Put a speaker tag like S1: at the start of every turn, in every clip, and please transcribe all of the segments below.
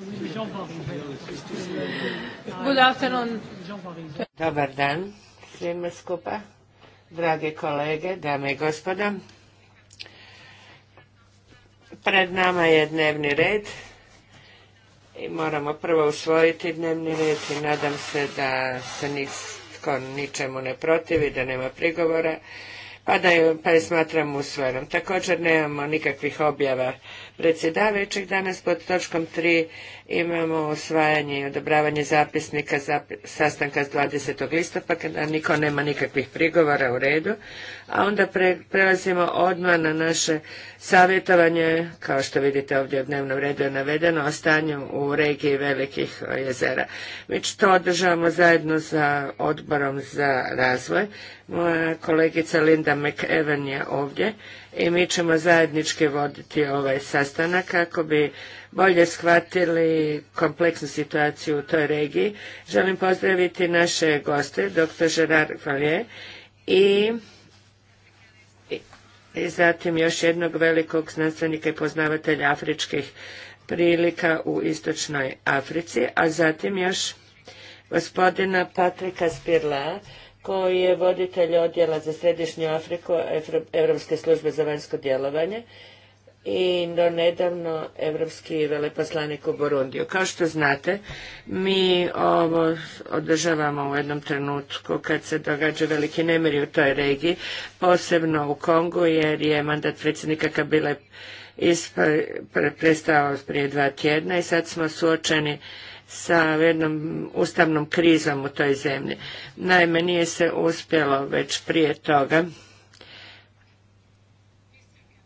S1: Good Dobar dan svima skupa, drage kolege, dame i gospoda. Pred nama je dnevni red i moramo prvo usvojiti dnevni red i nadam se da se nitko ničemu ne protivi, da nema prigovora, pa da je, pa je smatram usvojenom. Također nemamo nikakvih objava predsjedavajućeg. Danas pod točkom 3 imamo usvajanje i odobravanje zapisnika sastanka s 20. listopada. Niko nema nikakvih prigovora u redu. A onda prelazimo odmah na naše savjetovanje, kao što vidite ovdje u dnevnom redu je navedeno, o stanju u regiji velikih jezera. Mi to održavamo zajedno sa odborom za razvoj moja kolegica Linda McEwen je ovdje i mi ćemo zajednički voditi ovaj sastanak kako bi bolje shvatili kompleksnu situaciju u toj regiji. Želim pozdraviti naše goste, dr. Gerard Valje i i zatim još jednog velikog znanstvenika i poznavatelja afričkih prilika u istočnoj Africi, a zatim još gospodina Patrika Spirla koji je voditelj odjela za središnju Afriku Europske službe za vanjsko djelovanje i do nedavno evropski veleposlanik u Burundiju. Kao što znate, mi ovo održavamo u jednom trenutku kad se događa veliki nemiri u toj regiji, posebno u Kongu, jer je mandat predsjednika Kabile prestao prije dva tjedna i sad smo suočeni sa jednom ustavnom krizom u toj zemlji. Naime, nije se uspjelo već prije toga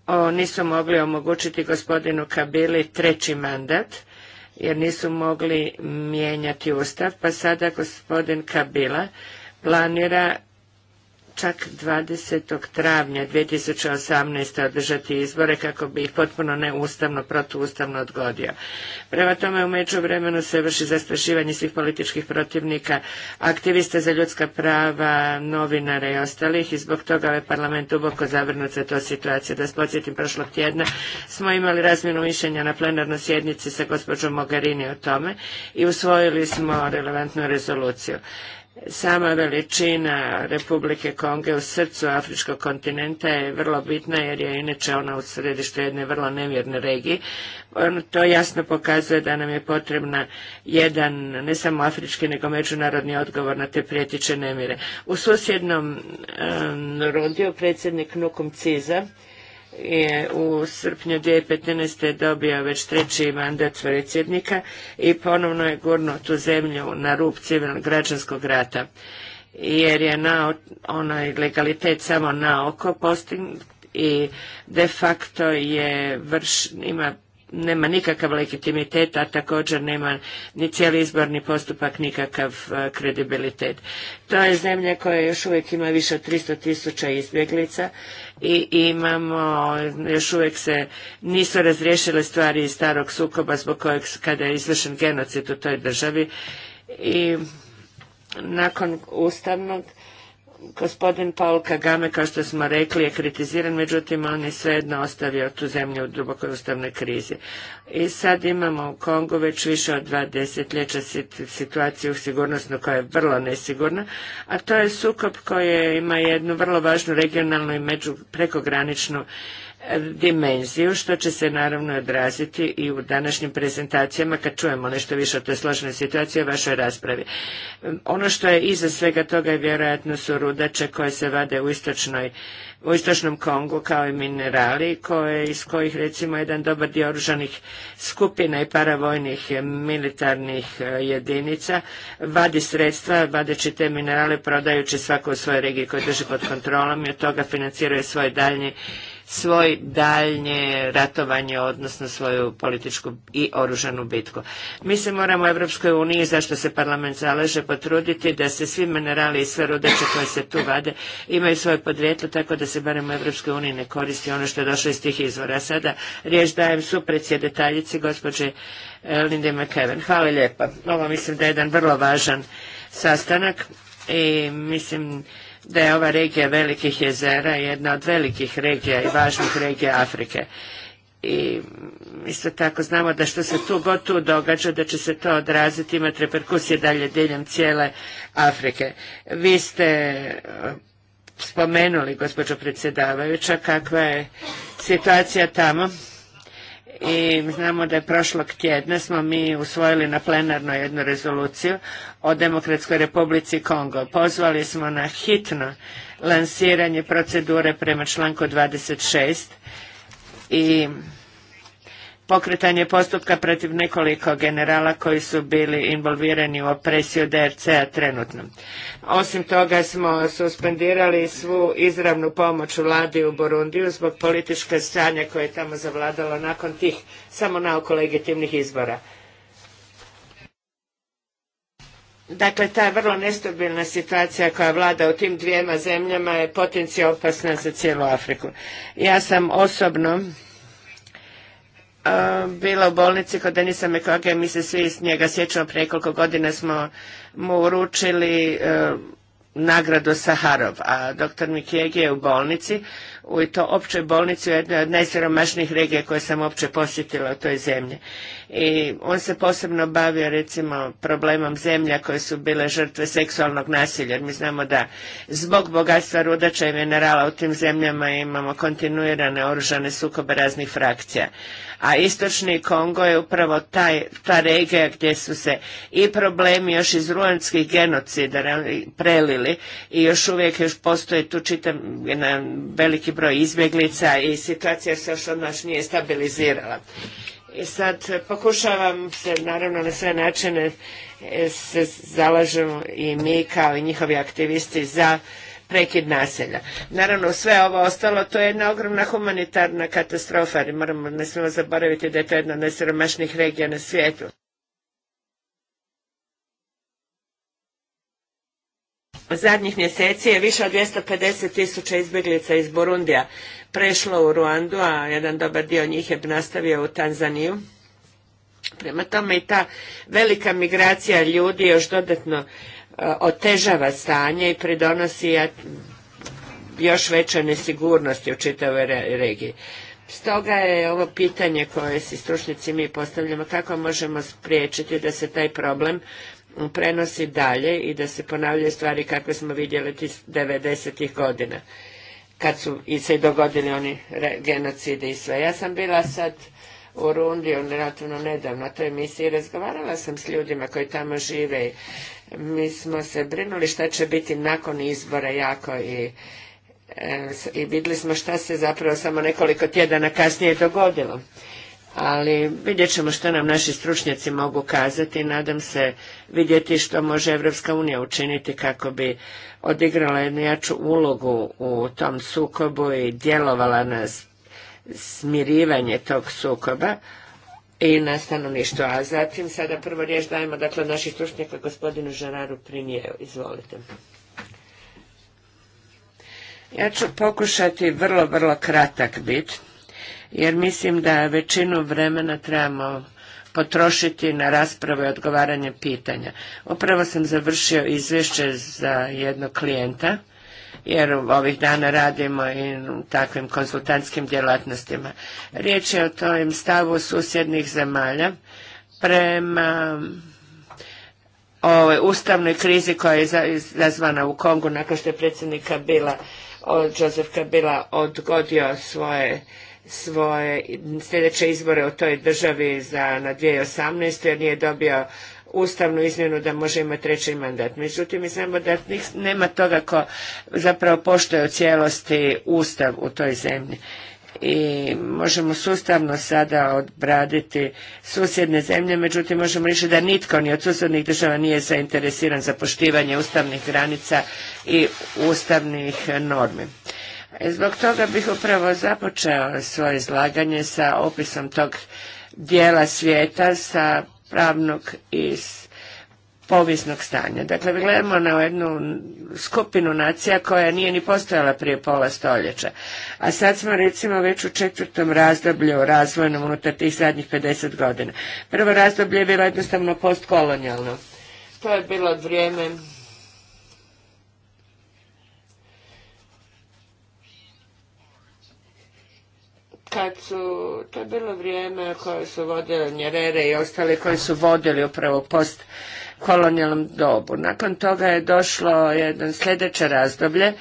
S1: o, nisu mogli omogućiti gospodinu Kabili treći mandat, jer nisu mogli mijenjati ustav, pa sada gospodin Kabila planira čak 20. travnja 2018. održati izbore kako bi ih potpuno neustavno, protuustavno odgodio. Prema tome, u međuvremenu se vrši zastrašivanje svih političkih protivnika, aktivista za ljudska prava, novinara i ostalih i zbog toga je ovaj parlament duboko zavrnut za to situaciju. Da podsjetim, prošlog tjedna smo imali razmjenu mišljenja na plenarnoj sjednici sa gospođom Mogherini o tome i usvojili smo relevantnu rezoluciju. Sama veličina Republike Konge u srcu Afričkog kontinenta je vrlo bitna jer je inače ona u središtu jedne vrlo nemirne regije. Ono to jasno pokazuje da nam je potrebna jedan, ne samo afrički, nego međunarodni odgovor na te prijetiće nemire. U susjednom um, rodiju predsjednik Nukum Ciza je u srpnju 2015. dobio već treći mandat predsjednika i ponovno je gurnuo tu zemlju na rub civilnog građanskog rata jer je na onaj legalitet samo na oko postignut i de facto je vrš, ima nema nikakav legitimitet, a također nema ni cijeli izborni postupak nikakav e, kredibilitet. To je zemlja koja još uvijek ima više od 300 tisuća izbjeglica i imamo, još uvijek se nisu razriješile stvari iz starog sukoba zbog kojeg kada je izvršen genocid u toj državi i nakon ustavnog Gospodin Paul Kagame, kao što smo rekli, je kritiziran, međutim on je svejedno ostavio tu zemlju u dubokoj ustavnoj krizi. I sad imamo u Kongu već više od dva desetljeća situaciju sigurnosnu koja je vrlo nesigurna, a to je sukob koji ima jednu vrlo važnu regionalnu i među prekograničnu dimenziju, što će se naravno odraziti i u današnjim prezentacijama kad čujemo nešto više o toj složenoj situaciji u vašoj raspravi. Ono što je iza svega toga je vjerojatno su rudače koje se vade u istočnoj u istočnom Kongu kao i minerali koje, iz kojih recimo jedan dobar dio oružanih skupina i paravojnih militarnih e, jedinica vadi sredstva, vadeći te minerale prodajući svako u svojoj regiji koje drži pod kontrolom i od toga financiraju svoj daljnji svoj daljnje ratovanje, odnosno svoju političku i oružanu bitku. Mi se moramo u Europskoj uniji, zašto se parlament zalaže, potruditi da se svi minerali i sve rudeće koje se tu vade imaju svoje podrijetlo, tako da se barem u Evropskoj uniji ne koristi ono što je došlo iz tih izvora. Sada riječ dajem su predsjedetaljici, gospođe eh, Linde McKeven. Hvala lijepa. Ovo mislim da je jedan vrlo važan sastanak i mislim da je ova regija velikih jezera jedna od velikih regija i važnih regija Afrike. I isto tako znamo da što se tu god tu događa, da će se to odraziti, imati reperkusije dalje diljem cijele Afrike. Vi ste eh, spomenuli, gospođo predsjedavajuća, kakva je situacija tamo i znamo da je prošlog tjedna smo mi usvojili na plenarno jednu rezoluciju o Demokratskoj republici Kongo. Pozvali smo na hitno lansiranje procedure prema članku 26 i pokretanje postupka protiv nekoliko generala koji su bili involvirani u opresiju DRC-a trenutno. Osim toga smo suspendirali svu izravnu pomoć vladi u Burundiju zbog političke stanja koje je tamo zavladalo nakon tih samo naoko legitimnih izbora. Dakle, ta vrlo nestabilna situacija koja vlada u tim dvijema zemljama je potencijalno opasna za cijelu Afriku. Ja sam osobno bila u bolnici kod Denisa Mekoge, mi se svi s njega sjećamo, prije koliko godina smo mu uručili e, nagradu Saharov, a doktor Mikijeg je u bolnici, u to općoj bolnici u jednoj od najsiromašnijih regija koje sam uopće posjetila u toj zemlji i on se posebno bavio recimo problemom zemlja koje su bile žrtve seksualnog nasilja. Mi znamo da zbog bogatstva rudača i minerala u tim zemljama imamo kontinuirane oružane sukobe raznih frakcija. A istočni Kongo je upravo taj, ta regija gdje su se i problemi još iz ruanskih genocida prelili i još uvijek još postoji tu čitam jedan veliki broj izbjeglica i situacija se još od nas nije stabilizirala. I sad pokušavam se naravno na sve načine e, se zalažemo i mi kao i njihovi aktivisti za prekid naselja. Naravno, sve ovo ostalo, to je jedna ogromna humanitarna katastrofa, i moramo, ne smijemo zaboraviti da je to jedna od najsiromašnijih regija na svijetu. Zadnjih mjeseci je više od 250 tisuća izbjeglica iz Burundija prešlo u Ruandu, a jedan dobar dio njih je nastavio u Tanzaniju. Prema tome i ta velika migracija ljudi još dodatno e, otežava stanje i pridonosi još veće nesigurnosti u čitavoj regiji. Stoga je ovo pitanje koje si stručnici mi postavljamo kako možemo spriječiti da se taj problem prenosi dalje i da se ponavljaju stvari kakve smo vidjeli 90 godina kad su i se dogodili oni genocidi i sve. Ja sam bila sad u Rundi, on relativno nedavno, na toj emisiji razgovarala sam s ljudima koji tamo žive. Mi smo se brinuli šta će biti nakon izbora jako i e, i smo šta se zapravo samo nekoliko tjedana kasnije dogodilo. Ali vidjet ćemo što nam naši stručnjaci mogu kazati i nadam se vidjeti što može Evropska unija učiniti kako bi odigrala jednu jaču ulogu u tom sukobu i djelovala na smirivanje tog sukoba i na stanovništvo. A zatim sada prvo riječ dajemo dakle naših stručnjaka gospodinu Žararu Primjeru. Izvolite. Ja ću pokušati vrlo, vrlo kratak bit, jer mislim da većinu vremena trebamo potrošiti na rasprave i odgovaranje pitanja. Upravo sam završio izvješće za jednog klijenta, jer ovih dana radimo i takvim konsultantskim djelatnostima. Riječ je o tojem stavu susjednih zemalja prema ovoj ustavnoj krizi koja je izazvana u Kongu nakon što je predsjednika bila Joseph Kabila odgodio svoje svoje sljedeće izbore u toj državi za, na 2018. jer nije dobio ustavnu izmjenu da može imati treći mandat. Međutim, mi znamo da nema toga ko zapravo poštuje u cijelosti ustav u toj zemlji i možemo sustavno sada odbraditi susjedne zemlje, međutim možemo reći da nitko ni od susjednih država nije zainteresiran za poštivanje ustavnih granica i ustavnih normi. Zbog toga bih upravo započeo svoje izlaganje sa opisom tog dijela svijeta sa pravnog i povijesnog stanja. Dakle, gledamo na jednu skupinu nacija koja nije ni postojala prije pola stoljeća. A sad smo recimo već u četvrtom razdoblju razvojnom unutar tih zadnjih 50 godina. Prvo razdoblje je bilo jednostavno postkolonijalno. To je bilo vrijeme kad su, to je bilo vrijeme koje su vodile Njerere i ostali koji su vodili upravo post kolonijalnom dobu. Nakon toga je došlo jedno sljedeće razdoblje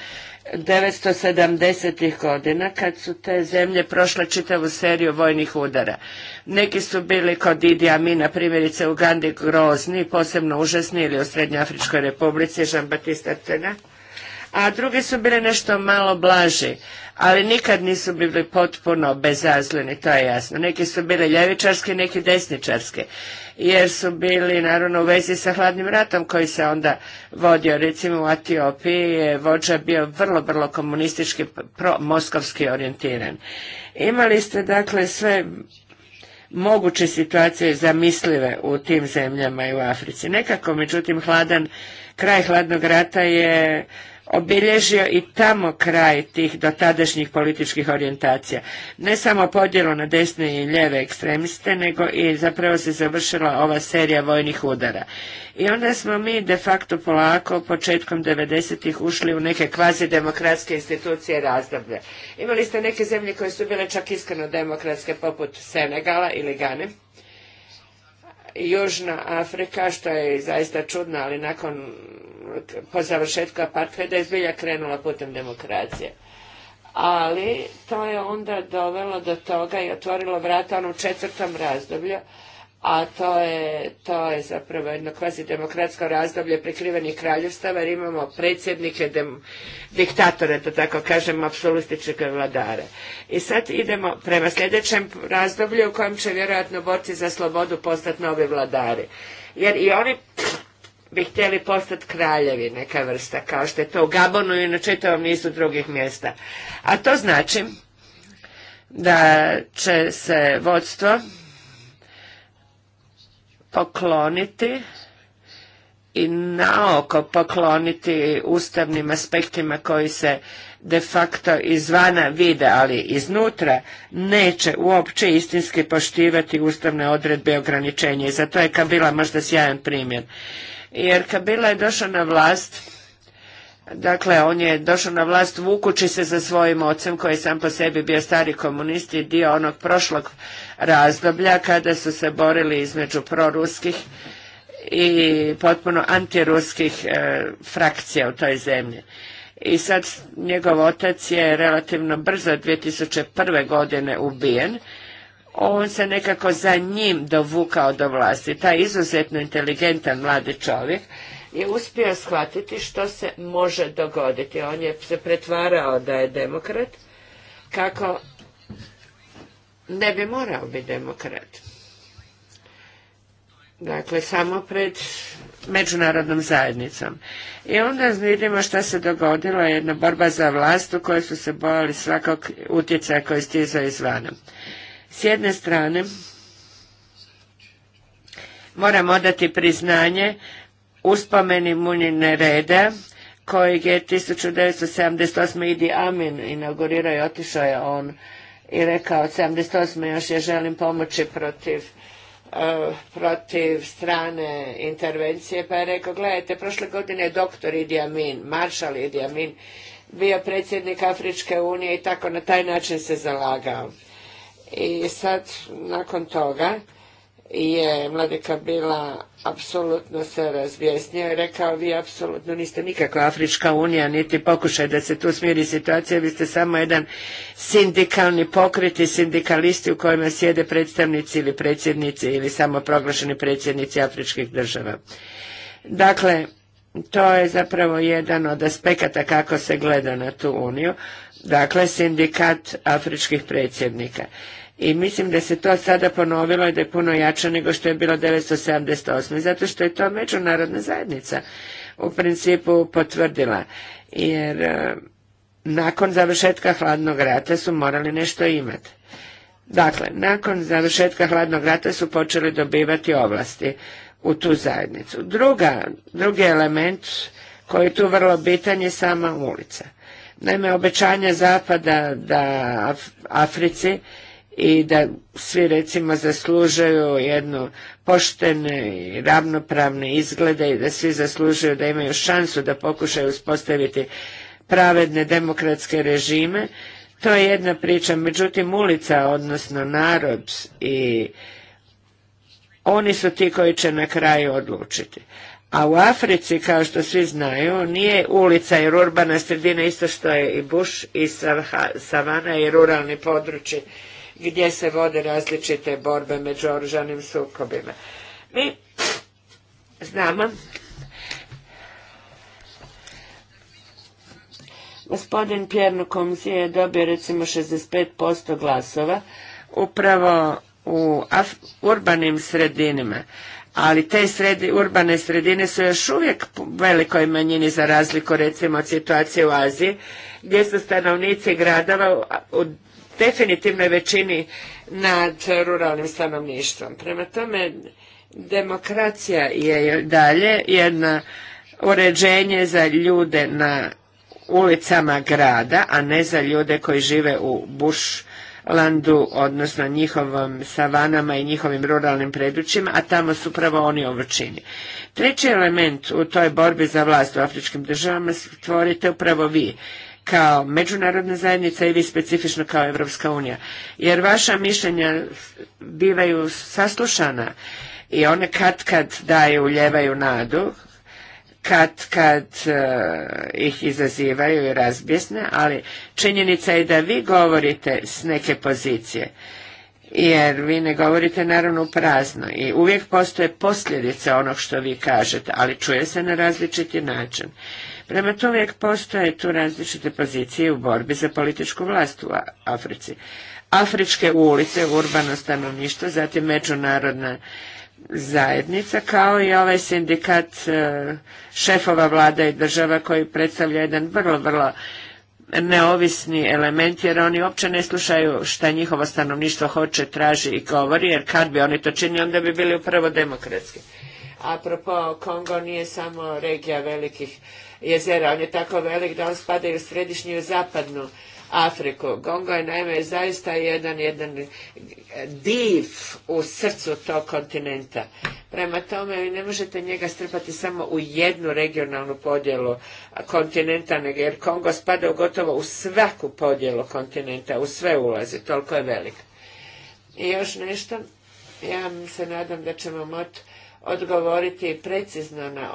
S1: 970-ih godina kad su te zemlje prošle čitavu seriju vojnih udara. Neki su bili kod Idi Amina, primjerice u Gandhi grozni, posebno užasni ili u Srednjoafričkoj republici Jean-Baptiste Artena a druge su bile nešto malo blaži, ali nikad nisu bili potpuno bezazljeni, to je jasno. Neki su bili ljevičarski, neki desničarske. jer su bili naravno u vezi sa hladnim ratom koji se onda vodio. Recimo u Etiopiji je vođa bio vrlo, vrlo komunistički, pro-moskovski orijentiran. Imali ste dakle sve moguće situacije zamislive u tim zemljama i u Africi. Nekako, međutim, hladan, kraj hladnog rata je obilježio i tamo kraj tih dotadašnjih političkih orijentacija. Ne samo podjelo na desne i ljeve ekstremiste, nego i zapravo se završila ova serija vojnih udara. I onda smo mi de facto polako početkom 90-ih ušli u neke kvazi demokratske institucije razdoblje. Imali ste neke zemlje koje su bile čak iskreno demokratske poput Senegala ili Gane Južna Afrika, što je zaista čudno, ali nakon po završetku apartheida je zbilja krenula putem demokracije. Ali to je onda dovelo do toga i otvorilo vrata onom četvrtom razdoblju, a to je, to je zapravo jedno kvazi demokratsko razdoblje prikrivenih kraljevstava jer imamo predsjednike diktatore, to tako kažem, apsolustičke vladare. I sad idemo prema sljedećem razdoblju u kojem će vjerojatno borci za slobodu postati novi vladari. Jer i oni bi htjeli postati kraljevi neka vrsta, kao što je to u Gabonu i na čitavom nizu drugih mjesta. A to znači da će se vodstvo pokloniti i naoko pokloniti ustavnim aspektima koji se de facto izvana vide, ali iznutra neće uopće istinski poštivati ustavne odredbe i ograničenje. I za je Kabila možda sjajan primjer. Jer Kabila je došao na vlast, dakle on je došao na vlast vukući se za svojim ocem koji je sam po sebi bio stari komunist i dio onog prošlog razdoblja kada su se borili između proruskih i potpuno antiruskih e, frakcija u toj zemlji. I sad njegov otac je relativno brzo 2001. godine ubijen. On se nekako za njim dovukao do vlasti. Taj izuzetno inteligentan mladi čovjek je uspio shvatiti što se može dogoditi. On je se pretvarao da je demokrat kako ne bi morao biti demokrat. Dakle, samo pred međunarodnom zajednicom. I onda vidimo šta se dogodilo, jedna borba za vlast u kojoj su se bojali svakog utjecaja koji stiza izvana. S jedne strane, moram odati priznanje uspomeni Munjine reda, kojeg je 1978. Idi Amin inaugurirao i otišao je on i rekao od 78. još je želim pomoći protiv e, protiv strane intervencije, pa je rekao, gledajte, prošle godine je doktor Idi Amin, maršal Idi Amin, bio predsjednik Afričke unije i tako na taj način se zalagao. I sad, nakon toga, je Mladeka bila apsolutno se razvijesnija i rekao vi apsolutno niste nikakva Afrička unija niti pokušaj da se tu smiri situacija, vi ste samo jedan sindikalni pokret i sindikalisti u kojima sjede predstavnici ili predsjednici ili samo proglašeni predsjednici afričkih država. Dakle, to je zapravo jedan od aspekata kako se gleda na tu uniju, dakle sindikat afričkih predsjednika. I mislim da se to sada ponovilo i da je puno jače nego što je bilo 1978. Zato što je to međunarodna zajednica u principu potvrdila. Jer e, nakon završetka hladnog rata su morali nešto imati. Dakle, nakon završetka hladnog rata su počeli dobivati ovlasti u tu zajednicu. Druga, drugi element koji je tu vrlo bitan je sama ulica. Naime, obećanje Zapada da Africi i da svi recimo zaslužaju jednu poštene i ravnopravne izglede i da svi zaslužuju da imaju šansu da pokušaju uspostaviti pravedne demokratske režime. To je jedna priča, međutim ulica, odnosno narod i oni su ti koji će na kraju odlučiti. A u Africi, kao što svi znaju, nije ulica i urbana sredina isto što je i buš i savana i ruralni područje gdje se vode različite borbe među oružanim sukobima. Mi znamo Gospodin Pjerno Komzije je dobio recimo 65% glasova upravo u urbanim sredinama. Ali te urbane sredine su još uvijek velikoj manjini za razliku recimo od situacije u Aziji gdje su stanovnici gradova u definitivnoj većini nad ruralnim stanovništvom. Prema tome, demokracija je dalje jedna uređenje za ljude na ulicama grada, a ne za ljude koji žive u buš landu, odnosno njihovom savanama i njihovim ruralnim predućima, a tamo su upravo oni ovočini. Treći element u toj borbi za vlast u afričkim državama stvorite upravo vi kao međunarodna zajednica i vi specifično kao Evropska unija. Jer vaša mišljenja bivaju saslušana i one kad kad daju, uljevaju nadu, kad kad e, ih izazivaju i razbjesne, ali činjenica je da vi govorite s neke pozicije. Jer vi ne govorite naravno prazno i uvijek postoje posljedice onog što vi kažete, ali čuje se na različiti način. Prema to uvijek postoje tu različite pozicije u borbi za političku vlast u Africi. Afričke ulice, urbano stanovništvo, zatim međunarodna zajednica, kao i ovaj sindikat e, šefova vlada i država koji predstavlja jedan vrlo, vrlo neovisni element jer oni uopće ne slušaju šta njihovo stanovništvo hoće, traži i govori jer kad bi oni to činili onda bi bili upravo demokratski. A Apropo, Kongo nije samo regija velikih jezera. On je tako velik da on spada i u središnju i zapadnu Afriku. Kongo je naime zaista jedan, jedan div u srcu tog kontinenta. Prema tome vi ne možete njega strpati samo u jednu regionalnu podjelu kontinenta, nego jer Kongo spada u gotovo u svaku podjelu kontinenta, u sve ulazi, toliko je velik. I još nešto, ja se nadam da ćemo moći odgovoriti precizno na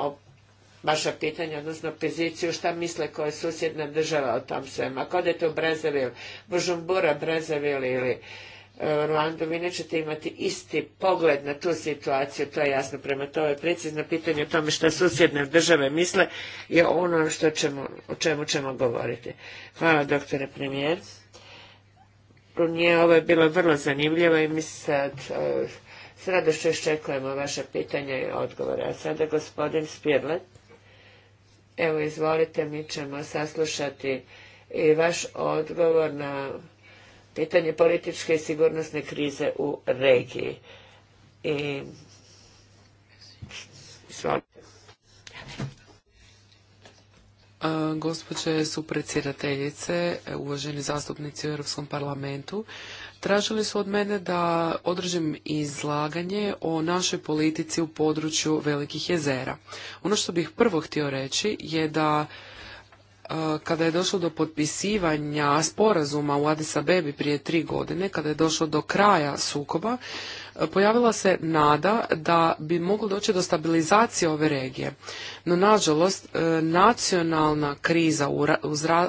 S1: vaša pitanja, odnosno poziciju, šta misle koja je susjedna država o tom svema. Ako odete u Brazavil, Božumbura, Brazavil ili e, Ruandu, vi nećete imati isti pogled na tu situaciju, to je jasno. Prema tome je precizno pitanje o tome što susjedne države misle je ono što o čemu ćemo govoriti. Hvala doktore premijer. Nije, ovo je bilo vrlo zanimljivo i mi sad e, s radošću iščekujemo vaše pitanja i odgovore. A sada gospodin Spirlet. Evo, izvolite, mi ćemo saslušati i vaš odgovor na pitanje političke i sigurnosne krize u regiji. I... Izvolite.
S2: su predsjedateljice, uvaženi zastupnici u Europskom parlamentu, Tražili su od mene da održim izlaganje o našoj politici u području velikih jezera. Ono što bih prvo htio reći je da E, kada je došlo do potpisivanja sporazuma u Addis Abebi prije tri godine, kada je došlo do kraja sukoba, e, pojavila se nada da bi moglo doći do stabilizacije ove regije. No, nažalost, e, nacionalna kriza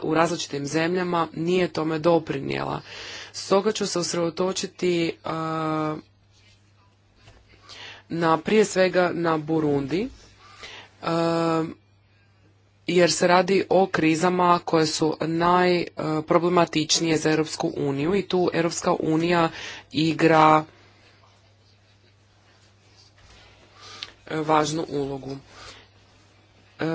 S2: u različitim zemljama nije tome doprinijela. Stoga ću se usredotočiti na prije svega na Burundi jer se radi o krizama koje su najproblematičnije e, za Europsku uniju i tu Europska unija igra e, važnu ulogu. E,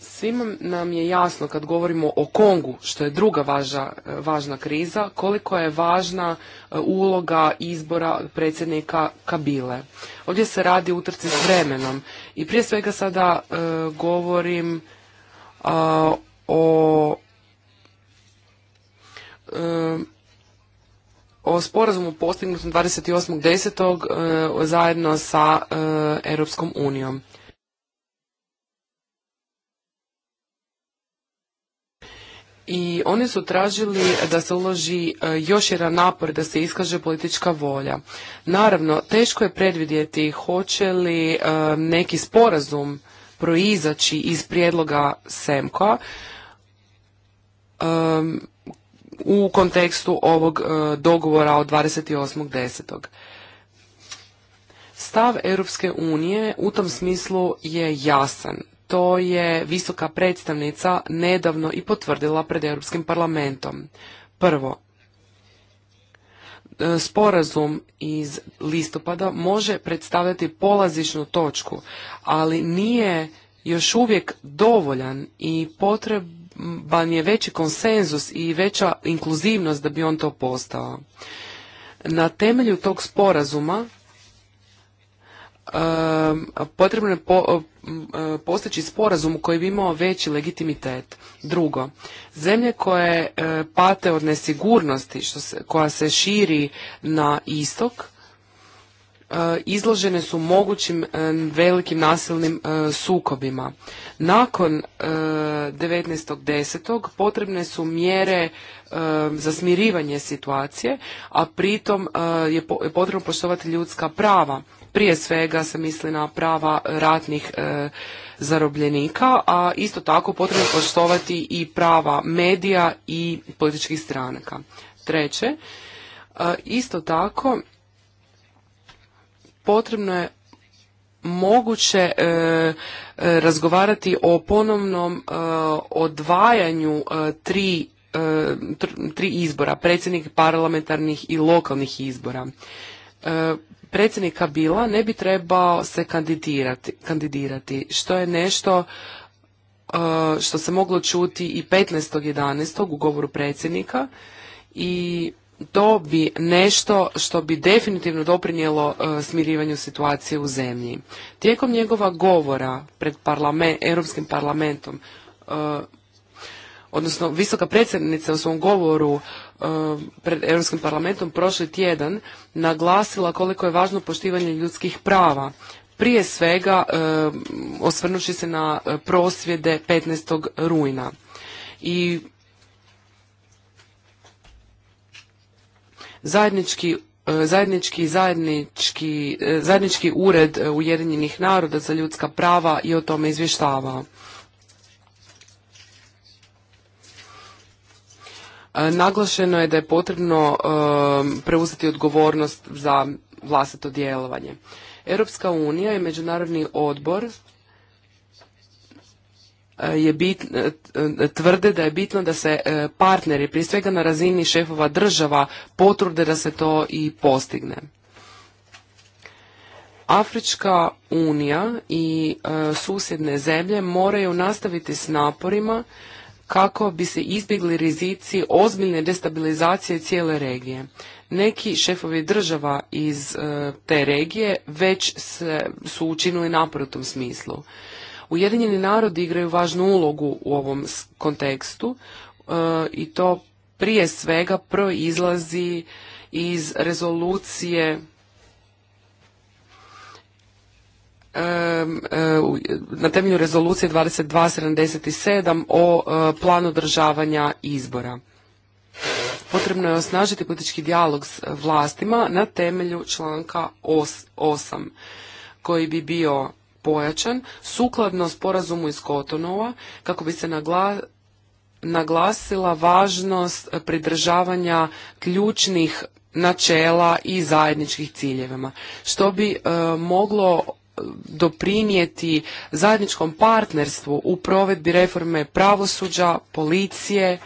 S2: svima nam je jasno kad govorimo o Kongu, što je druga važa, važna kriza, koliko je važna uloga izbora predsjednika Kabile. Ovdje se radi utrci s vremenom i prije svega sada govorim o o sporazumu postignutom 28.10. Eh, zajedno sa eh, Europskom unijom. I oni su tražili da se uloži eh, još jedan napor da se iskaže politička volja. Naravno, teško je predvidjeti hoće li neki sporazum proizaći iz prijedloga semko um, u kontekstu ovog uh, dogovora od 28.10. Stav Europske unije u tom smislu je jasan. To je visoka predstavnica nedavno i potvrdila pred Europskim parlamentom. Prvo, E, sporazum iz listopada može predstavljati polazišnu točku, ali nije još uvijek dovoljan i potreban je veći konsenzus i veća inkluzivnost da bi on to postao. Na temelju tog sporazuma potrebno je e, postići sporazum koji bi imao veći legitimitet. Drugo, zemlje koje e, pate od nesigurnosti koja se širi na istok, e, izložene su mogućim velikim nasilnim sukobima. Nakon 19.10. potrebne su mjere za smirivanje situacije, a pritom je potrebno poštovati ljudska prava prije svega se misli na prava ratnih e, zarobljenika, a isto tako potrebno poštovati i prava medija i političkih stranaka. Treće, e, isto tako potrebno je moguće e, razgovarati o ponovnom odvajanju tri tri izbora, predsjednik parlamentarnih i lokalnih izbora predsjednika Bila ne bi trebao se kandidirati, kandidirati što je nešto e, što se moglo čuti i 15.11. u govoru predsjednika i to bi nešto što bi definitivno doprinijelo e, smirivanju situacije u zemlji. Tijekom njegova govora pred Europskim parlamentom e, odnosno visoka predsjednica u svom govoru e, pred Europskim parlamentom prošli tjedan naglasila koliko je važno poštivanje ljudskih prava. Prije svega e, osvrnući se na e, prosvjede 15. rujna. I zajednički zajednički zajednički zajednički ured Ujedinjenih naroda za ljudska prava i o tome izvještavao. naglašeno je da je potrebno e, preuzeti odgovornost za vlastito djelovanje. Europska unija i Međunarodni odbor e, je bit, e, tvrde da je bitno da se partneri, prije svega na razini šefova država, potrude da se to i postigne. Afrička unija i susjedne zemlje moraju nastaviti s naporima kako bi se izbjegli rizici ozbiljne destabilizacije cijele regije. Neki šefovi država iz e, te regije već se, su učinili napor smislu. Ujedinjeni narodi igraju važnu ulogu u ovom kontekstu e, i to prije svega proizlazi iz rezolucije na temelju rezolucije 2277 o e, planu održavanja izbora. Potrebno je osnažiti politički dijalog s vlastima na temelju članka 8 koji bi bio pojačan sukladno sporazumu iz Kotonova kako bi se naglasila važnost pridržavanja ključnih načela i zajedničkih ciljevima, što bi e, moglo doprinijeti zajedničkom partnerstvu u provedbi reforme pravosuđa, policije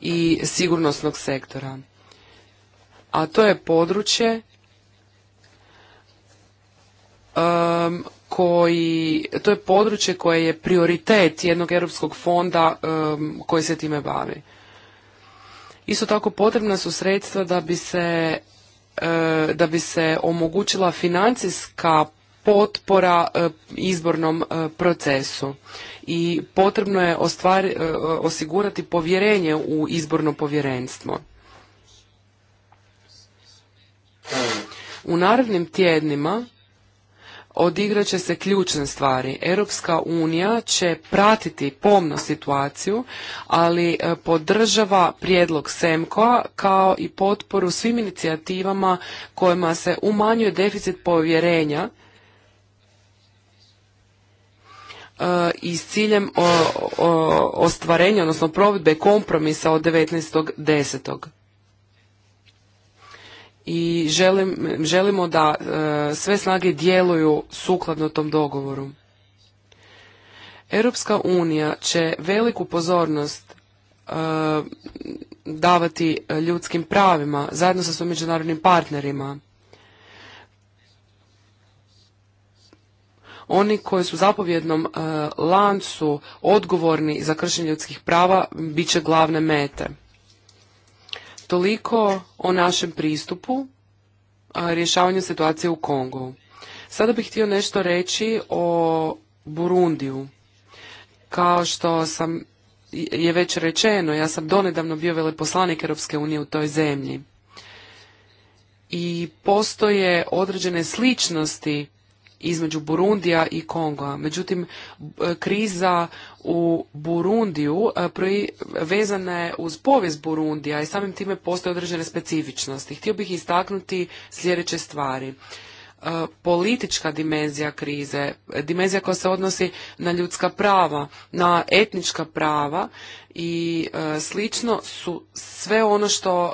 S2: i sigurnosnog sektora. A to je područje um, koji, to je područje koje je prioritet jednog europskog fonda koji se time bavi. Isto tako potrebna su sredstva da bi se e, da bi se omogućila financijska potpora e, izbornom e, procesu i potrebno je e, osigurati povjerenje u izborno povjerenstvo. U narednim tjednima odigrat će se ključne stvari. Europska unija će pratiti pomno situaciju, ali podržava prijedlog semko kao i potporu svim inicijativama kojima se umanjuje deficit povjerenja E, i s ciljem ostvarenja, odnosno provedbe kompromisa od 19.10. I želimo da e, sve snage djeluju sukladno tom dogovoru. Europska unija će veliku pozornost e, davati ljudskim pravima zajedno sa svojim međunarodnim partnerima Oni koji su zapovjednom e, lancu odgovorni za kršenje ljudskih prava bit će glavne mete. Toliko o našem pristupu e, rješavanju situacije u Kongu. Sada bih htio nešto reći o Burundiju. Kao što sam je već rečeno, ja sam donedavno bio veleposlanik Europske unije u toj zemlji. I postoje određene sličnosti između Burundija i Konga. Međutim, e, kriza u Burundiju e, vezana je uz povijest Burundija i samim time postoje određene specifičnosti. Htio bih istaknuti sljedeće stvari e, politička dimenzija krize, dimenzija koja se odnosi na ljudska prava, na etnička prava i slično su sve ono što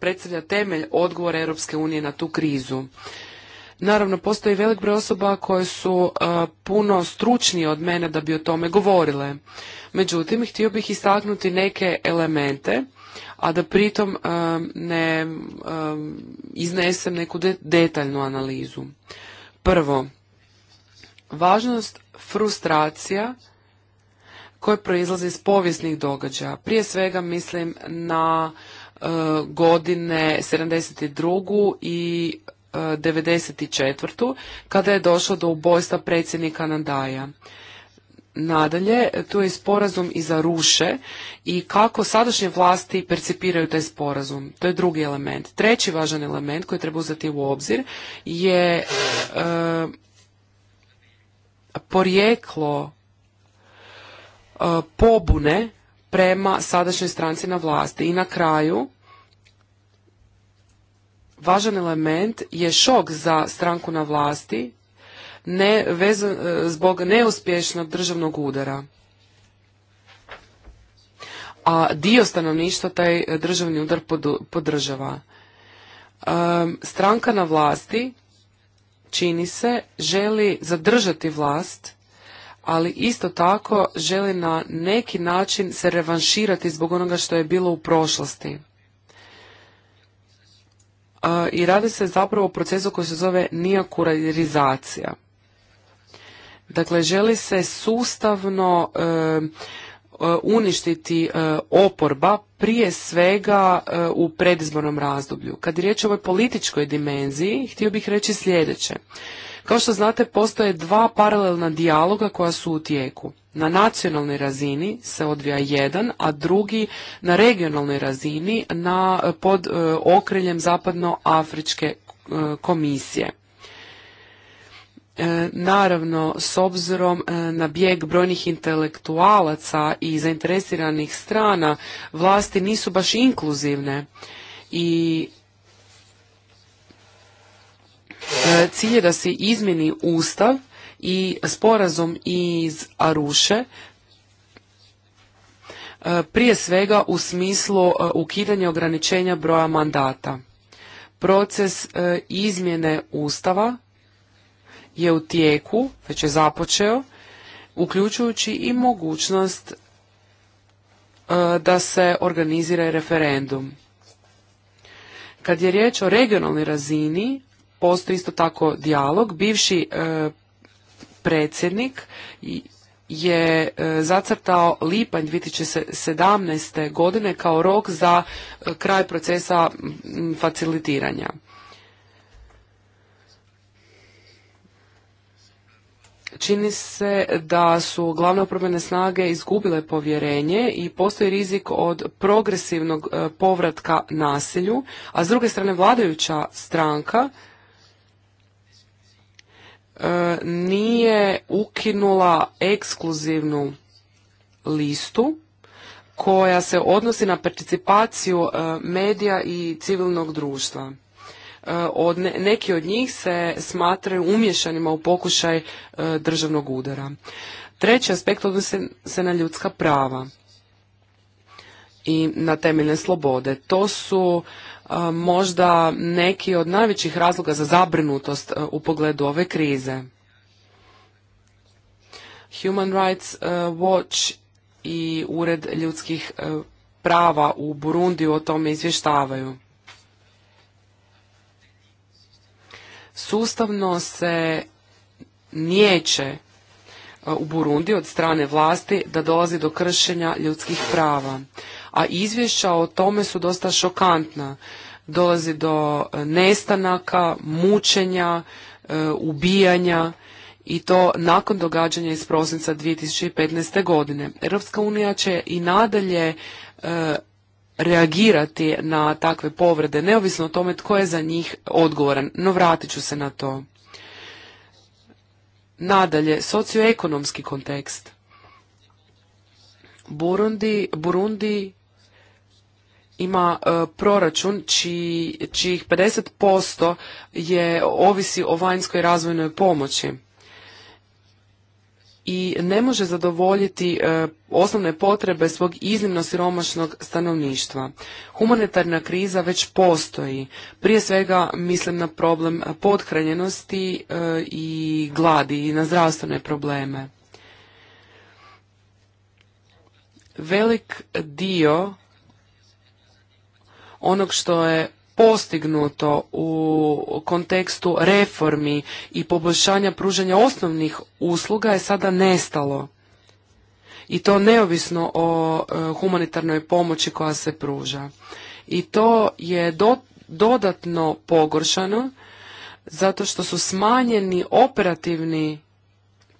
S2: predstavlja temelj odgovora Europske unije na tu krizu. Naravno, postoji velik broj osoba koje su uh, puno stručnije od mene da bi o tome govorile. Međutim, htio bih istaknuti neke elemente, a da pritom uh, ne um, iznesem neku detaljnu analizu. Prvo, važnost frustracija koje proizlaze iz povijesnih događaja. Prije svega mislim na uh, godine 72. i 1994. kada je došlo do ubojstva predsjednika Nadaja. Nadalje, tu je sporazum iza ruše i kako sadašnje vlasti percipiraju taj sporazum. To je drugi element. Treći važan element koji treba uzeti u obzir je e, porijeklo e, pobune prema sadašnjoj stranci na vlasti. I na kraju, važan element je šok za stranku na vlasti ne, vezan, eh, zbog neuspješnog državnog udara. A dio stanovništva taj državni udar podržava. stranka na vlasti, čini se, želi zadržati vlast, ali isto tako želi na neki način se revanširati zbog onoga što je bilo u prošlosti i radi se zapravo o procesu koji se zove nijakurarizacija. Dakle, želi se sustavno e, e, uništiti e, oporba prije svega u predizbornom razdoblju. Kad je riječ o ovoj političkoj dimenziji, htio bih reći sljedeće. Kao što znate, postoje dva paralelna dijaloga koja su u tijeku. Na nacionalnoj razini se odvija jedan, a drugi na regionalnoj razini na, eh, pod eh, okriljem Zapadnoafričke eh, komisije. Naravno, s obzirom na bijeg brojnih intelektualaca i zainteresiranih strana, vlasti nisu baš inkluzivne i cilj je da se izmjeni ustav i sporazum iz Aruše e, prije svega u smislu e, ukidanja ograničenja broja mandata. Proces e, izmjene ustava je u tijeku, već je započeo, uključujući i mogućnost da se organizira referendum. Kad je riječ o regionalnoj razini, postoji isto tako dijalog. Bivši predsjednik je e, zacrtao lipanj 2017. godine kao rok za e, kraj procesa facilitiranja. Čini se da su glavne opravljene snage izgubile povjerenje i postoji rizik od progresivnog e, povratka nasilju, a s druge strane vladajuća stranka E, nije ukinula ekskluzivnu listu koja se odnosi na participaciju e, medija i civilnog društva. E, od neki od njih se smatraju umješanima u pokušaj državnog udara. Treći aspekt odnosi se na ljudska prava i na temeljne slobode. To su možda neki od najvećih razloga za zabrinutost e, u pogledu ove krize. Human Rights e, Watch i Ured ljudskih e, prava u Burundi o tome izvještavaju. Sustavno se nijeće u Burundi od strane vlasti da dolazi do kršenja ljudskih prava a izvješća o tome su dosta šokantna. Dolazi do e, nestanaka, mučenja, e, ubijanja i to nakon događanja iz prosinca 2015. godine. Europska unija će i nadalje e, reagirati na takve povrede, neovisno o tome tko je za njih odgovoran. No vratit ću se na to. Nadalje, socioekonomski kontekst. Burundi, Burundi ima e, proračun čijih 50% je ovisi o vanjskoj razvojnoj pomoći i ne može zadovoljiti e, osnovne potrebe svog iznimno siromašnog stanovništva. Humanitarna kriza već postoji. Prije svega mislim na problem pothranjenosti e, i gladi i na zdravstvene probleme. Velik dio onog što je postignuto u kontekstu reformi i poboljšanja pružanja osnovnih usluga je sada nestalo. I to neovisno o e, humanitarnoj pomoći koja se pruža. I to je dodatno pogoršano zato što su smanjeni operativni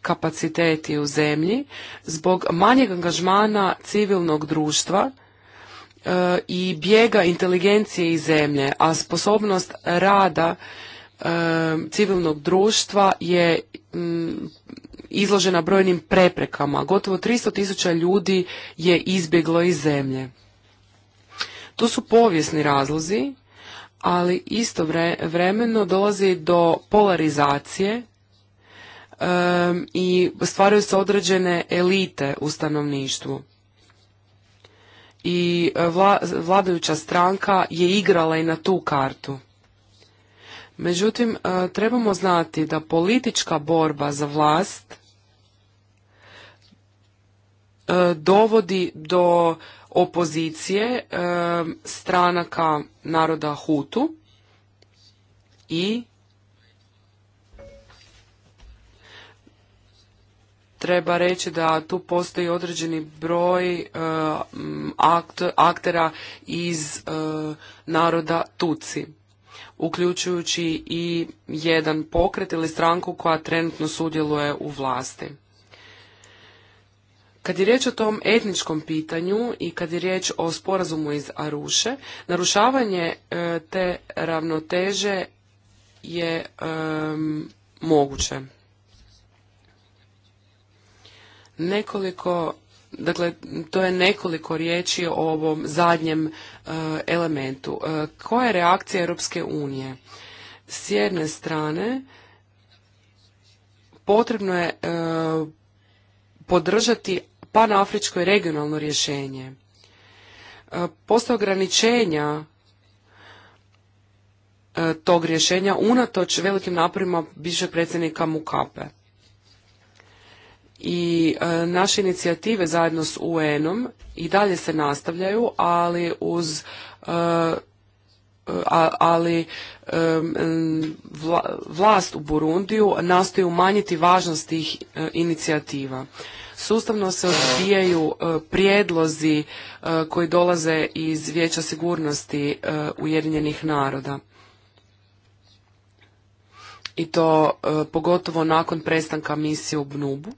S2: kapaciteti u zemlji zbog manjeg angažmana civilnog društva E, i bjega inteligencije iz zemlje, a sposobnost rada e, civilnog društva je izložena brojnim preprekama. Gotovo 300 tisuća ljudi je izbjeglo iz zemlje. To su povijesni razlozi, ali vremeno dolazi do polarizacije e, i stvaraju se određene elite u stanovništvu i e, vladajuća stranka je igrala i na tu kartu. Međutim, e, trebamo znati da politička borba za vlast e, dovodi do opozicije stranaka naroda Hutu i treba reći da tu postoji određeni broj e, aktera iz e, naroda Tuci uključujući i jedan pokret ili stranku koja trenutno sudjeluje u vlasti. Kad je riječ o tom etničkom pitanju i kad je riječ o sporazumu iz Aruše, narušavanje e, te ravnoteže je moguće. Nekoliko, dakle, to je nekoliko riječi o ovom zadnjem e, elementu. koje koja je reakcija Europske unije? S jedne strane, potrebno je e, podržati panafričko i regionalno rješenje. E, postoje ograničenja tog rješenja unatoč velikim naporima bivšeg predsjednika Mukape i e, naše inicijative zajedno s UN-om i dalje se nastavljaju, ali uz e, e, ali vlast u Burundiju nastoji umanjiti važnost tih inicijativa. Sustavno se odbijaju prijedlozi koji dolaze iz Vijeća sigurnosti Ujedinjenih naroda. I to pogotovo nakon prestanka misije u Bnubu.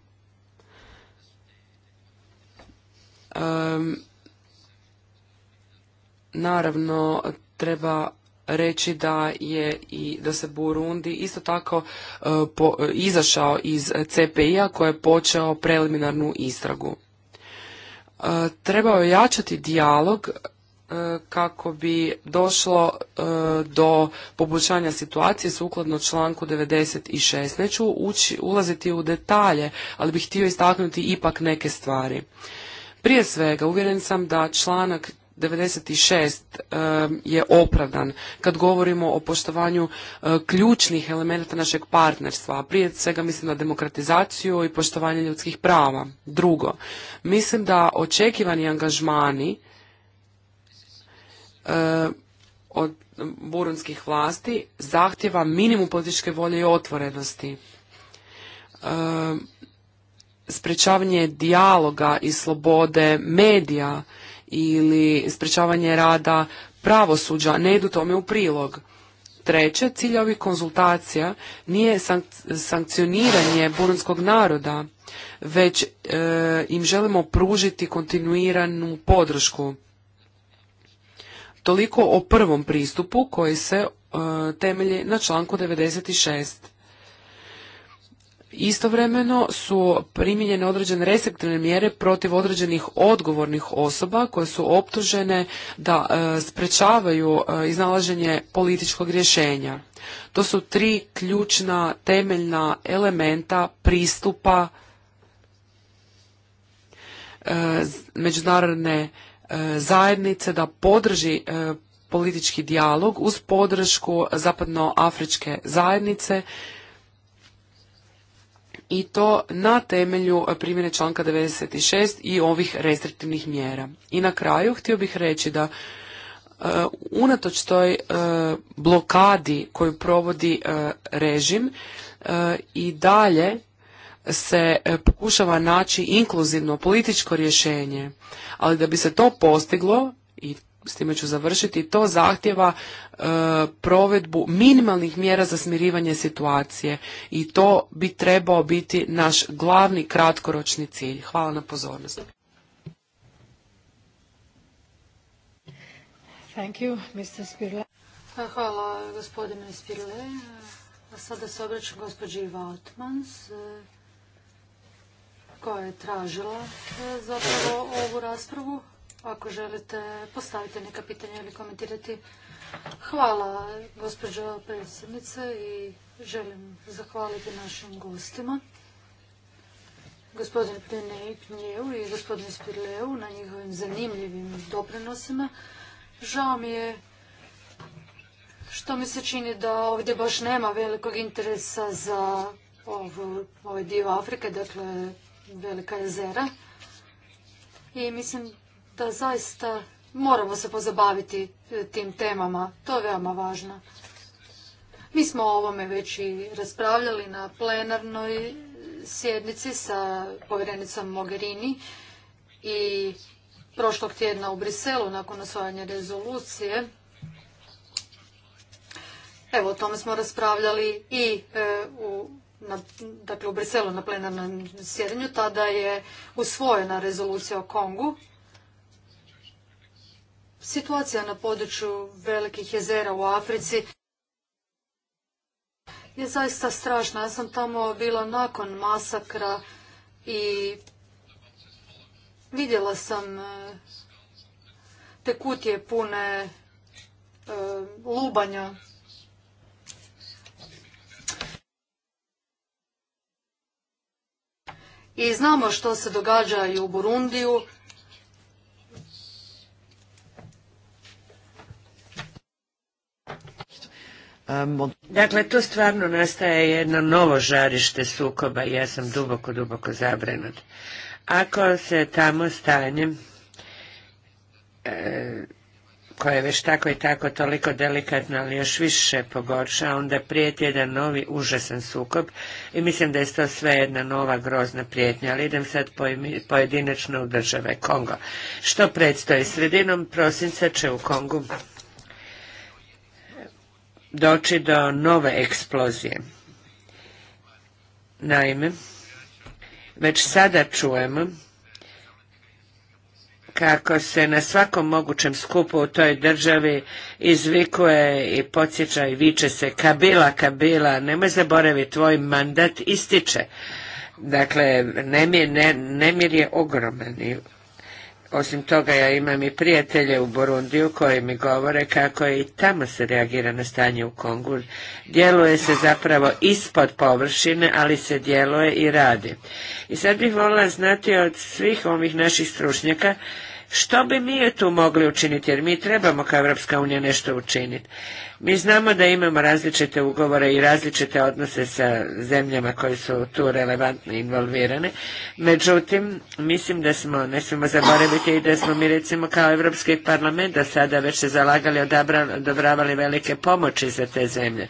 S2: naravno treba reći da je i da se Burundi isto tako e, izašao iz CPI-a koji je počeo preliminarnu istragu. Trebao treba ojačati dijalog e, kako bi došlo e, do poboljšanja situacije sukladno članku 90 i 16. Neću ulaziti u detalje, ali bih htio istaknuti ipak neke stvari. Prije svega, uvjeren sam da članak 96 je opravdan kad govorimo o poštovanju e, ključnih elemenata našeg partnerstva. Prije svega mislim na demokratizaciju i poštovanje ljudskih prava. Drugo, mislim da očekivani angažmani e, od burunskih vlasti zahtjeva minimum političke volje i otvorenosti. E, sprečavanje dijaloga i slobode medija ili sprečavanje rada pravosuđa ne idu tome u prilog. Treće, cilj ovih konzultacija nije sankcioniranje burunskog naroda, već e, im želimo pružiti kontinuiranu podršku. Toliko o prvom pristupu koji se e, temelji na članku 96. Istovremeno su primijenjene određene restriktivne mjere protiv određenih odgovornih osoba koje su optužene da e, sprečavaju e, iznalaženje političkog rješenja. To su tri ključna temeljna elementa pristupa e, međunarodne zajednice da podrži politički dijalog uz podršku zapadnoafričke zajednice i to na temelju primjene članka 96 i ovih restriktivnih mjera. I na kraju htio bih reći da unatoč toj blokadi koju provodi režim i dalje se pokušava naći inkluzivno političko rješenje, ali da bi se to postiglo i s time ću završiti, to zahtjeva e, provedbu minimalnih mjera za smirivanje situacije i to bi trebao biti naš glavni kratkoročni cilj. Hvala na pozornosti.
S3: Thank you, Mr. Hvala gospodine Spirle. A sada se obraćam gospođi Valtmans e, koja je tražila e, zapravo ovu raspravu ako želite postaviti neka pitanja ili komentirati. Hvala gospođo predsjednice i želim zahvaliti našim gostima. Gospodinu Pnjevu i gospodinu Spirleu na njihovim zanimljivim doprinosima. Žao mi je što mi se čini da ovdje baš nema velikog interesa za ovaj dio Afrike, dakle velika jezera. I mislim da zaista moramo se pozabaviti e, tim temama. To je veoma važno. Mi smo o ovome već i raspravljali na plenarnoj sjednici sa povjerenicom Mogherini i prošlog tjedna u Briselu nakon osvajanja rezolucije. Evo, o tome smo raspravljali i e, u, na, dakle, u Briselu na plenarnom sjedinju Tada je usvojena rezolucija o Kongu Situacija na području velikih jezera u Africi je zaista strašna. Ja sam tamo bila nakon masakra i vidjela sam e, te kutije pune e, lubanja. I znamo što se događa i u Burundiju
S1: Um, dakle, tu stvarno nastaje jedno novo žarište sukoba i ja sam duboko, duboko zabrenut. Ako se tamo stanje e, koje je već tako i tako toliko delikatno, ali još više pogorša, onda prijeti jedan novi užasan sukob i mislim da je to sve jedna nova grozna prijetnja, ali idem sad pojedinačno u države Kongo. Što predstoji? Sredinom prosinca će u Kongu doći do nove eksplozije. Naime, već sada čujemo kako se na svakom mogućem skupu u toj državi izvikuje i podsjeća i viče se kabila, kabila, nemoj zaboravi tvoj mandat ističe. Dakle, nemir, ne, nemir je ogroman i osim toga ja imam i prijatelje u Burundiju koji mi govore kako je i tamo se reagira na stanje u Kongu. Djeluje se zapravo ispod površine, ali se djeluje i radi. I sad bih volila znati od svih ovih naših stručnjaka što bi mi tu mogli učiniti, jer mi trebamo kao Evropska unija nešto učiniti. Mi znamo da imamo različite ugovore i različite odnose sa zemljama koje su tu relevantno involvirane, međutim, mislim da smo, ne smijemo zaboraviti i da smo mi recimo kao Evropski parlament da sada već se zalagali, odobravali velike pomoći za te zemlje.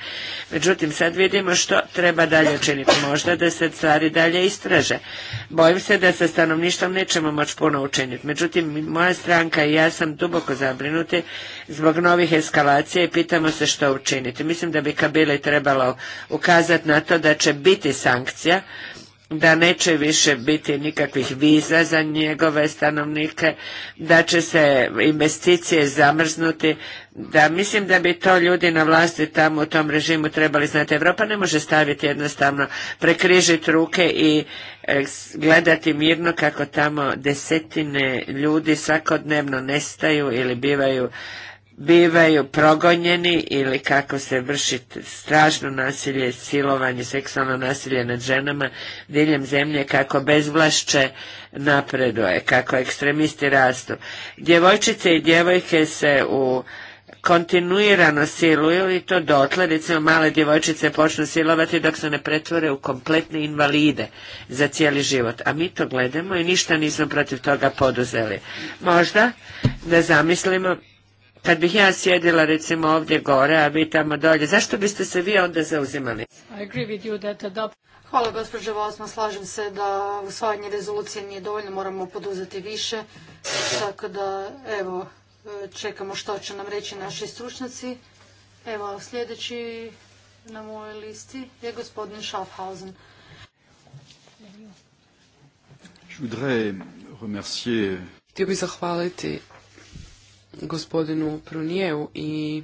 S1: Međutim, sad vidimo što treba dalje učiniti. Možda da se stvari dalje istraže. Bojim se da sa stanovništvom nećemo moći puno učiniti. Međutim, moja stranka i ja sam duboko zabrinuti zbog novih eskalacija i pitamo se što učiniti. Mislim da bi Kabili trebalo ukazati na to da će biti sankcija, da neće više biti nikakvih viza za njegove stanovnike, da će se investicije zamrznuti, da mislim da bi to ljudi na vlasti tamo u tom režimu trebali znati. Evropa ne može staviti jednostavno, prekrižiti ruke i e, gledati mirno kako tamo desetine ljudi svakodnevno nestaju ili bivaju bivaju progonjeni ili kako se vrši strašno nasilje, silovanje, seksualno nasilje nad ženama diljem zemlje, kako bezvlašće napreduje, kako ekstremisti rastu. Djevojčice i djevojke se u kontinuirano siluju i to dotle, recimo male djevojčice počnu silovati dok se ne pretvore u kompletne invalide za cijeli život. A mi to gledamo i ništa nismo protiv toga poduzeli. Možda da zamislimo kad bih ja sjedila recimo ovdje gore, a vi tamo dolje, zašto biste se vi onda zauzimali?
S3: Hvala gospođe Vosma, slažem se da usvajanje rezolucije nije dovoljno, moramo poduzeti više, tako da evo, čekamo što će nam reći naši stručnjaci. Evo, sljedeći na mojoj listi je gospodin Schaffhausen.
S2: Htio bih zahvaliti gospodinu Prunijevu i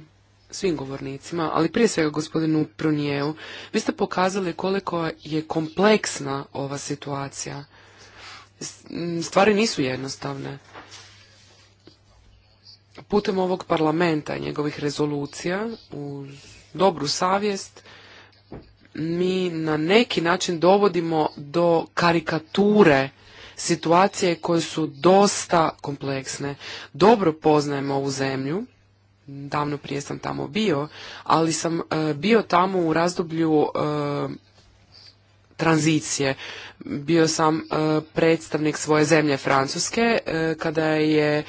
S2: svim govornicima, ali prije svega gospodinu Prunijevu. Vi ste pokazali koliko je kompleksna ova situacija. Stvari nisu jednostavne. Putem ovog parlamenta i njegovih rezolucija u dobru savjest mi na neki način dovodimo do karikature situacije koje su dosta kompleksne. Dobro poznajem ovu zemlju, davno prije sam tamo bio, ali sam e, bio tamo u razdoblju e, tranzicije. Bio sam e, predstavnik svoje zemlje Francuske kada je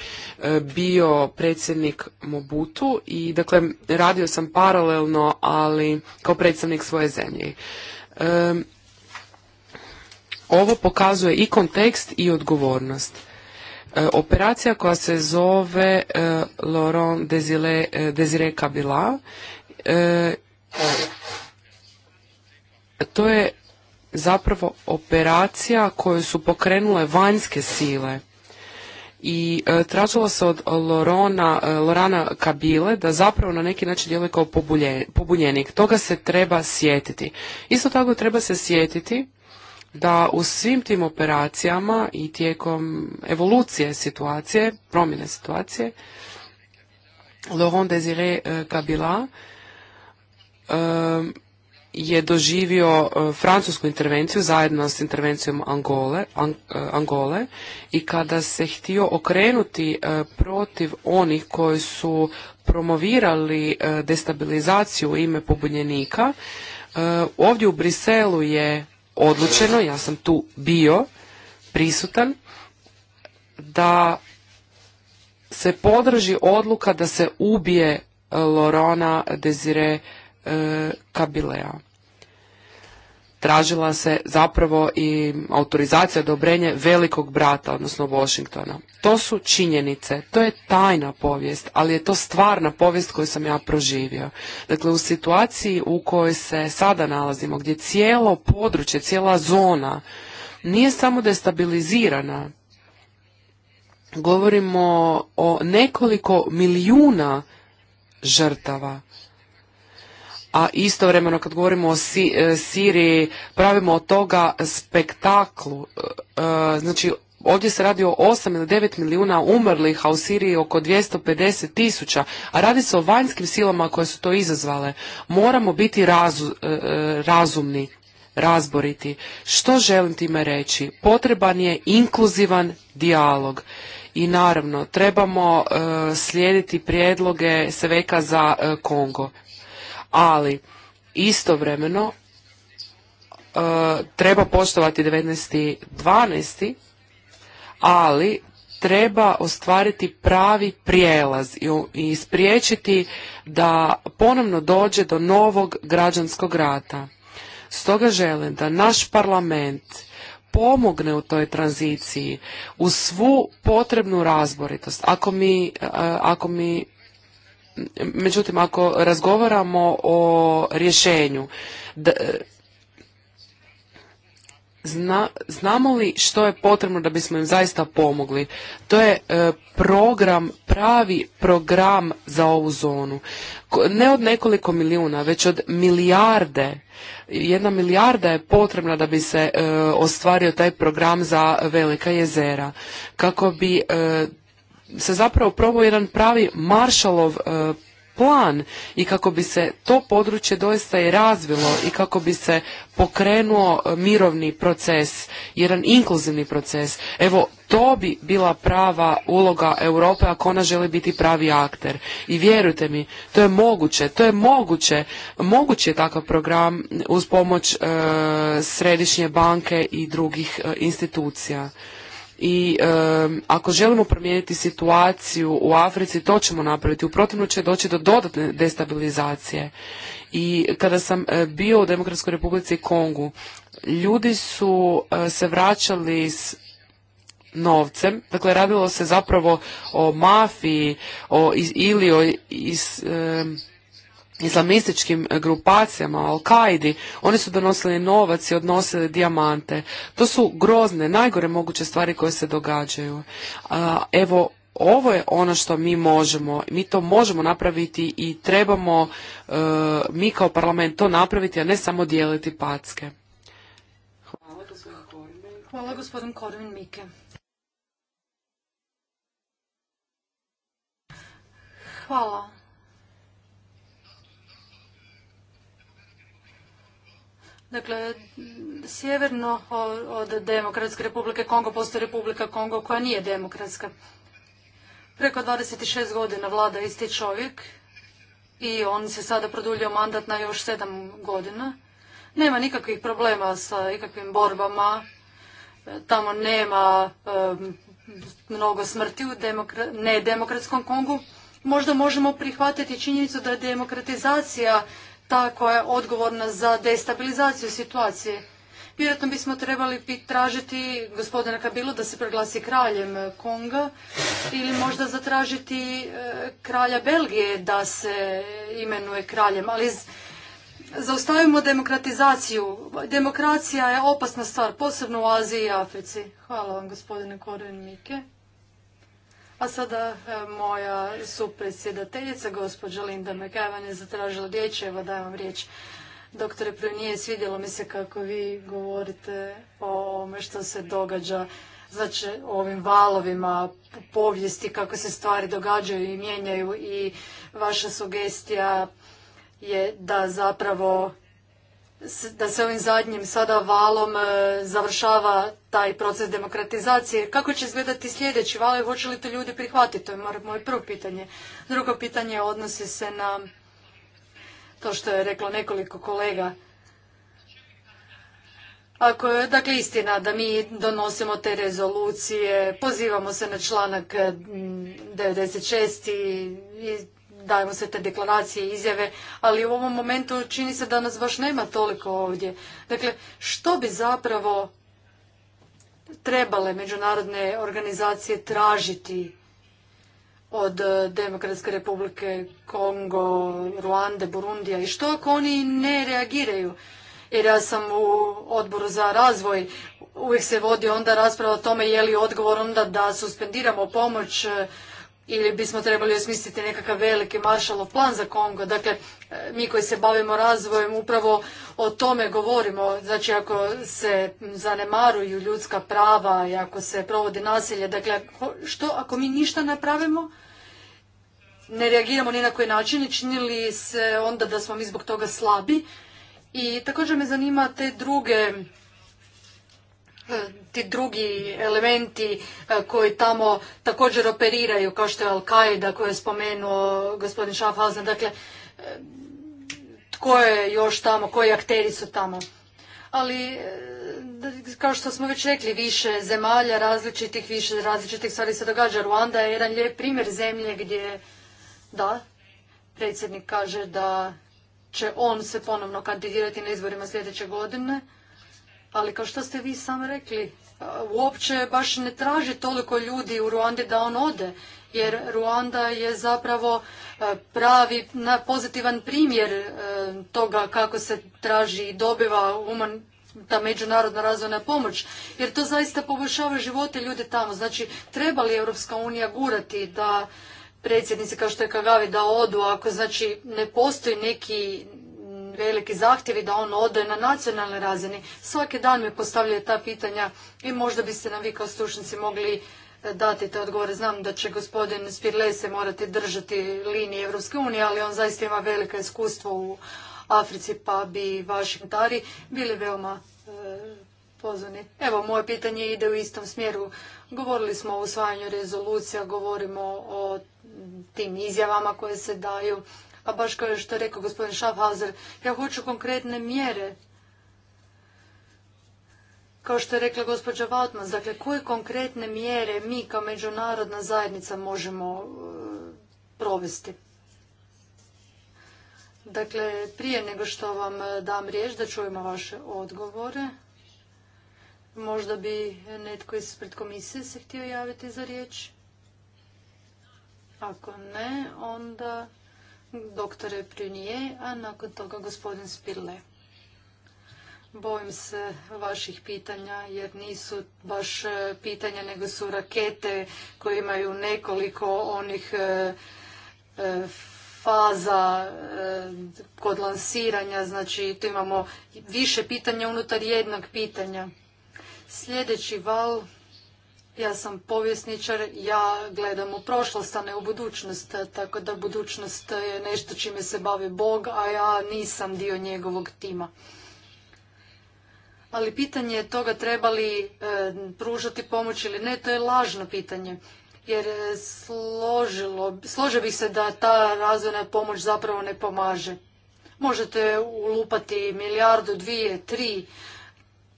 S2: bio predsjednik Mobutu i dakle radio sam paralelno, ali kao predstavnik svoje zemlje. Ovo pokazuje i kontekst i odgovornost. E, operacija koja se zove e, Laurent Desire, Kabila, e, to je zapravo operacija koju su pokrenule vanjske sile i tražilo se od Lorona, Lorana Kabile da zapravo na neki način djeluje kao pobunjenik. Toga se treba sjetiti. Isto tako treba se sjetiti da u svim tim operacijama i tijekom evolucije situacije, promjene situacije, Laurent Désiré Kabila eh, eh, je doživio eh, francusku intervenciju zajedno s intervencijom Angole, Angole i kada se htio okrenuti protiv onih koji su promovirali destabilizaciju ime pobunjenika, ovdje u Briselu je odlučeno, ja sam tu bio prisutan, da se podrži odluka da se ubije Lorona Desire e, Kabilea tražila se zapravo i autorizacija odobrenje velikog brata, odnosno Washingtona. To su činjenice, to je tajna povijest, ali je to stvarna povijest koju sam ja proživio. Dakle, u situaciji u kojoj se sada nalazimo, gdje cijelo područje, cijela zona nije samo destabilizirana, govorimo o nekoliko milijuna žrtava a istovremeno kad govorimo o e, Siriji pravimo od toga spektaklu. E, e, znači Ovdje se radi o 8 ili 9 milijuna umrlih, a u Siriji oko 250 tisuća. A radi se o vanjskim silama koje su to izazvale. Moramo biti razumni, razboriti. Što želim time reći? Potreban je inkluzivan dijalog. I naravno, trebamo slijediti prijedloge Seveka za Kongo ali istovremeno e, treba poštovati 19.12. ali treba ostvariti pravi prijelaz i, ispriječiti spriječiti da ponovno dođe do novog građanskog rata. Stoga želim da naš parlament pomogne u toj tranziciji u svu potrebnu razboritost. Ako mi, e, ako mi međutim, ako razgovaramo o rješenju, e, znamo li što je potrebno da bismo im zaista pomogli? To je e, program, pravi program za ovu zonu. Ne od nekoliko milijuna, već od milijarde. Jedna milijarda je potrebna da bi se e, ostvario taj program za velika jezera. Kako bi se zapravo probao jedan pravi maršalov e, plan i kako bi se to područje doista i razvilo i kako bi se pokrenuo e, mirovni proces, jedan inkluzivni proces. Evo, to bi bila prava uloga Europe ako ona želi biti pravi akter. I vjerujte mi, to je moguće, to je moguće. moguće je takav program uz pomoć e, Središnje banke i drugih institucija i ako želimo promijeniti situaciju u Africi, to ćemo napraviti. U protivno će doći do dodatne destabilizacije. I kada sam eh, bio u Demokratskoj republici Kongu, ljudi su eh, se vraćali s novcem, dakle radilo se zapravo o mafiji o, ili o is, islamističkim e, grupacijama, Al-Kaidi, oni su donosili novac i odnosili dijamante. To su grozne, najgore moguće stvari koje se događaju. Evo, ovo je ono što mi možemo, mi to možemo napraviti i trebamo e, mi kao parlament to napraviti, a ne samo dijeliti packe.
S3: Hvala gospodin Korvin Mike. Hvala Dakle, sjeverno od Demokratske republike Kongo postoji Republika Kongo koja nije demokratska. Preko 26 godina vlada isti čovjek i on se sada produljio mandat na još 7 godina. Nema nikakvih problema sa ikakvim borbama, tamo nema mnogo smrti u nedemokratskom Kongu. Možda možemo prihvatiti činjenicu da je demokratizacija ta koja je odgovorna za destabilizaciju situacije. Vjerojatno bismo trebali tražiti gospodina Kabilu da se proglasi kraljem e, Konga ili možda zatražiti e, kralja Belgije da se e, imenuje kraljem, ali zaustavimo demokratizaciju. Demokracija je opasna stvar, posebno u Aziji i Africi. Hvala vam gospodine Koren a sada e, moja supredsjedateljica, gospođa Linda McEwan, je zatražila riječ. Evo dajem vam riječ. Doktore nije svidjelo mi se kako vi govorite o ovome što se događa, znači o ovim valovima povijesti, kako se stvari događaju i mijenjaju i vaša sugestija je da zapravo da se ovim zadnjim sada valom e, završava taj proces demokratizacije. Kako će izgledati sljedeći val i hoće li to ljudi prihvatiti? To je moje prvo pitanje. Drugo pitanje odnosi se na to što je reklo nekoliko kolega. Ako je dakle istina da mi donosimo te rezolucije, pozivamo se na članak 96. i dajemo sve te deklaracije i izjave, ali u ovom momentu čini se da nas baš nema toliko ovdje. Dakle, što bi zapravo trebale međunarodne organizacije tražiti od Demokratske republike Kongo, Ruande, Burundija i što ako oni ne reagiraju? Jer ja sam u odboru za razvoj, uvijek se vodi onda rasprava o tome je li odgovor onda da suspendiramo pomoć ili bismo trebali osmisliti nekakav veliki maršalov plan za Kongo. Dakle, e, mi koji se bavimo razvojem upravo o tome govorimo. Znači, ako se zanemaruju ljudska prava i ako se provodi nasilje, dakle, što ako mi ništa ne Ne reagiramo ni na koji način, čini li se onda da smo mi zbog toga slabi? I također me zanima te druge ti drugi elementi e, koji tamo također operiraju, kao što je Al-Qaida koju je spomenuo gospodin Schaffhausen. Dakle, e, tko je još tamo, koji akteri su tamo. Ali, e, kao što smo već rekli, više zemalja različitih, više različitih stvari se događa. Ruanda je jedan lijep primjer zemlje gdje, da, predsjednik kaže da će on se ponovno kandidirati na izborima sljedeće godine ali kao što ste vi sam rekli, uopće baš ne traži toliko ljudi u Ruandi da on ode, jer Ruanda je zapravo pravi pozitivan primjer e, toga kako se traži i dobiva human, ta međunarodna razvojna pomoć, jer to zaista poboljšava živote ljude tamo. Znači, treba li Europska unija gurati da predsjednici kao što je Kagavi da odu, ako znači ne postoji neki veliki zahtjevi da on ode na nacionalnoj razini. Svaki dan me postavljaju ta pitanja i možda biste nam vi kao stručnici mogli e, dati te odgovore. Znam da će gospodin Spirlese morati držati linije Evropske unije, ali on zaista ima velika iskustvo u Africi, pa bi vaši komentari bili veoma e, pozvani. Evo, moje pitanje ide u istom smjeru. Govorili smo o usvajanju rezolucija, govorimo o tim izjavama koje se daju a baš kao što je rekao gospodin Schaffhauser, ja hoću konkretne mjere. Kao što je rekla gospođa Vautman, dakle, koje konkretne mjere mi kao međunarodna zajednica možemo e, provesti? Dakle, prije nego što vam e, dam riječ da čujemo vaše odgovore, možda bi netko ispred komisije se htio javiti za riječ? Ako ne, onda doktore Prunije, a nakon toga gospodin Spirle. Bojim se vaših pitanja jer nisu baš e, pitanja nego su rakete koje imaju nekoliko onih e, e, faza kod lansiranja. Znači tu imamo više pitanja unutar jednog pitanja. Sljedeći val ja sam povjesničar, ja gledam u prošlost, a ne u budućnost, tako da budućnost je nešto čime se bavi Bog, a ja nisam dio njegovog tima. Ali pitanje je toga treba li e, pružati pomoć ili ne, to je lažno pitanje. Jer e, složilo, složio bi se da ta razvojna pomoć zapravo ne pomaže. Možete ulupati milijardu, dvije, tri,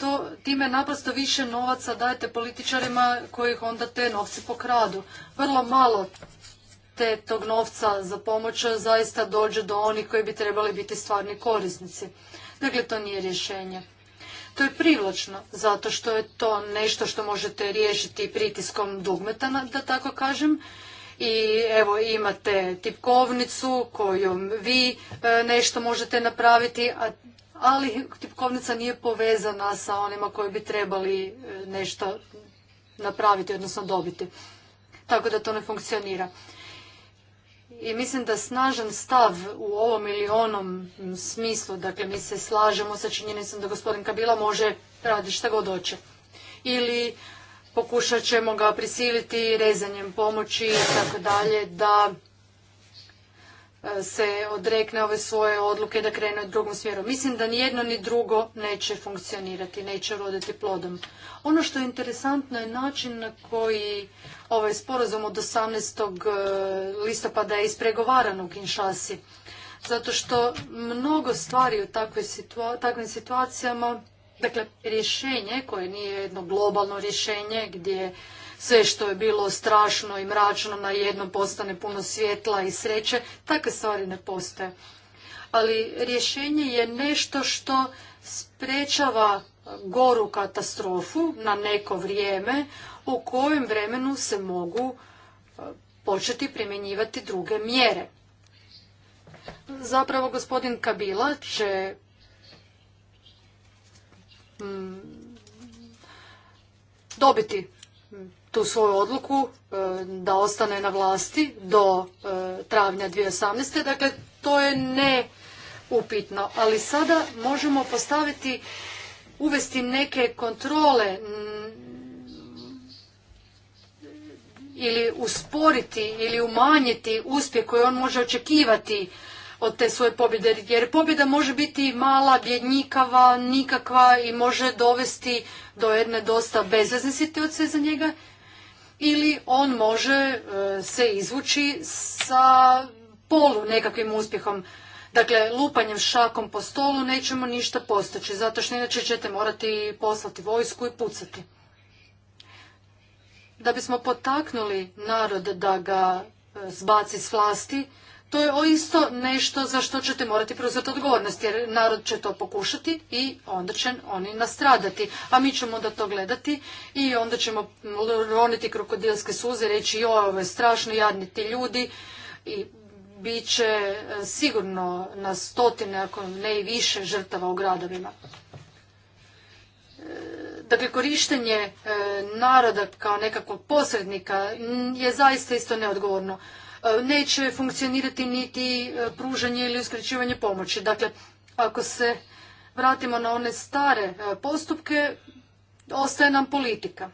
S3: to, time naprosto više novaca dajete političarima kojih onda te novce pokradu. Vrlo malo te tog novca za pomoć zaista dođe do onih koji bi trebali biti stvarni korisnici. Dakle, to nije rješenje. To je privlačno, zato što je to nešto što možete riješiti pritiskom dugmeta, da tako kažem. I evo imate tipkovnicu kojom vi e, nešto možete napraviti, a ali tipkovnica nije povezana sa onima koji bi trebali e, nešto napraviti, odnosno dobiti. Tako da to ne funkcionira. I mislim da snažan stav u ovom ili onom smislu, dakle mi se slažemo sa činjenicom da gospodin Kabila može raditi šta god hoće. Ili pokušat ćemo ga prisiliti rezanjem pomoći i tako dalje da se odrekne ove svoje odluke da krene u drugom smjeru. Mislim da ni jedno ni drugo neće funkcionirati, neće roditi plodom. Ono što je interesantno je način na koji ovaj sporazum od 18. E, listopada je ispregovaran u Kinshasi. Zato što mnogo stvari u takvim situacijama, dakle rješenje koje nije jedno globalno rješenje gdje sve što je bilo strašno i mračno na jednom postane puno svjetla i sreće, takve stvari ne postoje. Ali rješenje je nešto što sprečava goru katastrofu na neko vrijeme u kojem vremenu se mogu e, početi primjenjivati druge mjere. Zapravo gospodin Kabila će mm, dobiti tu svoju odluku e, da ostane na vlasti do e, travnja 2018. Dakle, to je ne upitno. Ali sada možemo postaviti, uvesti neke kontrole mm, ili usporiti ili umanjiti uspjeh koji on može očekivati od te svoje pobjede. Jer pobjeda može biti mala, bjednjikava, nikakva i može dovesti do jedne dosta bezvezne situacije za njega ili on može e, se izvući sa polu nekakvim uspjehom. Dakle, lupanjem šakom po stolu nećemo ništa postići, zato što inače ćete morati poslati vojsku i pucati. Da bismo potaknuli narod da ga e, zbaci s vlasti, to je o isto nešto za što ćete morati preuzeti odgovornost, jer narod će to pokušati i onda će oni nastradati. A mi ćemo onda to gledati i onda ćemo roniti krokodilske suze, reći jo, ovo je strašno, jadni ti ljudi i bit će e, sigurno na stotine, ako ne i više, žrtava u gradovima. E, dakle, korištenje e, naroda kao nekakvog posrednika je zaista isto neodgovorno. E, neće funkcionirati niti e, pružanje ili uskraćivanje pomoći. Dakle, ako se vratimo na one stare e, postupke, ostaje nam politika.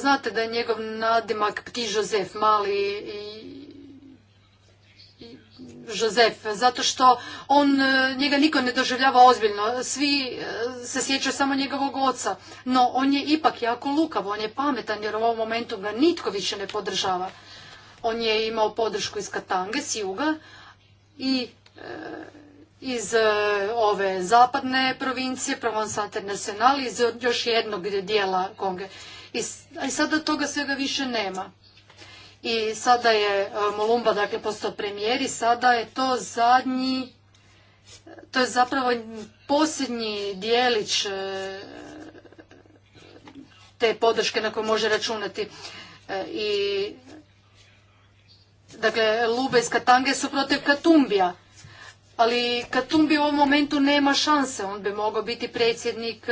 S3: Znate da je njegov nadimak Pti mali i Josef, zato što on, e, njega niko ne doživljava ozbiljno, svi e, se sjećaju samo njegovog oca, no on je ipak jako lukav, on je pametan jer u ovom momentu ga nitko više ne podržava. On je imao podršku iz Katange, s juga i e, iz ove zapadne provincije, Provence nacional iz još jednog dijela Konge. i sada toga svega više nema i sada je e, Molumba dakle postao premijer i sada je to zadnji to je zapravo posljednji dijelić e, te podrške na koju može računati. E, I, dakle, Lube iz Katange su protiv Katumbija, ali Katumbi u ovom momentu nema šanse. On bi mogao biti predsjednik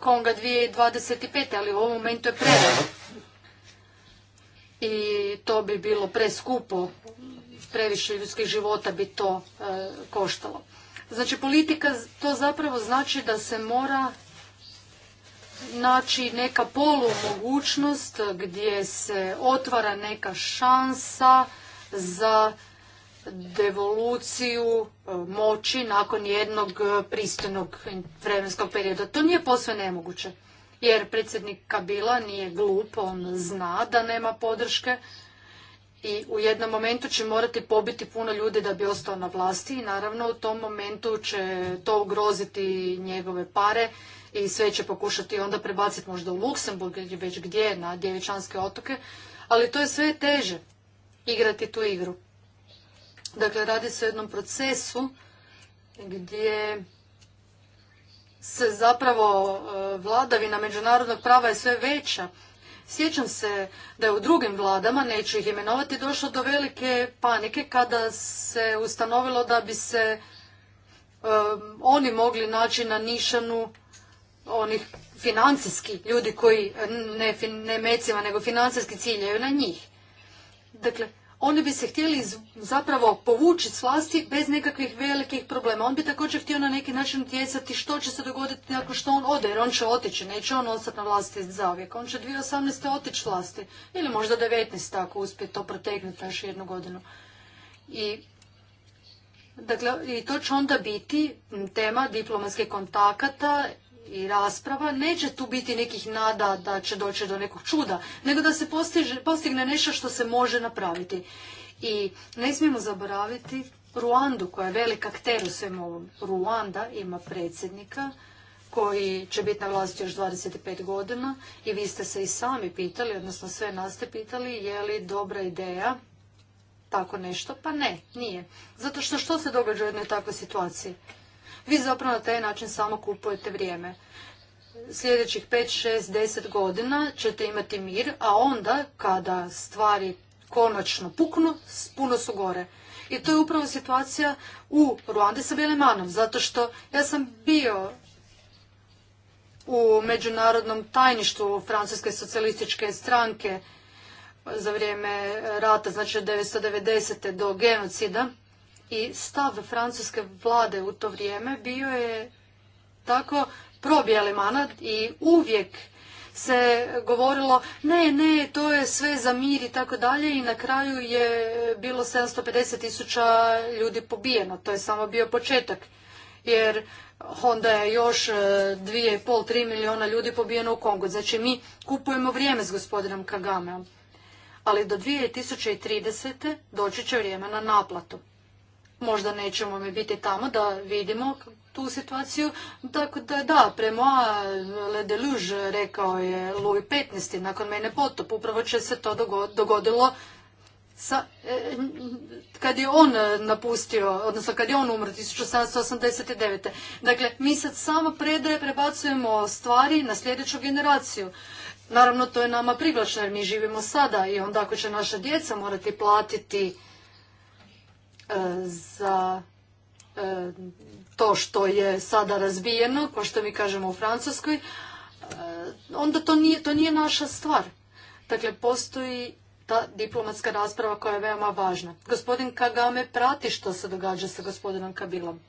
S3: Konga 2025. ali u ovom momentu je prerano i to bi bilo preskupo, previše ljudskih života bi to e, koštalo. Znači politika to zapravo znači da se mora naći neka polumogućnost gdje se otvara neka šansa za devoluciju e, moći nakon jednog pristojnog vremenskog perioda. To nije posve nemoguće jer predsjednik Kabila nije glup, on zna da nema podrške i u jednom momentu će morati pobiti puno ljudi da bi ostao na vlasti i naravno u tom momentu će to ugroziti njegove pare i sve će pokušati onda prebaciti možda u Luksemburg ili već gdje na djevičanske otoke, ali to je sve teže igrati tu igru. Dakle, radi se o jednom procesu gdje se zapravo e, vladavina međunarodnog prava je sve veća. Sjećam se da je u drugim vladama, neću ih imenovati, došlo do velike panike kada se ustanovilo da bi se e, oni mogli naći na nišanu onih financijski ljudi koji ne, ne mecima nego financijski ciljaju na njih. Dakle, oni bi se htjeli zapravo povući s vlasti bez nekakvih velikih problema. On bi također htio na neki način utjecati što će se dogoditi nakon što on ode, jer on će otići, neće on ostati na vlasti uvijek. On će 2018. otići s vlasti, ili možda 19. ako uspije to protegnuti još jednu godinu. I Dakle, i to će onda biti tema diplomatskih kontakata i rasprava, neće tu biti nekih nada da će doći do nekog čuda, nego da se postiže, postigne nešto što se može napraviti. I ne smijemo zaboraviti Ruandu koja je velika akter u svem ovom. Ruanda ima predsjednika koji će biti na vlasti još 25 godina i vi ste se i sami pitali, odnosno sve nas ste pitali je li dobra ideja tako nešto, pa ne, nije. Zato što što se događa u jednoj takvoj situaciji? vi zapravo na taj način samo kupujete vrijeme. Sljedećih 5, 6, 10 godina ćete imati mir, a onda kada stvari konačno puknu, puno su gore. I to je upravo situacija u Ruandi sa Bjelemanom, zato što ja sam bio u međunarodnom tajništvu Francuske socijalističke stranke za vrijeme rata, znači od 1990. do genocida i stav francuske vlade u to vrijeme bio je tako manad i uvijek se govorilo ne, ne, to je sve za mir i tako dalje i na kraju je bilo 750 tisuća ljudi pobijeno. To je samo bio početak jer onda je još 2,5, 3 milijuna ljudi pobijeno u Kongu. Znači mi kupujemo vrijeme s gospodinom Kagameom. Ali do 2030. doći će vrijeme na naplatu. Možda nećemo mi biti tamo da vidimo tu situaciju. Tako da da, prema eh, Le Deluge rekao je Louis XV. Nakon mene potop. Upravo će se to dogodilo sa, eh, kad je on eh, napustio, odnosno kad je on umro 1789. Dakle, mi sad samo predaje prebacujemo stvari na sljedeću generaciju. Naravno, to je nama privlačno jer mi živimo sada i onda ako će naša djeca morati platiti E, za e, to što je sada razbijeno, kao što mi kažemo u Francuskoj, e, onda to nije, naša stvar. Dakle, postoji ta diplomatska rasprava koja je veoma važna. Gospodin Kagame prati što se događa sa gospodinom Kabilom.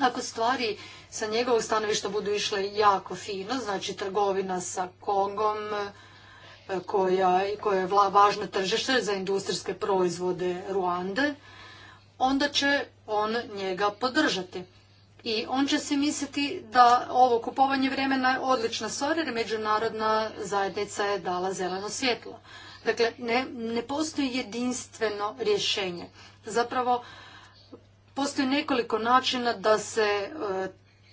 S3: Ako stvari sa njegovog stanovišta budu išle jako fino, znači trgovina sa Kongom, koja, koja je važno tržište za industrijske proizvode Ruande, onda će on njega podržati. I on će se misliti da ovo kupovanje vremena je odlična stvar jer međunarodna zajednica je dala zeleno svjetlo. Dakle, ne, ne postoji jedinstveno rješenje. Zapravo, postoji nekoliko načina da se e,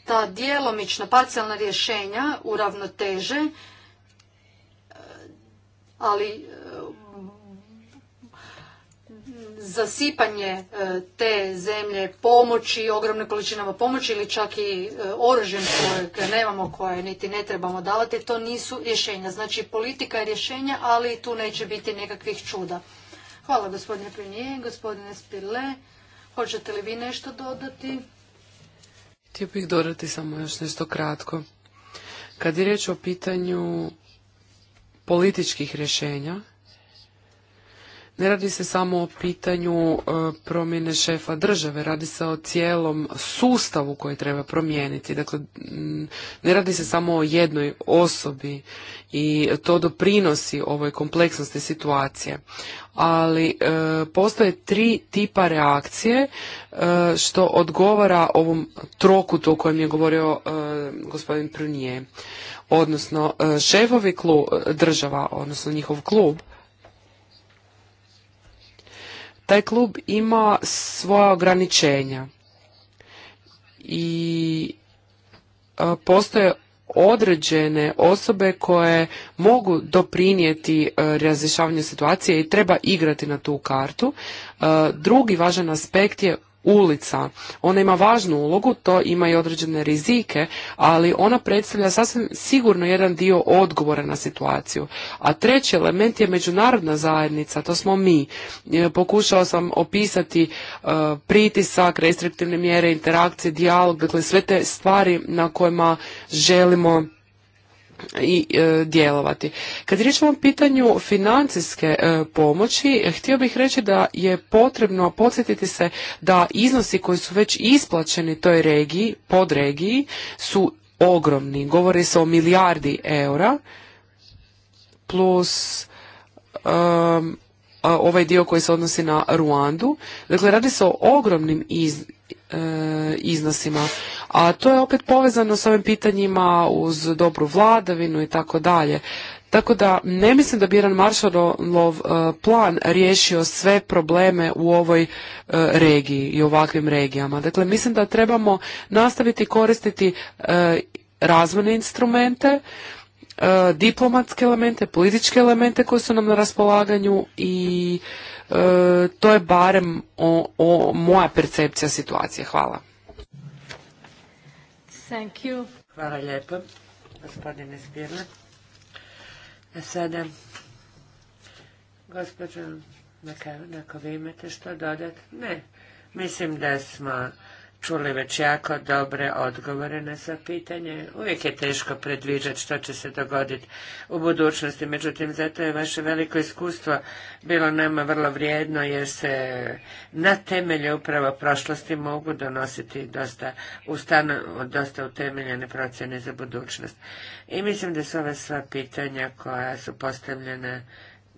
S3: ta djelomična parcijalna rješenja uravnoteže, ali e, zasipanje e, te zemlje pomoći, ogromne količinama pomoći ili čak i e, oružjem koje nemamo, koje niti ne trebamo davati, to nisu rješenja. Znači politika je rješenja, ali tu neće biti nekakvih čuda. Hvala gospodine Pinije, gospodine Spirle. Hoćete li vi nešto dodati?
S2: Htio bih dodati samo još nešto kratko. Kad je riječ o pitanju političkih rješenja, ne radi se samo o pitanju e, promjene šefa države, radi se o cijelom sustavu koji treba promijeniti. Dakle, ne radi se samo o jednoj osobi i to doprinosi ovoj kompleksnosti situacije. Ali e, postoje tri tipa reakcije e, što odgovara ovom trokutu o kojem je govorio gospodin Prunije. Odnosno, šefovi klub, država, odnosno njihov klub, taj klub ima svoja ograničenja i postoje određene osobe koje mogu doprinijeti e, razrješavanju situacije i treba igrati na tu kartu. E, drugi važan aspekt je ulica. Ona ima važnu ulogu, to ima i određene rizike, ali ona predstavlja sasvim sigurno jedan dio odgovora na situaciju. A treći element je međunarodna zajednica, to smo mi. E, pokušao sam opisati e, pritisak, restriktivne mjere, interakcije, dijalog, dakle sve te stvari na kojima želimo i e, djelovati. Kad riječimo o pitanju financijske e, pomoći, htio bih reći da je potrebno podsjetiti se da iznosi koji su već isplaćeni toj regiji, pod regiji su ogromni. Govori se o milijardi eura plus ovaj dio koji se odnosi na Ruandu. Dakle, radi se o ogromnim iz, E, iznosima. A to je opet povezano s ovim pitanjima uz dobru vladavinu i tako dalje. Tako da ne mislim da bi jedan Marshallov e, plan riješio sve probleme u ovoj e, regiji i ovakvim regijama. Dakle, mislim da trebamo nastaviti koristiti razvojne instrumente, diplomatske elemente, političke elemente koji su nam na raspolaganju i E, to je barem o, moja percepcija situacije. Hvala.
S3: Thank
S1: you. Hvala lijepo, gospodine Spirle. A sada, gospođo, ako vi imate što dodati? Ne, mislim da smo čuli već jako dobre odgovore na sva pitanje. Uvijek je teško predviđati što će se dogoditi u budućnosti, međutim zato je vaše veliko iskustvo bilo nama vrlo vrijedno jer se na temelju upravo prošlosti mogu donositi dosta, ustano, dosta utemeljene procjene za budućnost. I mislim da su ova sva pitanja koja su postavljena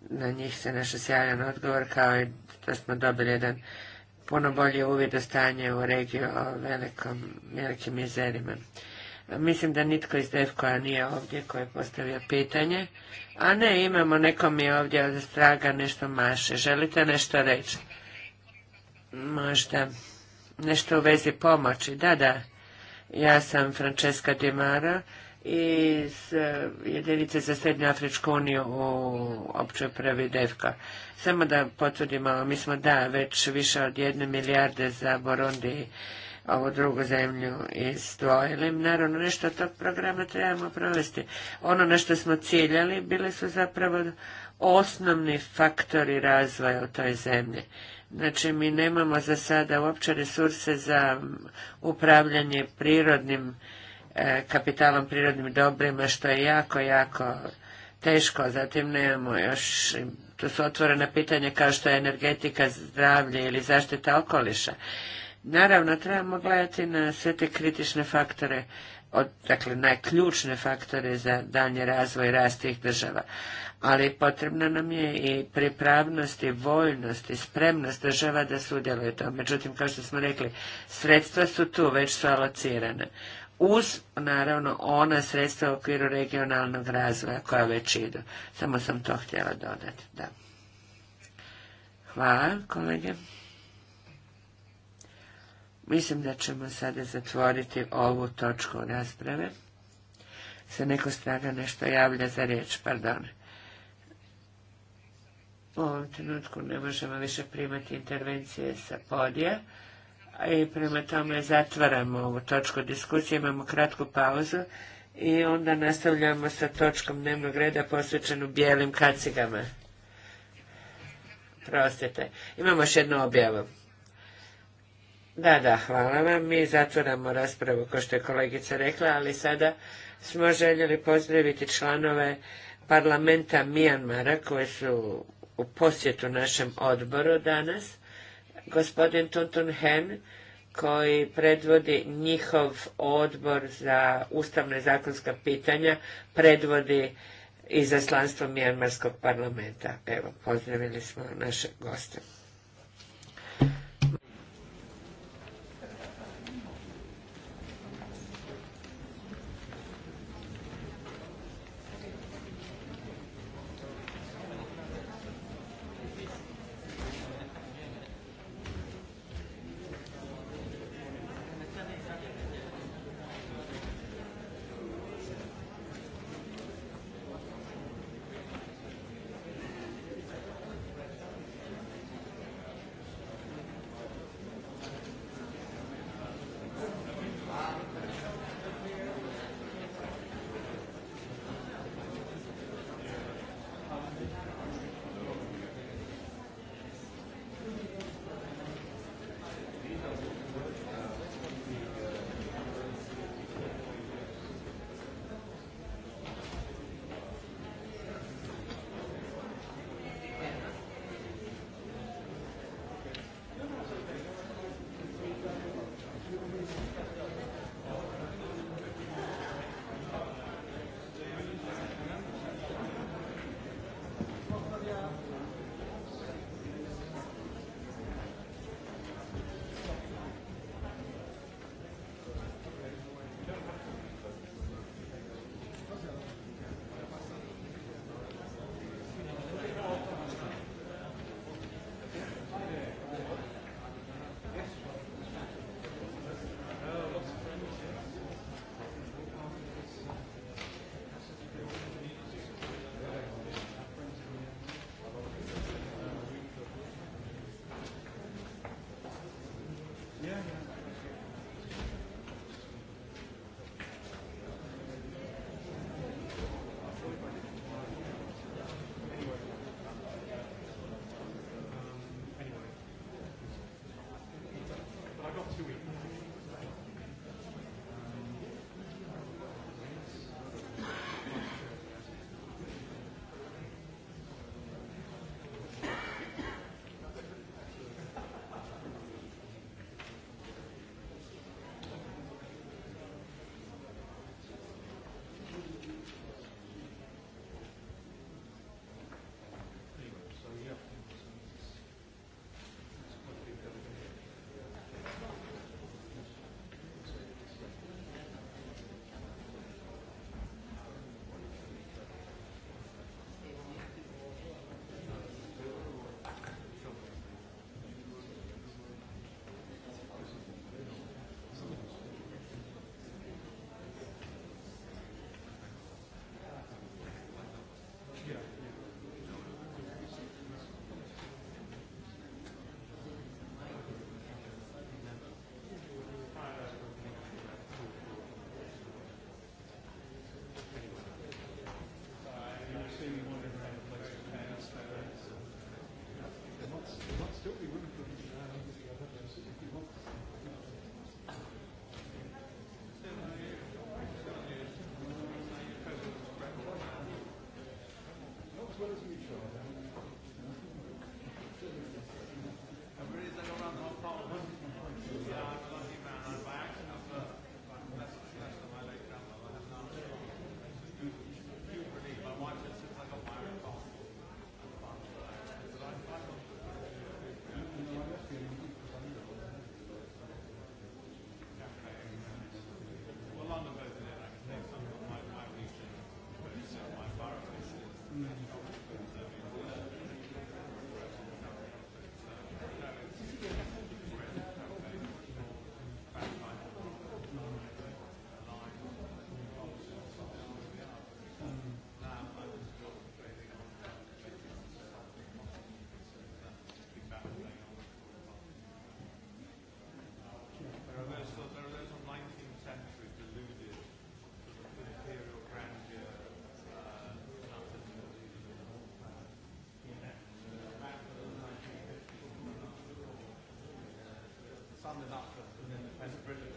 S1: na njih se naša sjajan odgovor kao i da smo dobili jedan puno bolje uvide stanje u regiju o velikom, velikim jezerima. Mislim da nitko iz defkoa nije ovdje koji je postavio pitanje. A ne, imamo nekom je ovdje od straga nešto maše. Želite nešto reći? Možda nešto u vezi pomoći. Da, da. Ja sam Francesca Dimara iz eh, Jedinice za Srednju Afričku uniju u općoj prvi Defkoa. Samo da potvrdimo, mi smo da već više od jedne milijarde za i ovu drugu zemlju izdvojili. Naravno, nešto od tog programa trebamo provesti. Ono na što smo ciljali bile su zapravo osnovni faktori razvoja u toj zemlji. Znači, mi nemamo za sada uopće resurse za upravljanje prirodnim e, kapitalom, prirodnim dobrima, što je jako, jako teško. Zatim nemamo još to su otvorena pitanja kao što je energetika, zdravlje ili zaštita okoliša. Naravno, trebamo gledati na sve te kritične faktore, od, dakle najključne faktore za dalje razvoj rast tih država. Ali potrebna nam je i pripravnost i voljnost i spremnost država da sudjeluje to. Međutim, kao što smo rekli, sredstva su tu već su alocirana uz naravno ona sredstva u okviru regionalnog razvoja koja već idu. Samo sam to htjela dodati. Da. Hvala kolege. Mislim da ćemo sada zatvoriti ovu točku rasprave. Se neko straga nešto javlja za riječ, pardon. U ovom trenutku ne možemo više primati intervencije sa podija i prema tome zatvaramo ovu točku diskusije, imamo kratku pauzu i onda nastavljamo sa točkom dnevnog reda posvećenu bijelim kacigama. Prostite. Imamo još jednu objavu. Da, da, hvala vam. Mi zatvoramo raspravu, kao što je kolegica rekla, ali sada smo željeli pozdraviti članove parlamenta Mijanmara koji su u posjetu našem odboru danas gospodin Tuntun Hen, koji predvodi njihov odbor za ustavne zakonska pitanja, predvodi izaslanstvo Mijanmarskog parlamenta. Evo, pozdravili smo naše goste.
S4: the and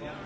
S4: Hvala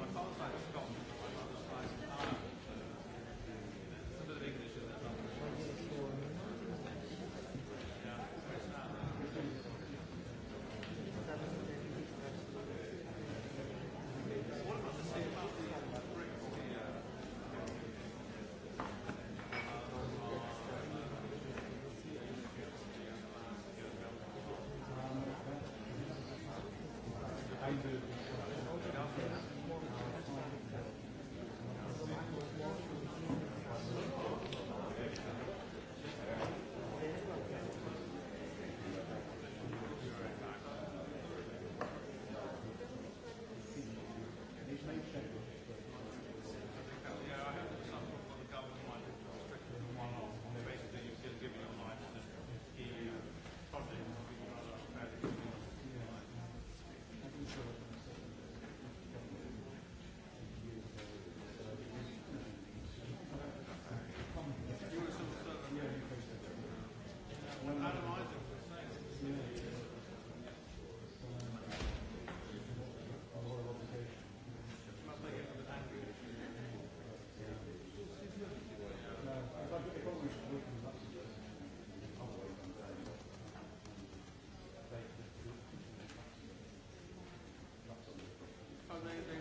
S4: na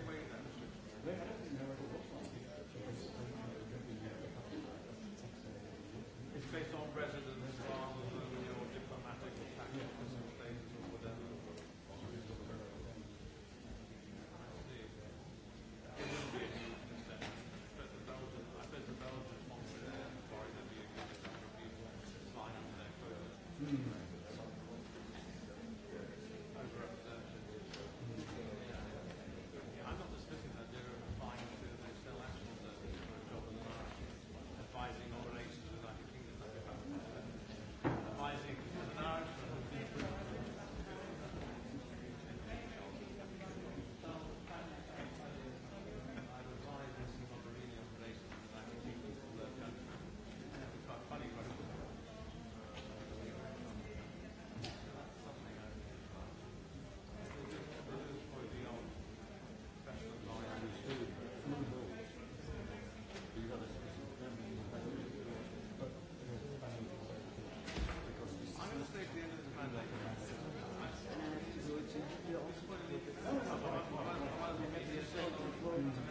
S4: Hvala.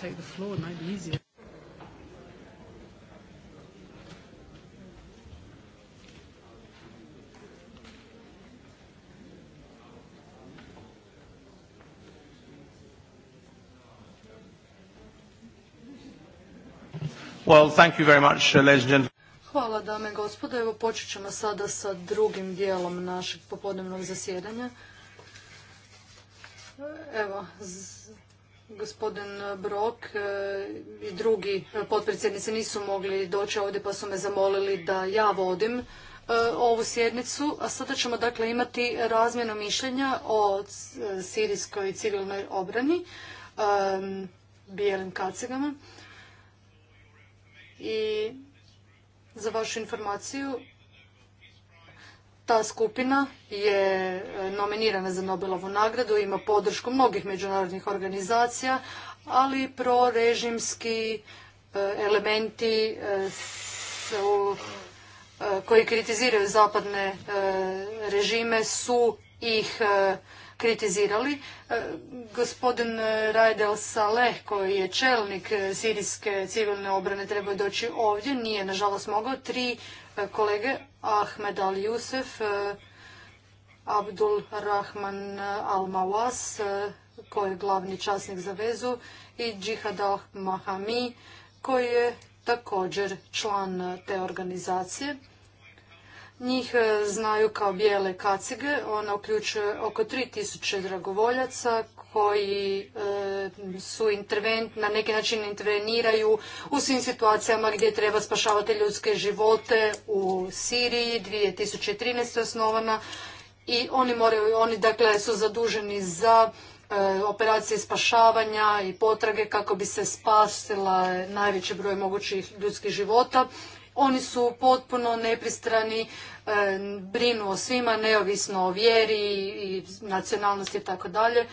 S2: take the floor, it might be easier.
S4: Well, thank you very much, uh, ladies and gentlemen.
S3: Hvala dame i gospodo. Evo počet ćemo sada sa drugim dijelom našeg popodnevnog zasjedanja. Evo, z Gospodin Brok e, i drugi e, potpredsjednici nisu mogli doći ovdje pa su me zamolili da ja vodim e, ovu sjednicu, a sada ćemo dakle imati razmjenu mišljenja o sirijskoj civilnoj obrani, bijelim kacigama. I za vašu informaciju, ta skupina je e, nominirana za Nobelovu nagradu, ima podršku mnogih međunarodnih organizacija, ali prorežimski e, elementi e, su, koji kritiziraju zapadne režime su ih kritizirali. Gospodin Raed Saleh, koji je čelnik sirijske civilne obrane, trebao doći ovdje, nije nažalost mogao. Tri kolege, Ahmed Al Jusef, Abdul Rahman Al-Mawas, eh, koji je glavni časnik za vezu, i al Mahami, koji je također član te organizacije. Njih eh, znaju kao bijele kacige, ona uključuje oko 3000 dragovoljaca koji eh, su intervent, na neki način interveniraju u svim situacijama gdje treba spašavati ljudske živote u Siriji. 2013. osnovana i oni moraju, oni dakle su zaduženi za eh, operacije spašavanja i potrage kako bi se spasila najveći broj mogućih ljudskih života. Oni su potpuno nepristrani, eh, brinu o svima, neovisno o vjeri i nacionalnosti i tako dalje.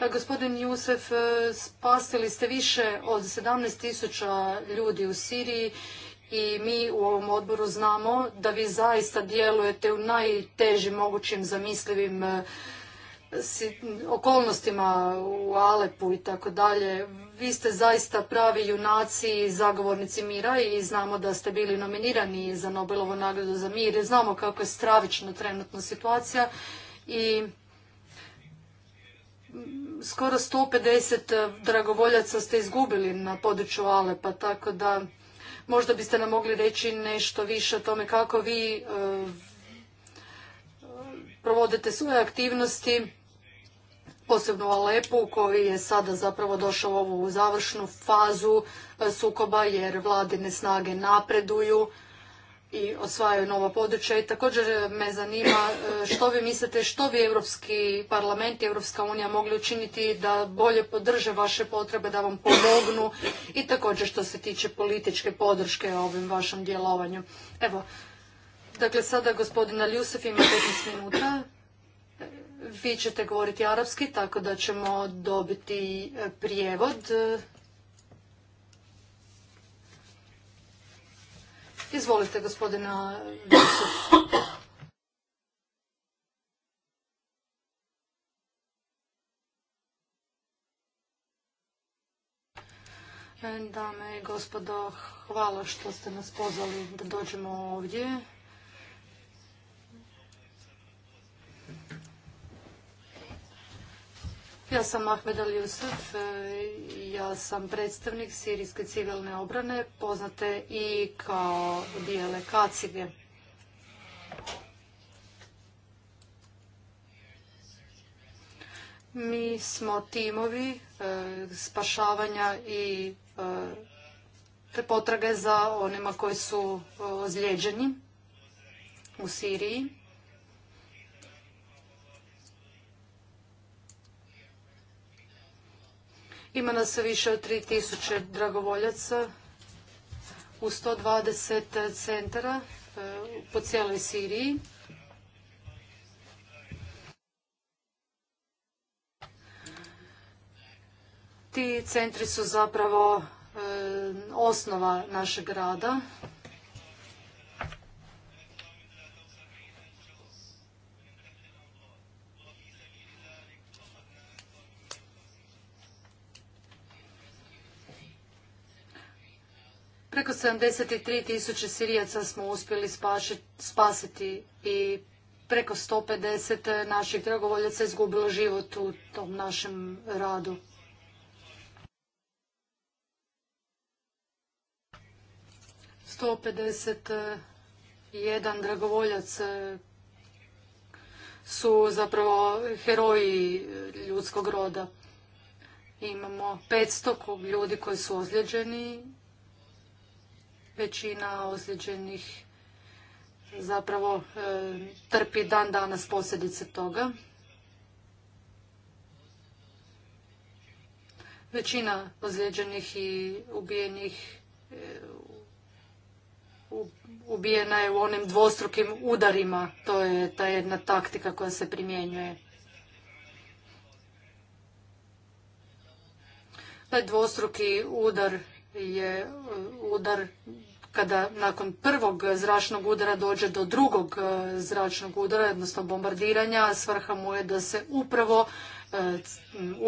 S3: Eh, gospodin Jusef, spasili ste više od 17.000 ljudi u Siriji i mi u ovom odboru znamo da vi zaista djelujete u najtežim mogućim zamislivim e, okolnostima u Alepu i tako dalje. Vi ste zaista pravi junaci i zagovornici mira i znamo da ste bili nominirani za Nobelovu nagradu za mir. Znamo kako je stravična trenutna situacija i skoro 150 e, dragovoljaca ste izgubili na području Alepa, tako da Možda biste nam mogli reći nešto više o tome kako vi e, provodite svoje aktivnosti, posebno u Alepu koji je sada zapravo došao u ovu završnu fazu e, sukoba jer vladine snage napreduju i osvajaju nova područja. I također me zanima e, što vi mislite, što bi Europski parlament i Europska unija mogli učiniti da bolje podrže vaše potrebe, da vam pomognu i također što se tiče političke podrške ovim vašem djelovanju. Evo, dakle sada gospodina Ljusef ima 15 minuta. Vi ćete govoriti arapski, tako da ćemo dobiti e, prijevod Izvolite, gospodina Visu. Dame i gospodo, hvala što ste nas pozvali da dođemo ovdje Ja sam Ahmed Al Yusuf, e, ja sam predstavnik Sirijske civilne obrane, poznate i kao bijele kacige. Mi smo timovi e, spašavanja i e, te potrage za onima koji su ozlijeđeni u Siriji. Ima nas više od 3000 dragovoljaca u 120 centara e, po cijeloj Siriji. Ti centri su zapravo e, osnova našeg rada Preko 73 tisuće Sirijaca smo uspjeli spasiti i preko 150 naših dragovoljaca izgubilo život u tom našem radu. Sto pedeset jedan dragovoljac su zapravo heroji ljudskog roda. Imamo 500 ljudi koji su ozlijeđeni Većina ozlijeđenih zapravo e, trpi dan danas posljedice toga. Većina ozlijeđenih i ubijenih e, ubijena je u onim dvostrukim udarima. To je ta jedna taktika koja se primjenjuje. Taj dvostruki udar je uh, udar kada nakon prvog zračnog udara dođe do drugog uh, zračnog udara, odnosno bombardiranja, svrha mu je da se upravo uh,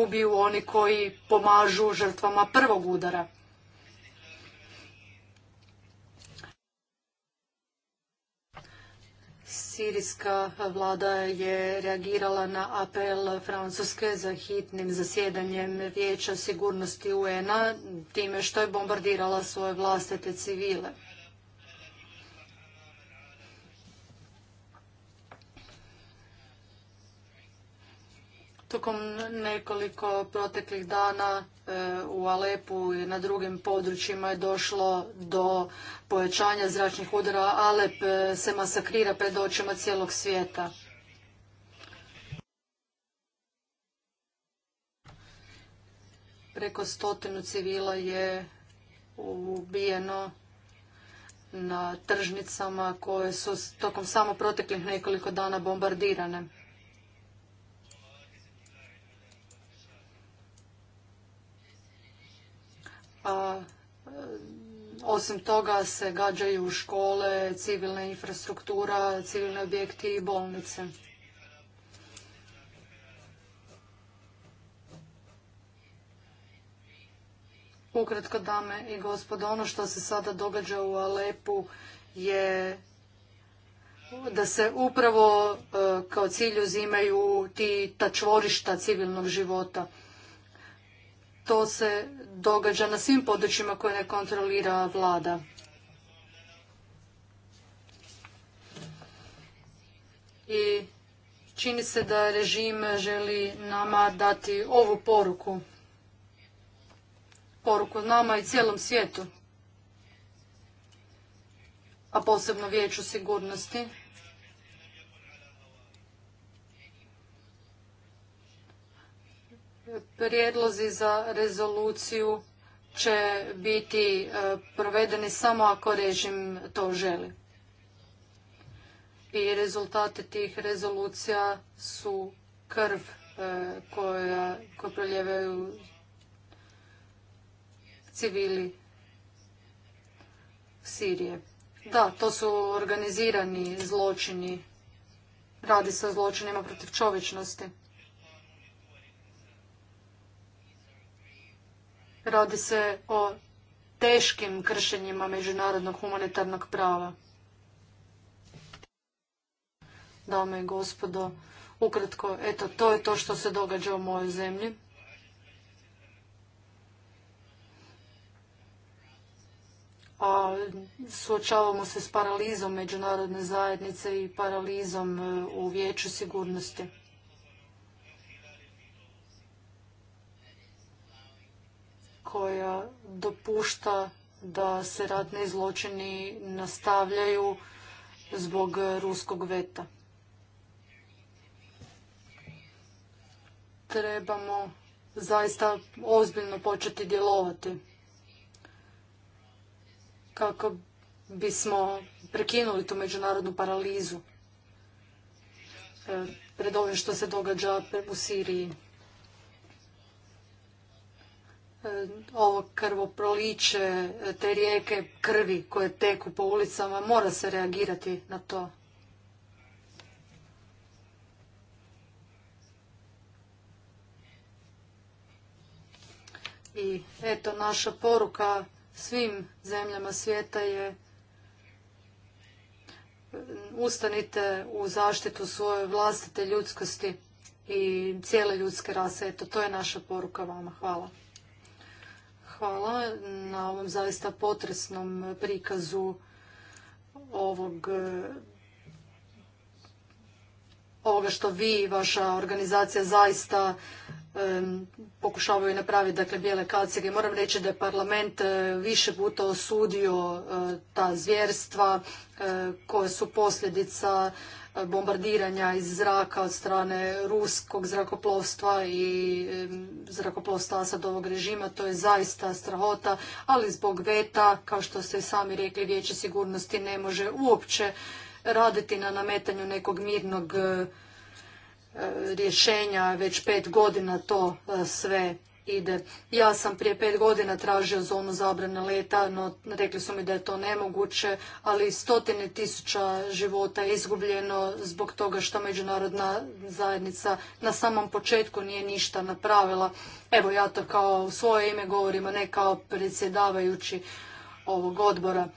S3: ubiju oni koji pomažu žrtvama prvog udara. Sirijska vlada je reagirala na apel Francuske za hitnim zasjedanjem Vijeća sigurnosti UN-a time što je bombardirala svoje vlastite civile. Tokom nekoliko proteklih dana e, u Alepu i na drugim područjima je došlo do povećanja zračnih udara. Alep e, se masakrira pred očima cijelog svijeta. Preko stotinu civila je ubijeno na tržnicama koje su tokom samo proteklih nekoliko dana bombardirane. a e, osim toga se gađaju škole, civilna infrastruktura, civilni objekti i bolnice. Ukratko, dame i gospodo, ono što se sada događa u Alepu je da se upravo e, kao cilj uzimaju ti ta čvorišta civilnog života to se događa na svim područjima koje ne kontrolira vlada. I čini se da režim želi nama dati ovu poruku. Poruku nama i cijelom svijetu. A posebno vijeću sigurnosti prijedlozi za rezoluciju će biti e, provedeni samo ako režim to želi. I rezultati tih rezolucija su krv e, koja, koju proljevaju civili Sirije. Da, to su organizirani zločini. Radi se o zločinima protiv čovječnosti. Radi se o teškim kršenjima međunarodnog humanitarnog prava. Dame i gospodo, ukratko, eto, to je to što se događa u mojoj zemlji. a suočavamo se s paralizom međunarodne zajednice i paralizom e, u vijeću sigurnosti. koja dopušta da se ratni zločini nastavljaju zbog ruskog veta. Trebamo zaista ozbiljno početi djelovati kako bismo prekinuli tu međunarodnu paralizu e, pred ovim što se događa u Siriji ovo krvoproliće, te rijeke krvi koje teku po ulicama, mora se reagirati na to. I eto, naša poruka svim zemljama svijeta je ustanite u zaštitu svoje vlastite ljudskosti i cijele ljudske rase. Eto, to je naša poruka vama. Hvala. Hvala na ovom zaista potresnom prikazu ovog ovoga što vi i vaša organizacija zaista pokušavaju napraviti, dakle, bijele kacige. Moram reći da je parlament e, više puta osudio e, ta zvjerstva e, koja koje su posljedica bombardiranja iz zraka od strane ruskog zrakoplovstva i zrakoplovstva Asadovog režima. To je zaista strahota, ali zbog veta, kao što ste i sami rekli, Vijeće sigurnosti ne može uopće raditi na nametanju nekog mirnog eh, rješenja. Već pet godina to eh, sve ide. Ja sam prije pet godina tražio zonu zabrane leta, no rekli su mi da je to nemoguće, ali stotine tisuća života je izgubljeno zbog toga što međunarodna zajednica na samom početku nije ništa napravila. Evo ja to kao u svoje ime govorim, a ne kao predsjedavajući ovog odbora.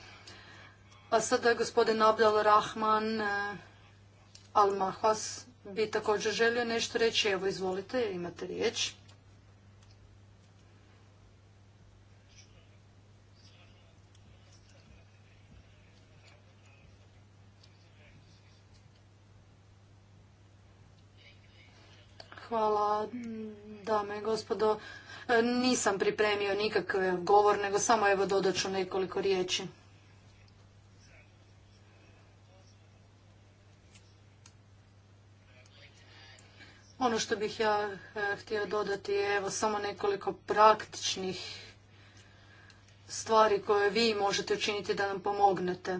S3: A sada gospodin Abdel Rahman eh, Almahas bi također želio nešto reći. Evo izvolite, imate riječ. Hvala, dame i gospodo. E, nisam pripremio nikakav govor, nego samo evo dodat ću nekoliko riječi. Ono što bih ja e, htio dodati je evo samo nekoliko praktičnih stvari koje vi možete učiniti da nam pomognete.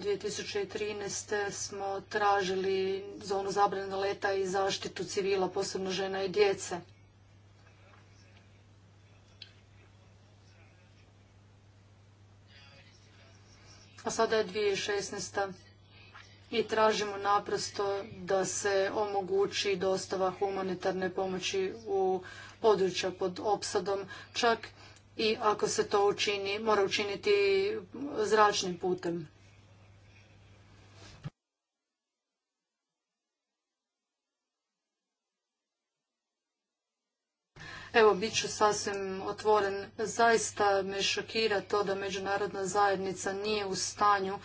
S3: 2013. smo tražili zonu zabrane leta i zaštitu civila, posebno žena i djece. A sada je 2016. i tražimo naprosto da se omogući dostava humanitarne pomoći u područja pod opsadom, čak i ako se to učini, mora učiniti zračnim putem. Evo, bit ću sasvim otvoren. Zaista me šokira to da međunarodna zajednica nije u stanju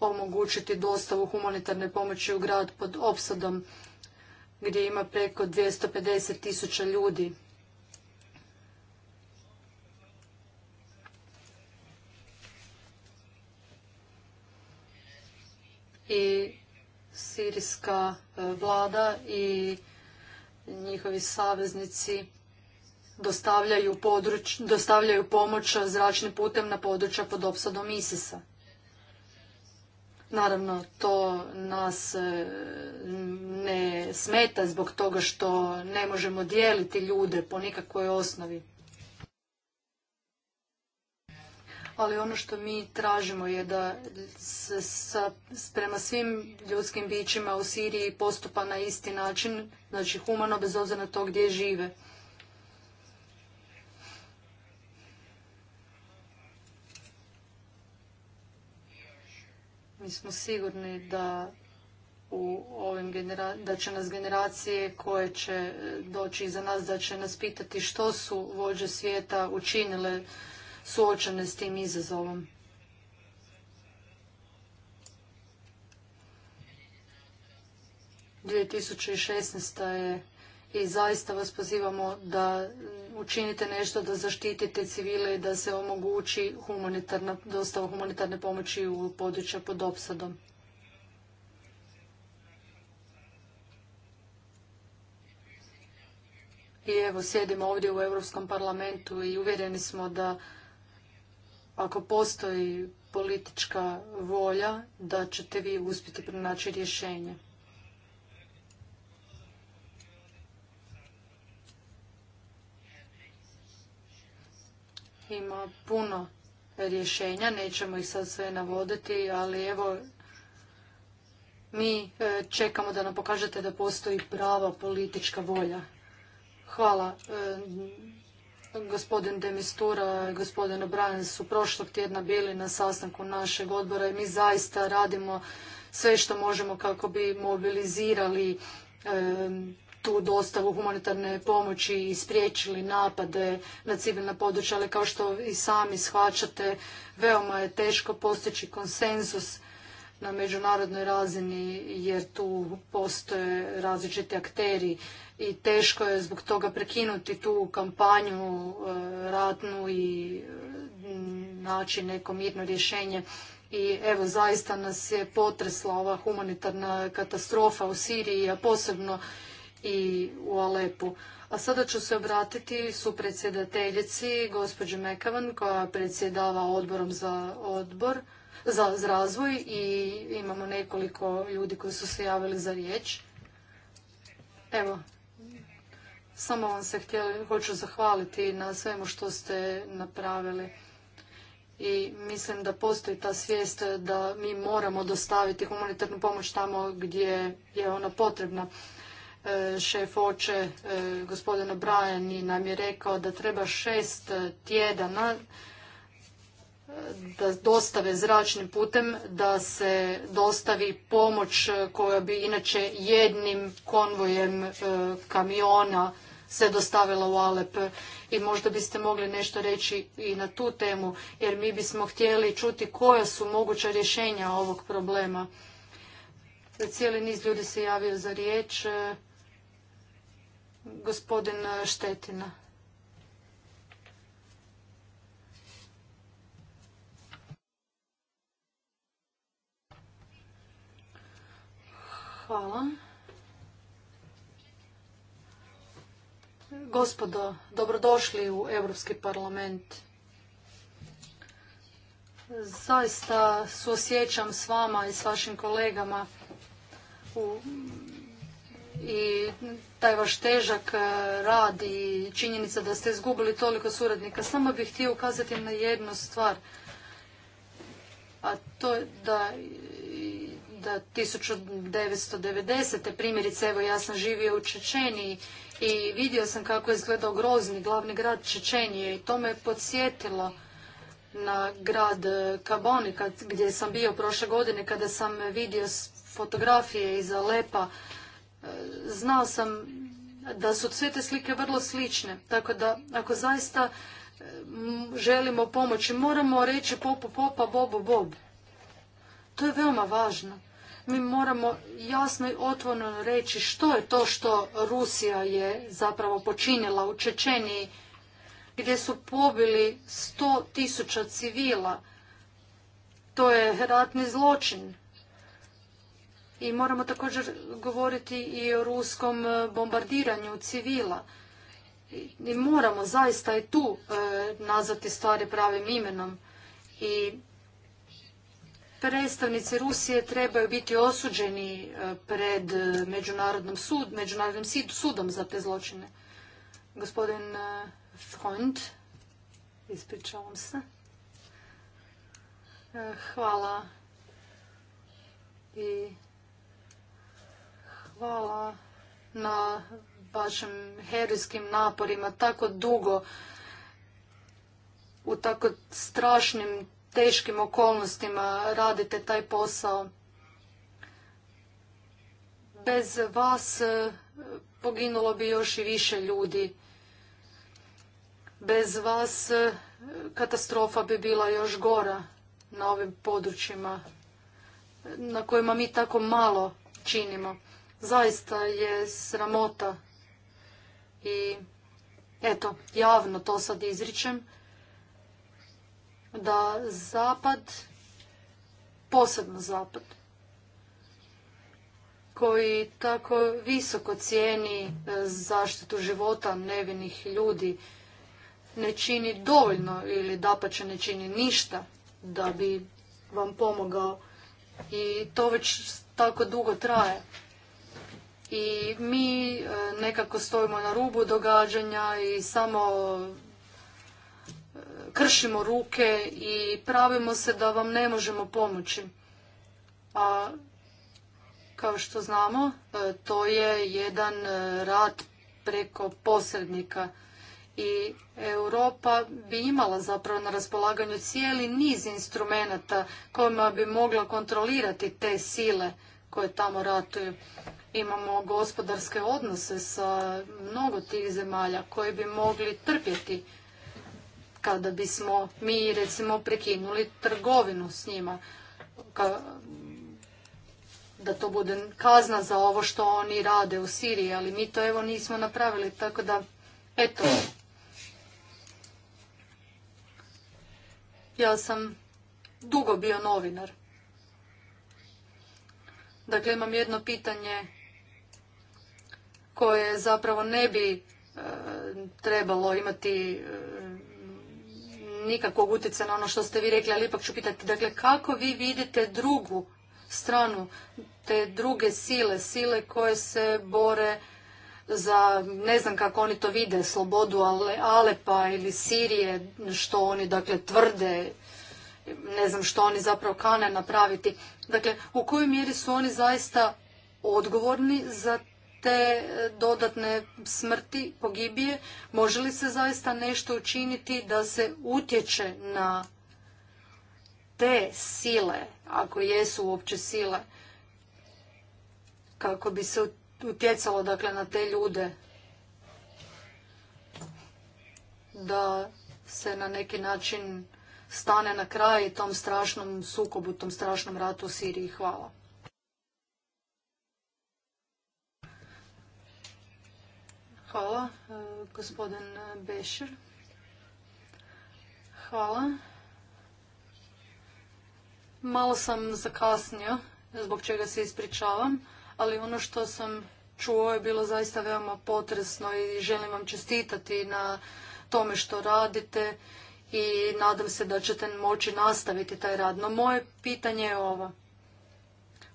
S3: omogućiti dostavu humanitarne pomoći u grad pod opsadom gdje ima preko 250 tisuća ljudi. I sirijska e, vlada i njihovi saveznici dostavljaju, dostavljaju pomoć zračnim putem na područja pod opsadom ISIS-a. Naravno, to nas e, ne smeta zbog toga što ne možemo dijeliti ljude po nikakvoj osnovi. Ali ono što mi tražimo je da se sa, prema svim ljudskim bićima u Siriji postupa na isti način, znači humano bez obzira na to gdje žive. smo sigurni da u ovim genera da će nas generacije koje će e, doći iza nas da će nas pitati što su vođe svijeta učinile suočene s tim izazovom. tisuće šesnaest je i zaista vas pozivamo da učinite nešto da zaštitite civile i da se omogući humanitarna, dostava humanitarne pomoći u područja pod opsadom? I evo, sjedimo ovdje u Europskom parlamentu i uvjereni smo da ako postoji politička volja, da ćete vi uspjeti pronaći rješenje. ima puno rješenja, nećemo ih sad sve navoditi, ali evo mi e, čekamo da nam pokažete da postoji prava politička volja. Hvala. E, gospodin Demistura i gospodin Obran, su prošlog tjedna bili na sastanku našeg odbora i mi zaista radimo sve što možemo kako bi mobilizirali e, tu dostavu humanitarne pomoći i spriječili napade na civilna područja, ali kao što i sami shvaćate, veoma je teško postići konsenzus na međunarodnoj razini jer tu postoje različiti akteri i teško je zbog toga prekinuti tu kampanju e, ratnu i e, naći neko mirno rješenje. I evo zaista nas je potresla ova humanitarna katastrofa u Siriji, a posebno i u Alepu. A sada ću se obratiti su predsjedateljici gospođi Mekavan koja predsjedava odborom za odbor za, razvoj i imamo nekoliko ljudi koji su se javili za riječ. Evo, samo vam se htjeli, hoću zahvaliti na svemu što ste napravili i mislim da postoji ta svijest da mi moramo dostaviti humanitarnu pomoć tamo gdje je ona potrebna. E, Šef oče, gospodina Brajani nam je rekao da treba šest tjedana e, da dostave zračnim putem, da se dostavi pomoć koja bi inače jednim konvojem e, kamiona se dostavila u Alep i možda biste mogli nešto reći i na tu temu, jer mi bismo htjeli čuti koja su moguća rješenja ovog problema. Cijeli niz ljudi se javio za riječ. Gospodin Štetina. Hvala. Gospodo, dobrodošli u Europski parlament. Zaista suosjećam s vama i s vašim kolegama u i taj vaš težak e, rad i činjenica da ste izgubili toliko suradnika. Samo bih htio ukazati na jednu stvar, a to je da da 1990. primjerice, evo ja sam živio u Čečeniji i vidio sam kako je izgledao grozni glavni grad Čečenije i to me podsjetilo na grad e, Kaboni kad, gdje sam bio prošle godine kada sam vidio fotografije iz Alepa znao sam da su sve te slike vrlo slične. Tako da ako zaista e, želimo pomoći, moramo reći popu popa, bobu bob. To je veoma važno. Mi moramo jasno i otvorno reći što je to što Rusija je zapravo počinila u Čečeniji gdje su pobili sto tisuća civila. To je ratni zločin. I moramo također govoriti i o ruskom e, bombardiranju civila. I moramo zaista i tu e, nazvati stvari pravim imenom. I predstavnici Rusije trebaju biti osuđeni e, pred Međunarodnom sud, Međunarodnim sudom za te zločine. Gospodin Freund, ispričavam se. Hvala i Hvala na vašim herojskim naporima tako dugo u tako strašnim, teškim okolnostima radite taj posao. Bez vas e, poginulo bi još i više ljudi. Bez vas e, katastrofa bi bila još gora na ovim područjima e, na kojima mi tako malo činimo. Zaista je sramota i eto, javno to sad izričem, da Zapad, posebno Zapad, koji tako visoko cijeni e, zaštitu života nevinih ljudi, ne čini dovoljno ili dapače ne čini ništa da bi vam pomogao i to već tako dugo traje i mi e, nekako stojimo na rubu događanja i samo e, kršimo ruke i pravimo se da vam ne možemo pomoći. A kao što znamo, e, to je jedan rat preko posrednika i Europa bi imala zapravo na raspolaganju cijeli niz instrumenata kojima bi mogla kontrolirati te sile koje tamo ratuju. Imamo gospodarske odnose sa mnogo tih zemalja koje bi mogli trpjeti kada bismo mi recimo prekinuli trgovinu s njima. da to bude kazna za ovo što oni rade u Siriji, ali mi to evo nismo napravili, tako da eto. Ja sam dugo bio novinar. Dakle, imam jedno pitanje koje zapravo ne bi e, trebalo imati e, nikakvog utjecaja na ono što ste vi rekli, ali ipak ću pitati, dakle, kako vi vidite drugu stranu, te druge sile, sile koje se bore za, ne znam kako oni to vide, slobodu Alepa ili Sirije, što oni, dakle, tvrde, ne znam što oni zapravo kane napraviti. Dakle, u kojoj mjeri su oni zaista odgovorni za te dodatne smrti, pogibije, može li se zaista nešto učiniti da se utječe na te sile, ako jesu uopće sile, kako bi se utjecalo dakle, na te ljude da se na neki način stane na kraj tom strašnom sukobu, tom strašnom ratu u Siriji. Hvala. Hvala, e, gospodin Bešir. Hvala. Malo sam zakasnio, zbog čega se ispričavam, ali ono što sam čuo je bilo zaista veoma potresno i želim vam čestitati na tome što radite i nadam se da ćete moći nastaviti taj rad. No moje pitanje je ovo.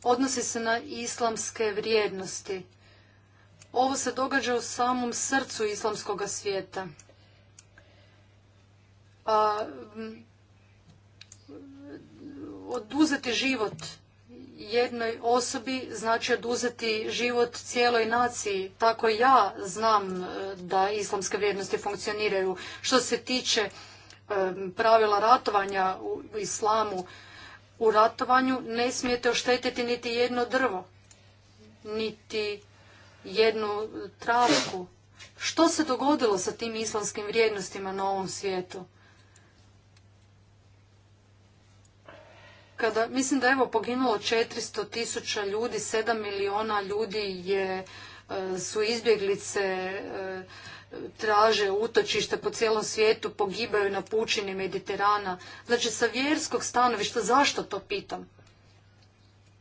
S3: Odnosi se na islamske vrijednosti. Ovo se događa u samom srcu islamskog svijeta. A, mm, oduzeti život jednoj osobi znači oduzeti život cijeloj naciji. Tako ja znam e, da islamske vrijednosti funkcioniraju. Što se tiče e, pravila ratovanja u islamu, u ratovanju ne smijete oštetiti niti jedno drvo, niti jednu traku. Što se dogodilo sa tim islamskim vrijednostima na ovom svijetu? Kada, mislim da je evo poginulo 400 tisuća ljudi, 7 miliona ljudi je, e, su izbjeglice, e, traže utočište po cijelom svijetu, pogibaju na pučini Mediterana. Znači, sa vjerskog stanovišta, zašto to pitam?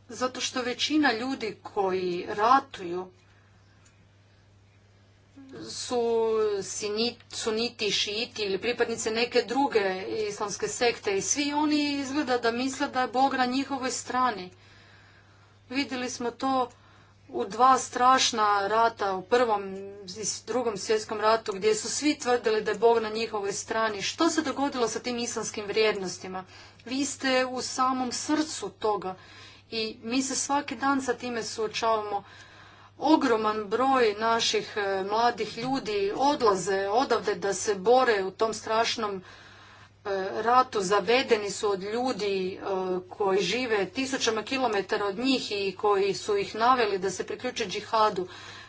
S3: Zato što većina ljudi koji ratuju su suniti, šiiti ili pripadnice neke druge islamske sekte i svi oni izgleda da misle da je Bog na njihovoj strani. Vidjeli smo to u dva strašna rata, u prvom i drugom svjetskom ratu, gdje su svi tvrdili da je Bog na njihovoj strani. Što se dogodilo sa tim islamskim vrijednostima? Vi ste u samom srcu toga i mi se svaki dan sa time suočavamo ogroman broj naših e, mladih ljudi odlaze odavde da se bore u tom strašnom e, ratu, zavedeni su od ljudi e, koji žive tisućama kilometara od njih i koji su ih naveli da se priključe džihadu.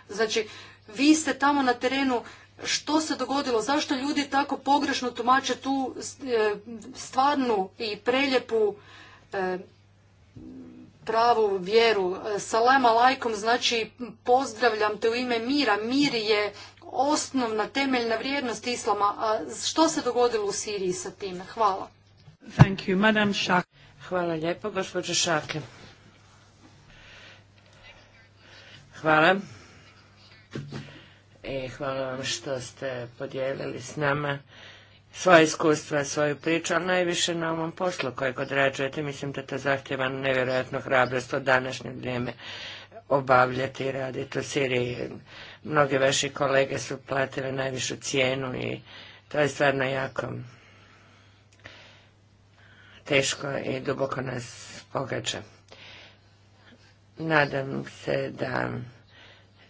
S3: Znači, vi ste tamo na terenu, što se dogodilo, zašto ljudi tako pogrešno tumače tu stvarnu i preljepu pravu vjeru. Salam alaikum znači pozdravljam te u ime mira. Mir je osnovna temeljna vrijednost islama. A što se dogodilo u Siriji sa time? Hvala.
S1: Thank you, Madam Shak. Hvala lijepo, gospođo Šake. Hvala. I e, hvala vam što ste podijelili s nama svoje iskustva, svoju priču, ali najviše na ovom poslu kojeg odrađujete. Mislim da to zahtjeva nevjerojatno hrabrost u današnje vrijeme obavljati i raditi u Siriji. Mnogi vaši kolege su platili najvišu cijenu i to je stvarno jako teško i duboko nas pogađa. Nadam se da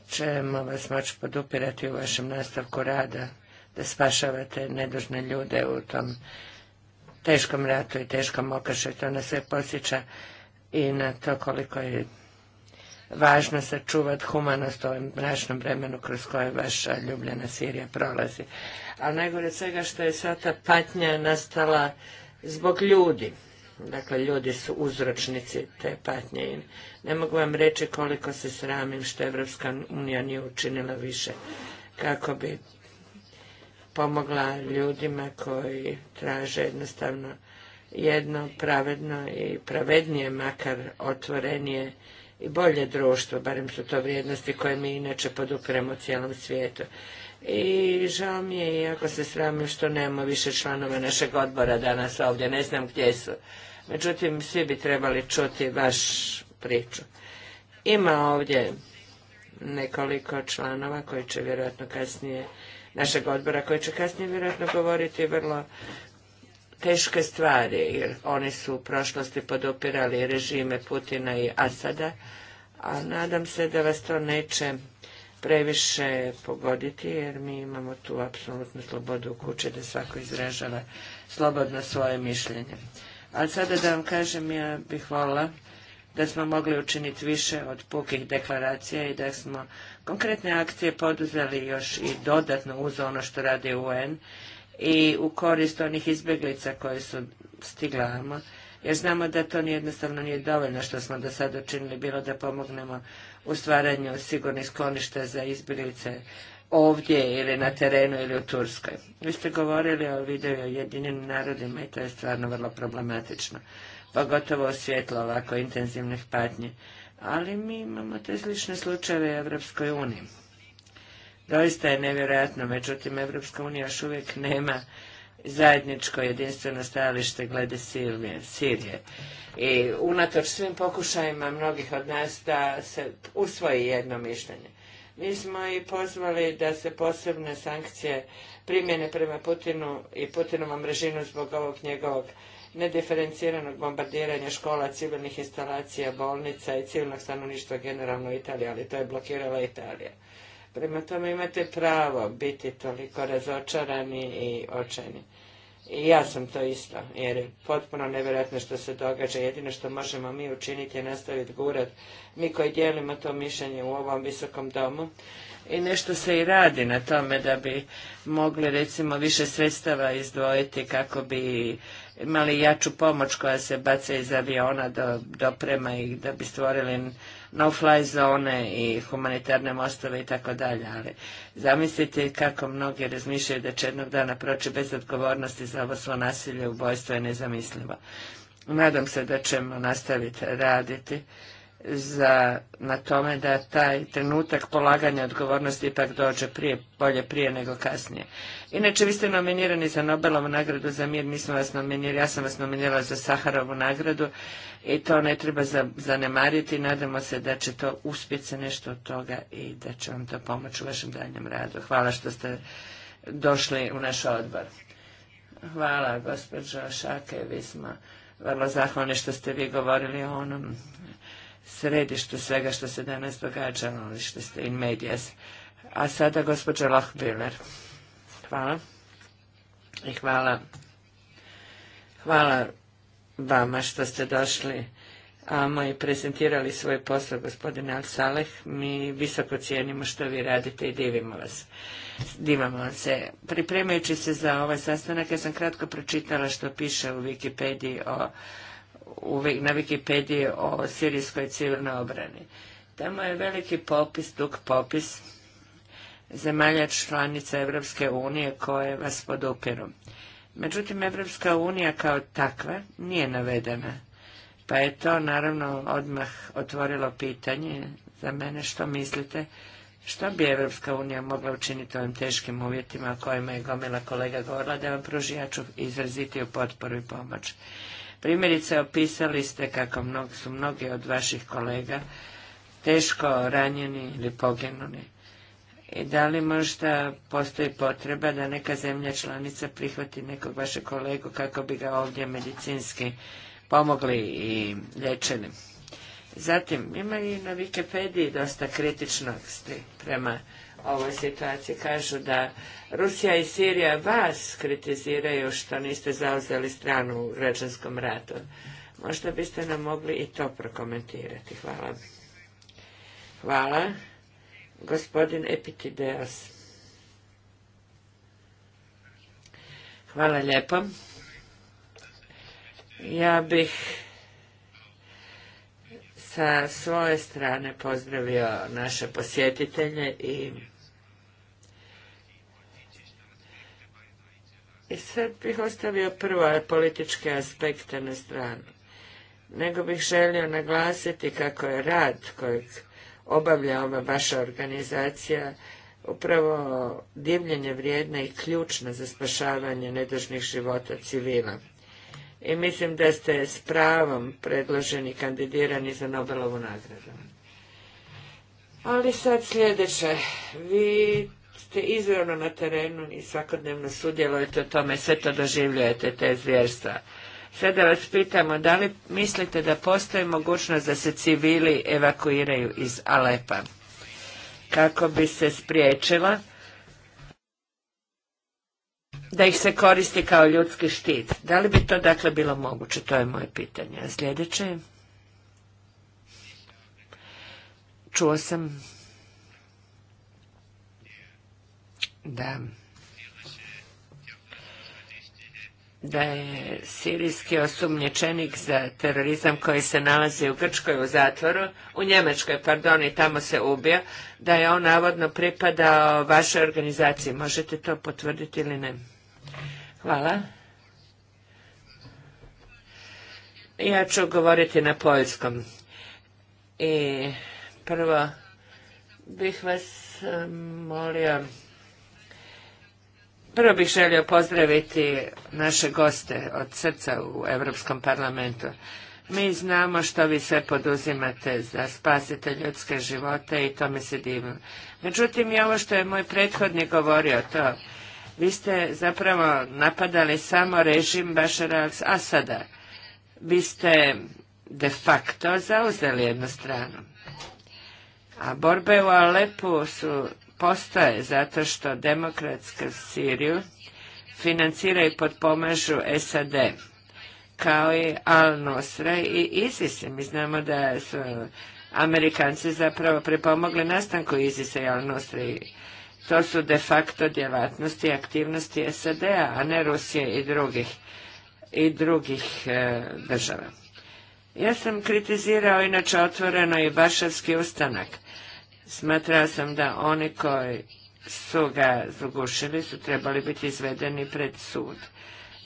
S1: ćemo vas moći podupirati u vašem nastavku rada da spašavate nedužne ljude u tom teškom ratu i teškom okršaju. To nas sve posjeća i na to koliko je važno sačuvati humanost u ovom mračnom vremenu kroz koje vaša ljubljena Sirija prolazi. Ali najgore svega što je sva ta patnja nastala zbog ljudi. Dakle, ljudi su uzročnici te patnje i ne mogu vam reći koliko se sramim što Evropska unija nije učinila više kako bi pomogla ljudima koji traže jednostavno jedno pravedno i pravednije, makar otvorenije i bolje društvo, barem su to vrijednosti koje mi inače u cijelom svijetu. I žao mi je, iako se sramim što nemamo više članova našeg odbora danas ovdje, ne znam gdje su. Međutim, svi bi trebali čuti vaš priču. Ima ovdje nekoliko članova koji će vjerojatno kasnije našeg odbora koji će kasnije vjerojatno govoriti vrlo teške stvari, jer oni su u prošlosti podupirali režime Putina i Asada, a nadam se da vas to neće previše pogoditi, jer mi imamo tu apsolutnu slobodu u kući da svako izražava slobodno svoje mišljenje. Ali sada da vam kažem, ja bih volila da smo mogli učiniti više od pukih deklaracija i da smo konkretne akcije poduzeli još i dodatno uz ono što radi UN i u korist onih izbjeglica koje su stiglamo jer znamo da to jednostavno nije dovoljno što smo do sada učinili, bilo da pomognemo u stvaranju sigurnih skloništa za izbjeglice ovdje ili na terenu ili u Turskoj. Vi ste govorili o videu o jedinim narodima i to je stvarno vrlo problematično, pogotovo u svjetlo ovako intenzivnih patnje ali mi imamo te slične slučajeve u Evropskoj uniji. Doista je nevjerojatno, međutim, Evropska unija još uvijek nema zajedničko jedinstveno stajalište glede Sirije. Sirije. I unatoč svim pokušajima mnogih od nas da se usvoji jedno mišljenje. Mi smo i pozvali da se posebne sankcije primjene prema Putinu i Putinovom režimu zbog ovog njegovog nediferenciranog bombardiranja škola, civilnih instalacija, bolnica i civilnog stanovništva generalno u Italiji, ali to je blokirala Italija. Prema tome imate pravo biti toliko razočarani i očajni. I ja sam to isto, jer je potpuno nevjerojatno što se događa. Jedino što možemo mi učiniti je nastaviti gurat. Mi koji dijelimo to mišljenje u ovom visokom domu, i nešto se i radi na tome da bi mogli recimo više sredstava izdvojiti kako bi imali jaču pomoć koja se baca iz aviona do, doprema ih da bi stvorili no-fly zone i humanitarne mostove i tako dalje. Ali zamislite kako mnogi razmišljaju da će jednog dana proći bez odgovornosti za ovo svo nasilje, ubojstvo je nezamislivo. Nadam se da ćemo nastaviti raditi za, na tome da taj trenutak polaganja odgovornosti ipak dođe prije, bolje prije nego kasnije. Inače, vi ste nominirani za Nobelovu nagradu za mir, mi smo vas nominirali, ja sam vas nominirala za Saharovu nagradu i to ne treba zanemariti. Nadamo se da će to uspjeti se nešto od toga i da će vam to pomoći u vašem daljem radu. Hvala što ste došli u naš odbor. Hvala, gospođo Šake, vi smo vrlo zahvalni što ste vi govorili o onom središtu svega što se danas događa, ali ste in medijas. A sada gospođa Lachbiller. Hvala. I hvala. Hvala vama što ste došli amo i prezentirali svoj posao gospodine Al-Saleh. Mi visoko cijenimo što vi radite i divimo vas. Divamo vam se. Pripremajući se za ovaj sastanak, ja sam kratko pročitala što piše u Wikipediji o na Wikipediji o sirijskoj civilnoj obrani. Tamo je veliki popis, dug popis zemalja članica Evropske unije koje vas podupiru. Međutim, Evropska unija kao takva nije navedena, pa je to naravno odmah otvorilo pitanje za mene što mislite, što bi Evropska unija mogla učiniti ovim teškim uvjetima o kojima je gomila kolega govorila, da vam pruži izraziti u potporu i pomoć. Primjerice, opisali ste kako su mnogi od vaših kolega teško ranjeni ili poginuli. I da li možda postoji potreba da neka zemlja članica prihvati nekog vašeg kolegu kako bi ga ovdje medicinski pomogli i liječili? Zatim, ima i na Wikipediji dosta kritičnosti prema ovoj situaciji. Kažu da Rusija i Sirija vas kritiziraju što niste zauzeli stranu u građanskom ratu. Možda biste nam mogli i to prokomentirati. Hvala. Hvala. Gospodin Epitideos. Hvala lijepo. Ja bih sa svoje strane pozdravio naše posjetitelje i I sad bih ostavio prvo političke aspekte na stranu, nego bih želio naglasiti kako je rad kojeg obavlja ova vaša organizacija upravo divljenje vrijedna i ključna za spašavanje nedožnih života civila i mislim da ste s pravom predloženi kandidirani za Nobelovu nagradu. Ali sad sljedeće, vi ste izravno na terenu i svakodnevno sudjelujete u tome, sve to doživljujete, te zvjerstva. Sada vas pitamo, da li mislite da postoji mogućnost da se civili evakuiraju iz Alepa? Kako bi se spriječila da ih se koristi kao ljudski štit. Da li bi to dakle bilo moguće? To je moje pitanje. A sljedeće čuo sam da da je sirijski osumnječenik za terorizam koji se nalazi u Grčkoj u zatvoru, u Njemačkoj, pardon, i tamo se ubio, da je on navodno pripadao vašoj organizaciji. Možete to potvrditi ili ne? Hvala. Ja ću govoriti na poljskom. I prvo bih vas e, molio Prvo bih želio pozdraviti naše goste od srca u Europskom parlamentu. Mi znamo što vi sve poduzimate za spasite ljudske živote i to mi se divim Međutim, i ovo što je moj prethodnik govorio, to vi ste zapravo napadali samo režim Bašara asada Vi ste de facto zauzeli jednu stranu. A borbe u Alepu su postoje zato što demokratska Siriju financira i potpomažu SAD kao i Al-Nosra i ISIS. Mi znamo da su Amerikanci zapravo pripomogli nastanku ISIS-a i Al-Nosra i to su de facto djelatnosti i aktivnosti SAD-a, a ne Rusije i drugih, i drugih e, država. Ja sam kritizirao inače otvoreno i Varšavski ustanak. Smatrao sam da oni koji su ga zugušili su trebali biti izvedeni pred sud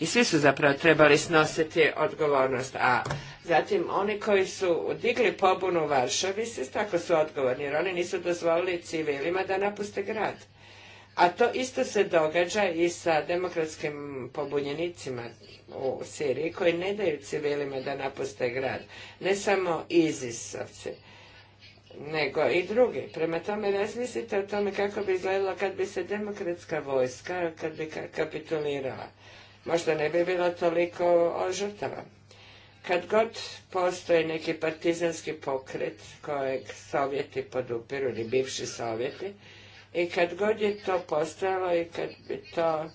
S1: i svi su zapravo trebali snositi odgovornost, a zatim oni koji su digli pobunu u Varšavi tako su odgovorni, jer oni nisu dozvolili civilima da napuste grad. A to isto se događa i sa demokratskim pobunjenicima u Siriji koji ne daju civilima da napuste grad. Ne samo Izisovci, nego i drugi. Prema tome razmislite o tome kako bi izgledalo kad bi se demokratska vojska, kad bi kapitulirala možda ne bi bilo toliko žrtava. Kad god postoji neki partizanski pokret kojeg Sovjeti podupiru ili bivši Sovjeti i kad god je to postojalo i kad bi to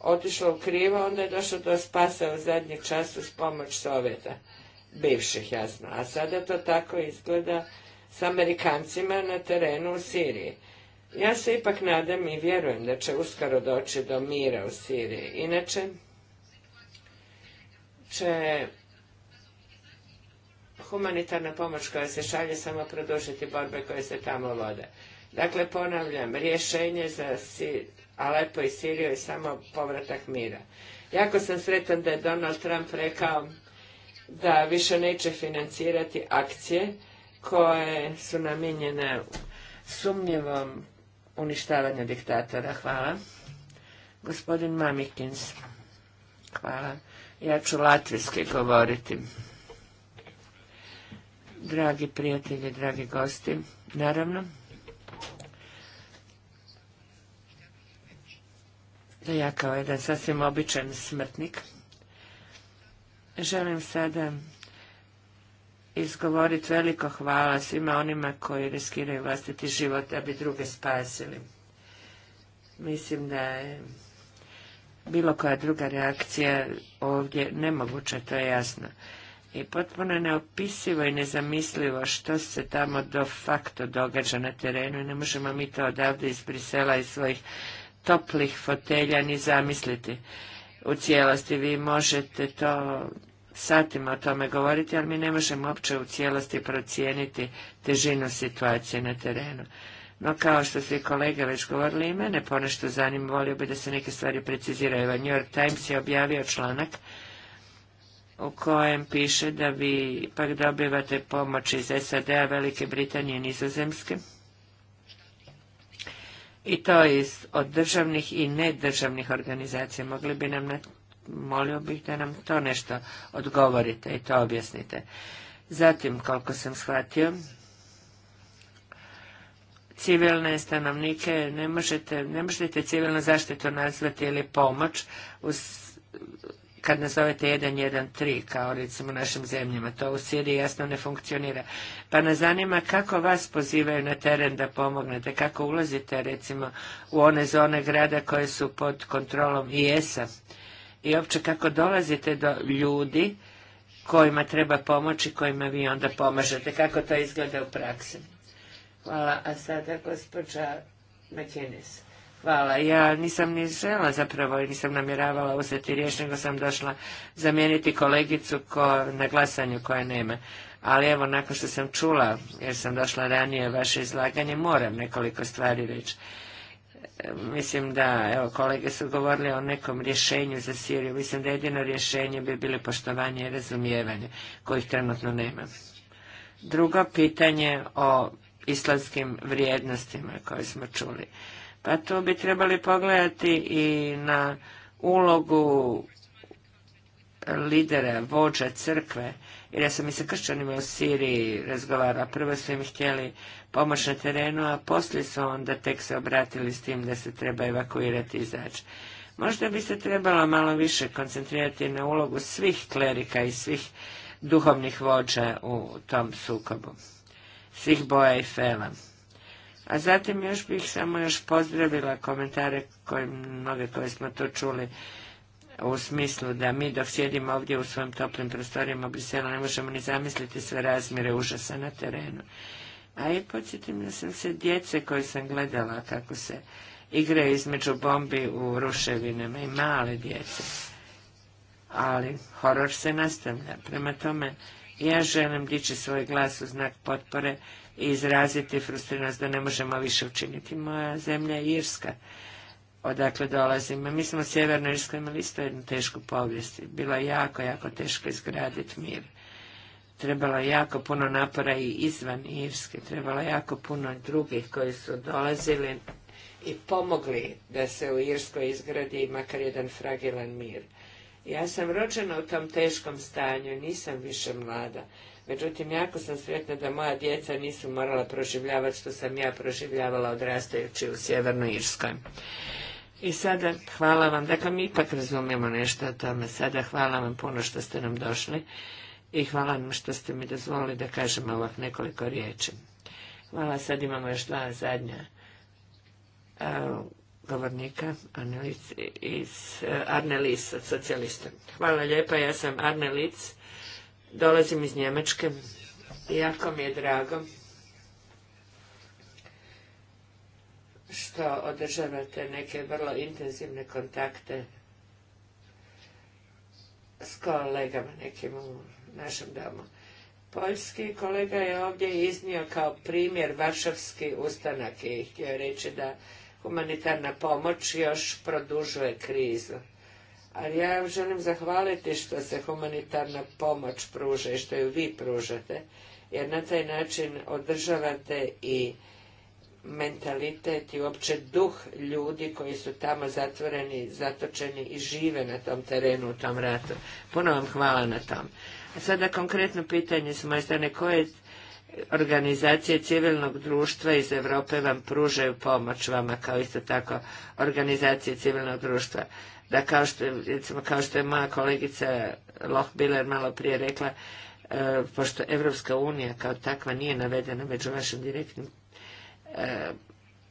S1: otišlo u krivo, onda je došlo do spasa u zadnji čas uz pomoć Sovjeta,
S5: bivših
S1: jasno. A sada to tako izgleda s Amerikancima na terenu u Siriji. Ja se ipak nadam i vjerujem da će uskoro doći do mira u Siriji. Inače će humanitarna pomoć koja se šalje samo produžiti borbe koje se tamo vode. Dakle, ponavljam, rješenje za Alepo i Siriju je samo povratak mira. Jako sam sretan da je Donald Trump rekao da više neće financirati akcije koje su namijenjene sumnjivom Uništavanje diktatora. Hvala. Gospodin Mamikins. Hvala. Ja ću latvijski govoriti. Dragi prijatelji, dragi gosti, naravno, da ja kao jedan sasvim običan smrtnik želim sada izgovoriti veliko hvala svima onima koji riskiraju vlastiti život da bi druge spasili. Mislim da je bilo koja druga reakcija ovdje nemoguća, to je jasno. I potpuno neopisivo i nezamislivo što se tamo de facto događa na terenu i ne možemo mi to odavde iz Brisela i svojih toplih fotelja ni zamisliti u cijelosti. Vi možete to satima o tome govoriti, ali mi ne možemo uopće u cijelosti procijeniti težinu situacije na terenu. No kao što su i kolege već govorili i mene ponešto zanim volio bi da se neke stvari preciziraju. New York Times je objavio članak u kojem piše da vi pak dobivate pomoć iz SAD-a, Velike Britanije i Nizozemske. I to iz od državnih i nedržavnih organizacija. Mogli bi nam na molio bih da nam to nešto odgovorite i to objasnite. Zatim, koliko sam shvatio, civilne stanovnike ne možete, ne možete civilnu zaštitu nazvati ili pomoć uz, kad nazovete 113 kao recimo u našim zemljama. To u Siriji jasno ne funkcionira. Pa nas zanima kako vas pozivaju na teren da pomognete, kako ulazite recimo u one zone grada koje su pod kontrolom IS-a i uopće kako dolazite do ljudi kojima treba pomoći, kojima vi onda pomažete, kako to izgleda u praksi. Hvala, a sada gospođa McInnes. Hvala. Ja nisam ni žela zapravo i nisam namjeravala uzeti riječ, nego sam došla zamijeniti kolegicu ko, na glasanju koja nema. Ali evo, nakon što sam čula, jer sam došla ranije vaše izlaganje, moram nekoliko stvari reći mislim da, evo, kolege su govorili o nekom rješenju za Siriju. Mislim da jedino rješenje bi bilo poštovanje i razumijevanje, kojih trenutno nema. Drugo pitanje o islamskim vrijednostima koje smo čuli. Pa tu bi trebali pogledati i na ulogu lidera, vođa crkve jer ja sam i sa kršćanima u Siriji razgovarala. Prvo su im htjeli pomoć na terenu, a poslije su onda tek se obratili s tim da se treba evakuirati i izaći. Možda bi se trebalo malo više koncentrirati na ulogu svih klerika i svih duhovnih vođa u tom sukobu, svih boja i fela. A zatim još bih samo još pozdravila komentare koje, mnoge koje smo to čuli u smislu da mi dok sjedimo ovdje u svojim toplim prostorima u ne možemo ni zamisliti sve razmjere užasa na terenu. A i podsjetim da sam se djece koje sam gledala kako se igraju između bombi u ruševinama i male djece. Ali horor se nastavlja. Prema tome, ja želim dići svoj glas u znak potpore i izraziti frustrinost da ne možemo više učiniti. Moja zemlja je Irska odakle dolazim. Mi smo u Sjevernoj Irskoj imali isto jednu tešku povijest. Bilo je jako, jako teško izgraditi mir. Trebalo je jako puno napora i izvan Irske. Trebalo je jako puno drugih koji su dolazili i pomogli da se u Irskoj izgradi makar jedan fragilan mir. Ja sam rođena u tom teškom stanju, nisam više mlada. Međutim, jako sam sretna da moja djeca nisu morala proživljavati što sam ja proživljavala odrastajući u Sjevernoj Irskoj. I sada hvala vam, dakle mi ipak razumijemo nešto o tome, sada hvala vam puno što ste nam došli i hvala vam što ste mi dozvolili da kažem ovak nekoliko riječi. Hvala, sad imamo još dva zadnja govornika, iz eh, Arne od socijalista. Hvala lijepa, ja sam Arne dolazim iz Njemačke jako mi je drago što održavate neke vrlo intenzivne kontakte s kolegama nekim u našem domu. Poljski kolega je ovdje iznio kao primjer Varšavski ustanak i htio reći da humanitarna pomoć još produžuje krizu. Ali ja želim zahvaliti što se humanitarna pomoć pruža i što ju vi pružate, jer na taj način održavate i mentalitet i uopće duh ljudi koji su tamo zatvoreni, zatočeni i žive na tom terenu u tom ratu. Puno vam hvala na tom. A sada konkretno pitanje s moje strane, koje organizacije civilnog društva iz Europe vam pružaju pomoć vama kao isto tako organizacije civilnog društva? Da kao što, recimo, kao što je moja kolegica Lohbiler malo prije rekla, e, pošto Evropska unija kao takva nije navedena među vašim direktnim E,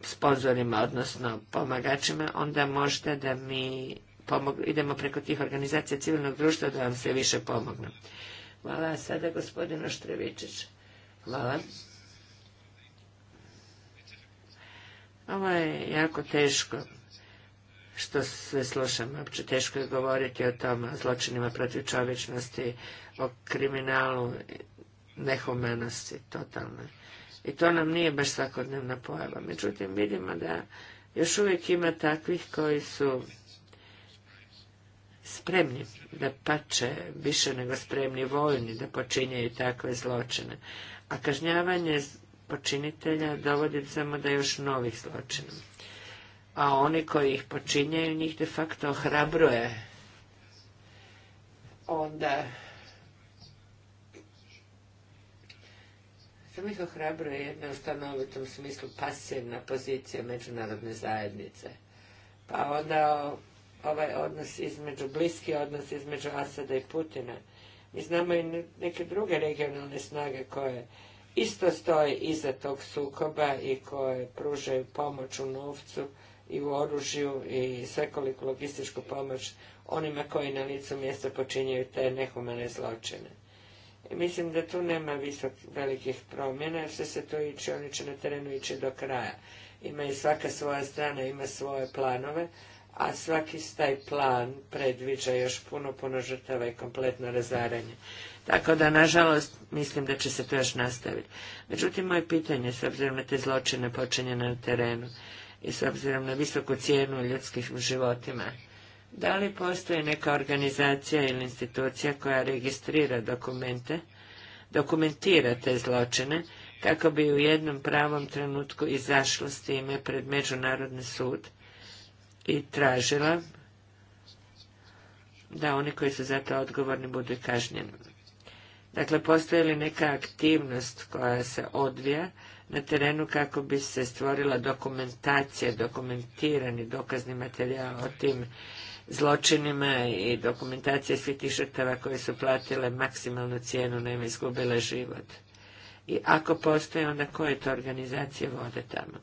S1: sponzorima, odnosno pomagačima, onda možete da mi idemo preko tih organizacija civilnog društva da vam sve više pomogne. Hvala. sada gospodin Oštrevičić. Hvala. Ovo je jako teško što sve slušam. Uopće teško je govoriti o tom zločinima protiv čovječnosti, o kriminalu, nehumanosti, totalnoj. I to nam nije baš svakodnevna pojava. Međutim, vidimo da još uvijek ima takvih koji su spremni da pače, više nego spremni vojni da počinjaju takve zločine. A kažnjavanje počinitelja dovodi samo da još novih zločina. A oni koji ih počinjaju, njih de facto ohrabruje onda što mi ohrabruje jedna u stanovitom smislu pasivna pozicija međunarodne zajednice. Pa onda ovaj odnos između, bliski odnos između Asada i Putina. Mi znamo i neke druge regionalne snage koje isto stoje iza tog sukoba i koje pružaju pomoć u novcu i u oružju i svekoliku logističku pomoć onima koji na licu mjesta počinjaju te nehumane zločine. Mislim da tu nema visok, velikih promjena, jer sve se tu iče, oni će na terenu ići do kraja. Ima i svaka svoja strana, ima svoje planove, a svaki taj plan predviđa još puno, puno žrtava i kompletno razaranje. Tako da, nažalost, mislim da će se to još nastaviti. Međutim, moje pitanje, s obzirom na te zločine počinjene na terenu i s obzirom na visoku cijenu ljudskih životima, da li postoji neka organizacija ili institucija koja registrira dokumente, dokumentira te zločine, kako bi u jednom pravom trenutku izašla s time pred Međunarodni sud i tražila da oni koji su za to odgovorni budu kažnjeni. Dakle, postoji li neka aktivnost koja se odvija na terenu kako bi se stvorila dokumentacija, dokumentirani dokazni materijal o tim zločinima i dokumentacije svih tih žrtava koje su platile maksimalnu cijenu, nema izgubile život. I ako postoje, onda koje to organizacije vode tamo?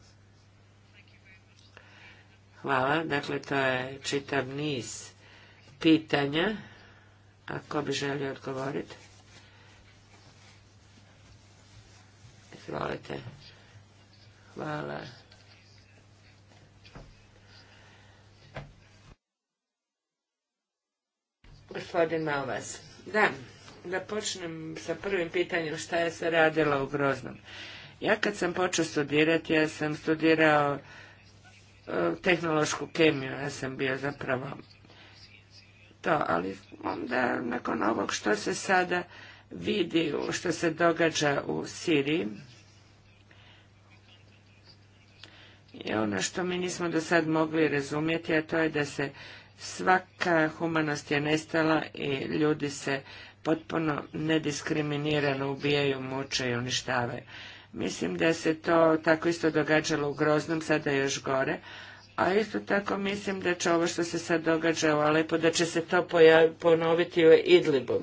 S1: Hvala. Dakle, to je čitav niz pitanja. Ako bi želio odgovoriti? Izvolite. Hvala. Gospodin Malvas. Da, da počnem sa prvim pitanjem šta je se radila u Groznom. Ja kad sam počeo studirati, ja sam studirao e, tehnološku kemiju, ja sam bio zapravo to, ali onda nakon ovog što se sada vidi, što se događa u Siriji, je ono što mi nismo do sad mogli razumjeti, a to je da se Svaka humanost je nestala i ljudi se potpuno nediskriminirano ubijaju, muče i uništavaju. Mislim da se to tako isto događalo u Groznom, sada još gore, a isto tako mislim da će ovo što se sad događa u Alepo, da će se to ponoviti u Idlibu.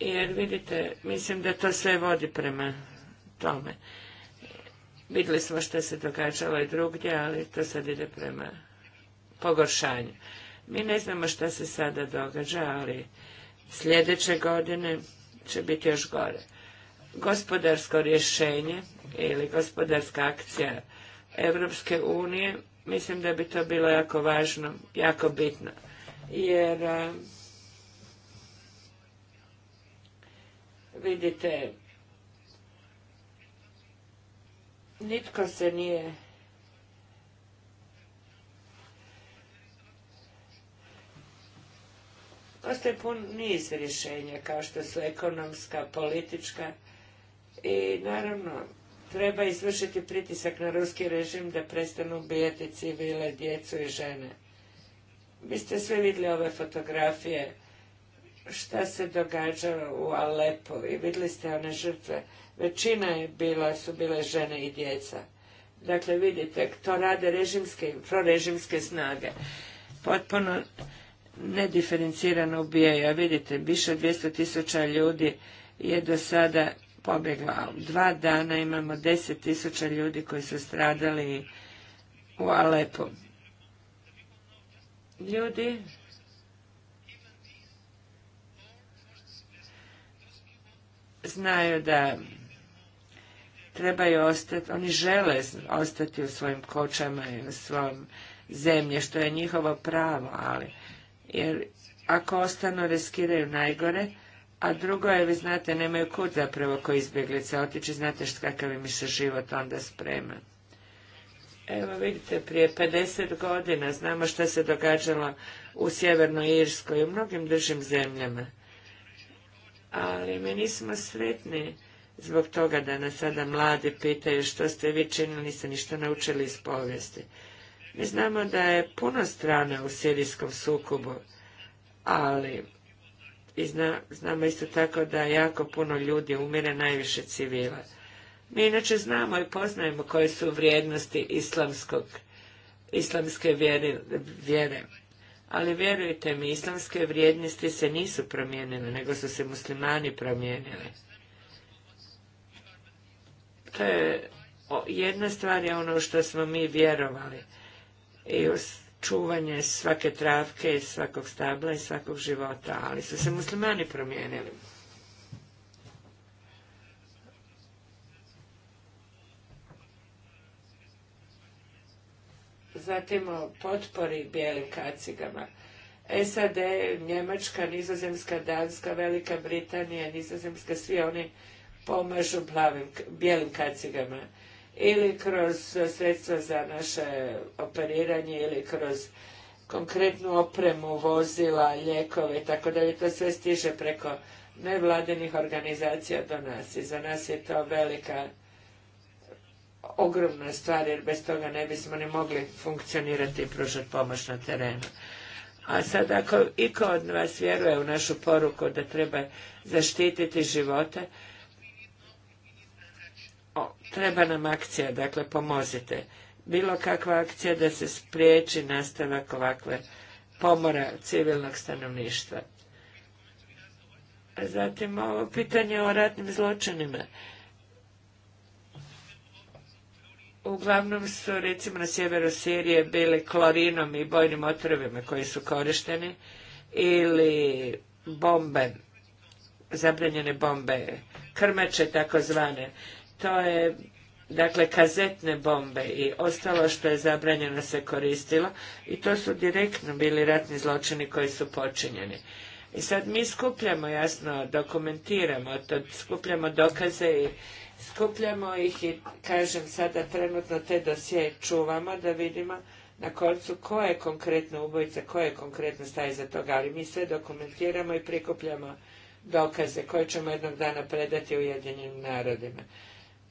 S1: Jer vidite, mislim da to sve vodi prema tome. Vidjeli smo što se događalo i drugdje, ali to sad ide prema pogoršanju. Mi ne znamo šta se sada događa, ali sljedeće godine će biti još gore. Gospodarsko rješenje ili gospodarska akcija Evropske unije, mislim da bi to bilo jako važno, jako bitno. Jer vidite, nitko se nije Postoje pun niz rješenja kao što su ekonomska, politička i naravno treba izvršiti pritisak na ruski režim da prestanu ubijati civile, djecu i žene. Vi ste sve vidjeli ove fotografije šta se događa u Alepu i vidjeli ste one žrtve. Većina je bila, su bile žene i djeca. Dakle, vidite, to rade režimske, prorežimske snage. Potpuno nediferencirano ubijaju. Vidite, više od 200 tisuća ljudi je do sada pobjeglo. Dva dana imamo 10 tisuća ljudi koji su stradali u Alepu. Ljudi znaju da trebaju ostati, oni žele ostati u svojim kočama i u svom zemlji što je njihovo pravo, ali jer ako ostanu riskiraju najgore, a drugo je, vi znate, nemaju kud zapravo ko izbjeglice otići, znate kakav im se život onda sprema. Evo vidite, prije 50 godina znamo što se događalo u Sjevernoj Irskoj i u mnogim držim zemljama. Ali mi nismo sretni zbog toga da nas sada mladi pitaju što ste vi činili, niste ništa naučili iz povijesti. Mi znamo da je puno strana u sirijskom sukobu, ali znamo isto tako da jako puno ljudi umire, najviše civila. Mi inače znamo i poznajemo koje su vrijednosti islamskog, islamske vjere, vjere. Ali vjerujte mi, islamske vrijednosti se nisu promijenile, nego su se muslimani promijenili. To je jedna stvar je ono što smo mi vjerovali i uz čuvanje svake travke svakog stabla i svakog života, ali su se muslimani promijenili. Zatim o potpori bijelim kacigama. SAD, Njemačka, Nizozemska, Danska, Velika Britanija, Nizozemska, svi oni pomažu plavim, bijelim kacigama ili kroz sredstva za naše operiranje ili kroz konkretnu opremu vozila, ljekove, tako dalje to sve stiže preko nevladinih organizacija do nas i za nas je to velika ogromna stvar jer bez toga ne bismo ni mogli funkcionirati i pružati pomoć na terenu. A sad ako iko od vas vjeruje u našu poruku da treba zaštititi živote, o, treba nam akcija, dakle pomozite. Bilo kakva akcija da se spriječi nastavak ovakve pomora civilnog stanovništva. Zatim ovo pitanje o ratnim zločinima. Uglavnom su recimo na sjeveru Sirije bili klorinom i bojnim otrovima koji su korišteni ili bombe, zabranjene bombe, krmače takozvane to je dakle kazetne bombe i ostalo što je zabranjeno se koristilo i to su direktno bili ratni zločini koji su počinjeni. I sad mi skupljamo, jasno, dokumentiramo to, skupljamo dokaze i skupljamo ih i kažem sada trenutno te dosije čuvamo da vidimo na koncu ko je konkretno ubojica, ko je konkretno staje za toga, ali mi sve dokumentiramo i prikupljamo dokaze koje ćemo jednog dana predati Ujedinjenim narodima.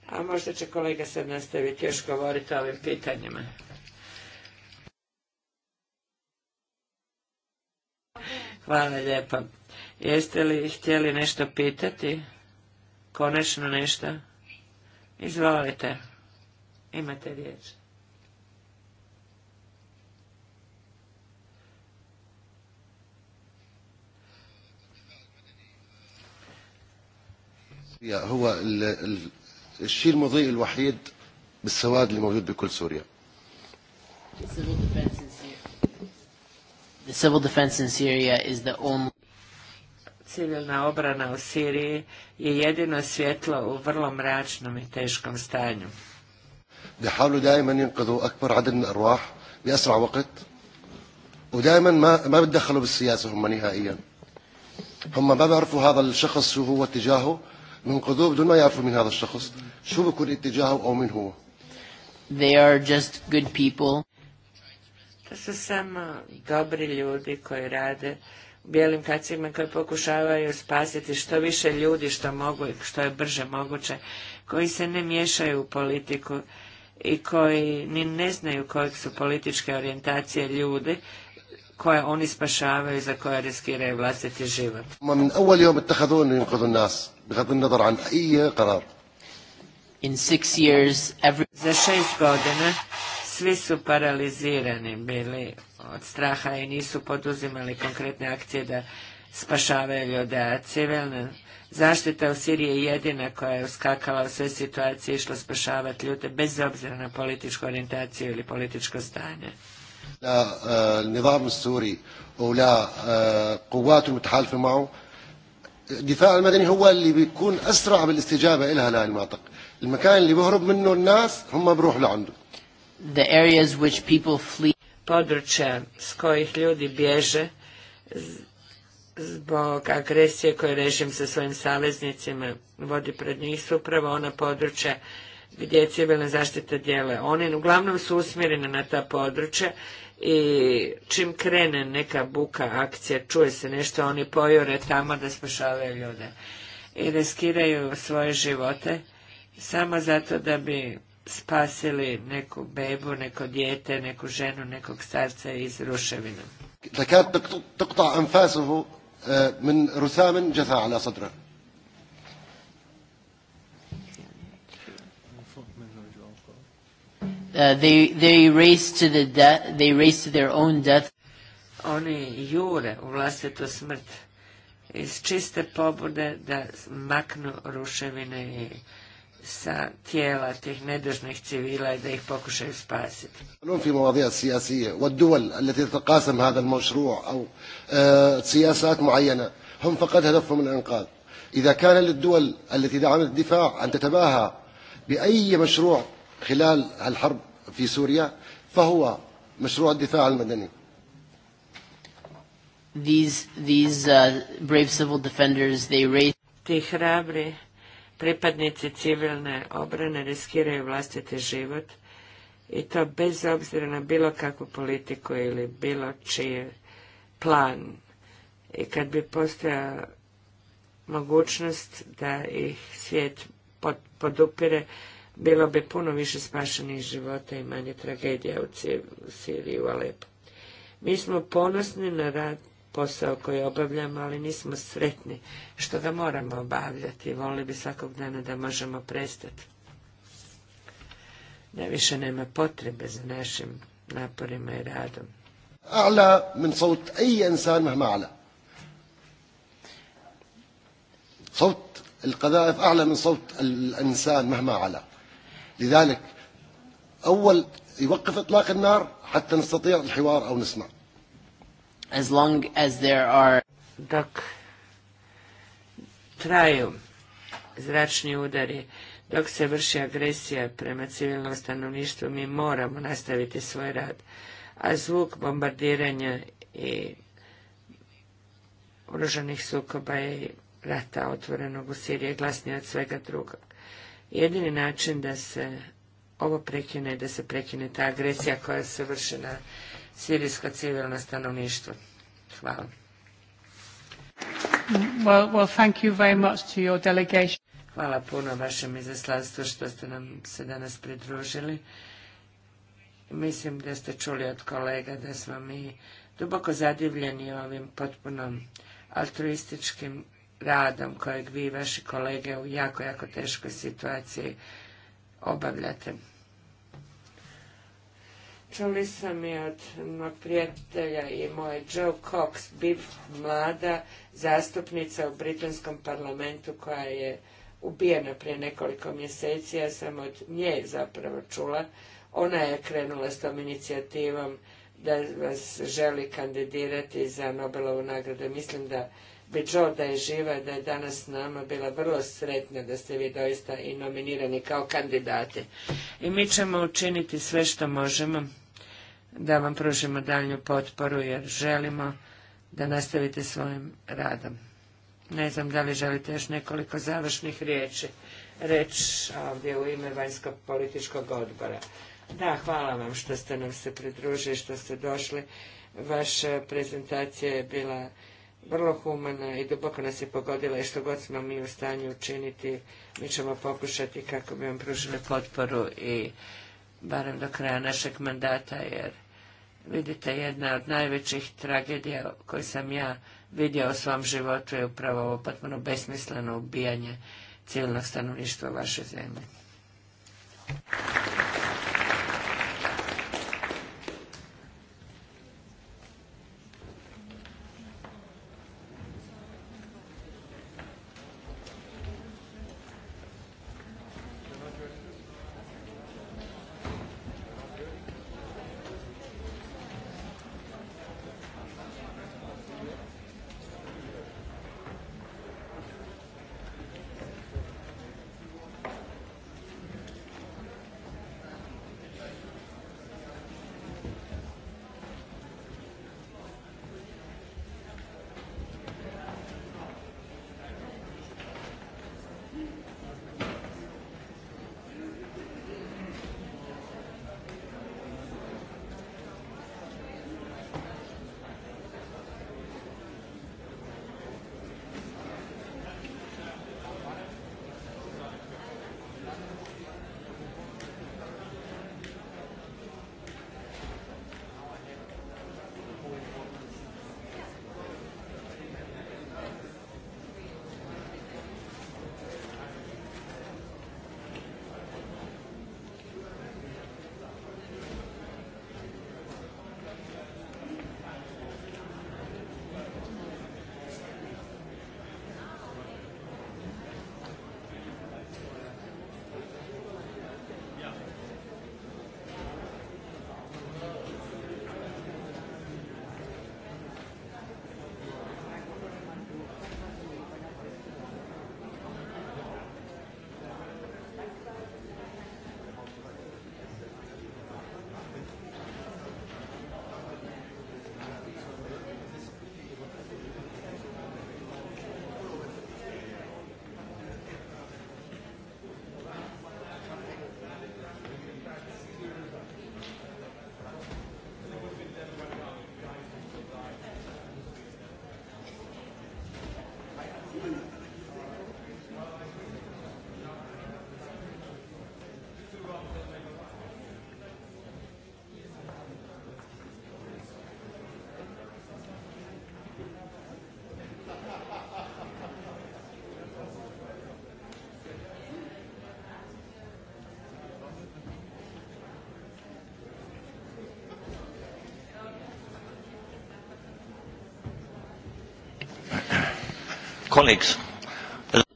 S1: A možda će kolega sad nastaviti još govoriti o ovim pitanjima. Hvala lijepo. Jeste li htjeli nešto pitati? Konačno nešto? Izvolite. Imate riječ.
S5: هو الشيء المضيء الوحيد بالسواد اللي موجود بكل سوريا The civil defense in Syria is the only
S1: civilna obrana u Siriji je jedino svjetlo u vrlo mračnom i teškom stanju.
S5: بيحاولوا دائما ينقذوا اكبر عدد من الارواح باسرع وقت ودائما ما ما بتدخلوا بالسياسه هم نهائيا هم ما hada هذا الشخص شو هو اتجاهه من ما هذا الشخص شو اتجاهه هو They are just good people.
S1: To su samo dobri ljudi koji rade u bijelim kacima koji pokušavaju spasiti što više ljudi što mogu i što je brže moguće, koji se ne miješaju u politiku i koji ni ne znaju koje su političke orijentacije ljudi koje oni spašavaju za koje riskiraju vlastiti
S5: život. بغض In years, every...
S1: Za šest godina svi su paralizirani bili od straha i nisu poduzimali konkretne akcije da spašavaju ljude, a civilna zaštita u Siriji je jedina koja je uskakala u sve situacije i išla spašavati ljude bez obzira na političku orijentaciju ili političko stanje.
S5: لا النظام السوري ولا قوات الدفاع المدني هو اللي بيكون أسرع بالاستجابة لها لهذه المناطق المكان اللي بهرب منه الناس هم بروح لعنده The areas which people flee područja s kojih ljudi bježe
S1: zbog agresije koju režim sa svojim saveznicima vodi pred njih su upravo ona područja gdje civilna zaštita djela. Oni uglavnom su usmjereni na ta područja i čim krene neka buka akcija, čuje se nešto, oni pojure tamo da spašavaju ljude i riskiraju svoje živote samo zato da bi spasili neku bebu, neko dijete, neku ženu, nekog starca iz ruševina.
S5: Uh, they, they, race to the
S1: death, they race to their own death. Oni jure u vlastitu smrt iz čiste pobude da maknu ruševine sa tijela tih nedužnih civila i da ih pokušaju spasiti.
S5: في مواضيع a والدول التي تتقاسم هذا المشروع أو سياسات معينة bi خلال الحرب في سوريا فهو مشروع الدفاع المدني uh,
S1: Ti hrabri
S5: pripadnici civilne
S1: obrane riskiraju vlastiti život i to bez obzira na bilo kakvu politiku ili bilo čiji plan. I kad bi postojala mogućnost da ih svijet podupire, bilo bi puno više spašenih života i manje tragedija u Siriji u Alepu. Mi smo ponosni na rad posao koji obavljamo, ali nismo sretni što ga moramo obavljati. Volili bi svakog dana da možemo prestati. Ne više nema potrebe za našim naporima
S5: i radom. Ala min saut insan ala. Saut لذلك أول يوقف إطلاق النار حتى نستطيع الحوار أو نسمع as long as there are dok traju zračni udari
S1: dok se vrši agresija prema civilnom stanovništvu mi moramo nastaviti svoj rad a zvuk bombardiranja i oružanih sukoba i rata otvorenog u Siriji je od svega druga. Jedini način da se ovo prekine, da se prekine ta agresija koja se vrši na sirijsko civilno stanovništvo. Hvala. Hvala puno vašem izaslanstvu što ste nam se danas pridružili. Mislim da ste čuli od kolega da smo mi duboko zadivljeni ovim potpuno altruističkim radom kojeg vi i vaši kolege u jako, jako teškoj situaciji obavljate. Čuli sam i od mog prijatelja i moje Joe Cox, biv mlada zastupnica u britanskom parlamentu koja je ubijena prije nekoliko mjeseci. Ja sam od nje zapravo čula. Ona je krenula s tom inicijativom da vas želi kandidirati za Nobelovu nagradu. Mislim da bi da je živa, da je danas s nama bila vrlo sretna da ste vi doista i nominirani kao kandidati. I mi ćemo učiniti sve što možemo da vam pružimo daljnju potporu jer želimo da nastavite svojim radom. Ne znam da li želite još nekoliko završnih riječi reći ovdje u ime Vanjskog političkog odbora. Da, hvala vam što ste nam se pridružili, što ste došli. Vaša prezentacija je bila vrlo humana i duboko nas je pogodila i što god smo mi u stanju učiniti, mi ćemo pokušati kako bi vam pružili potporu i barem do kraja našeg mandata, jer vidite, jedna od najvećih tragedija koju sam ja vidio u svom životu je upravo ovo potpuno besmisleno ubijanje civilnog stanovništva vaše zemlje.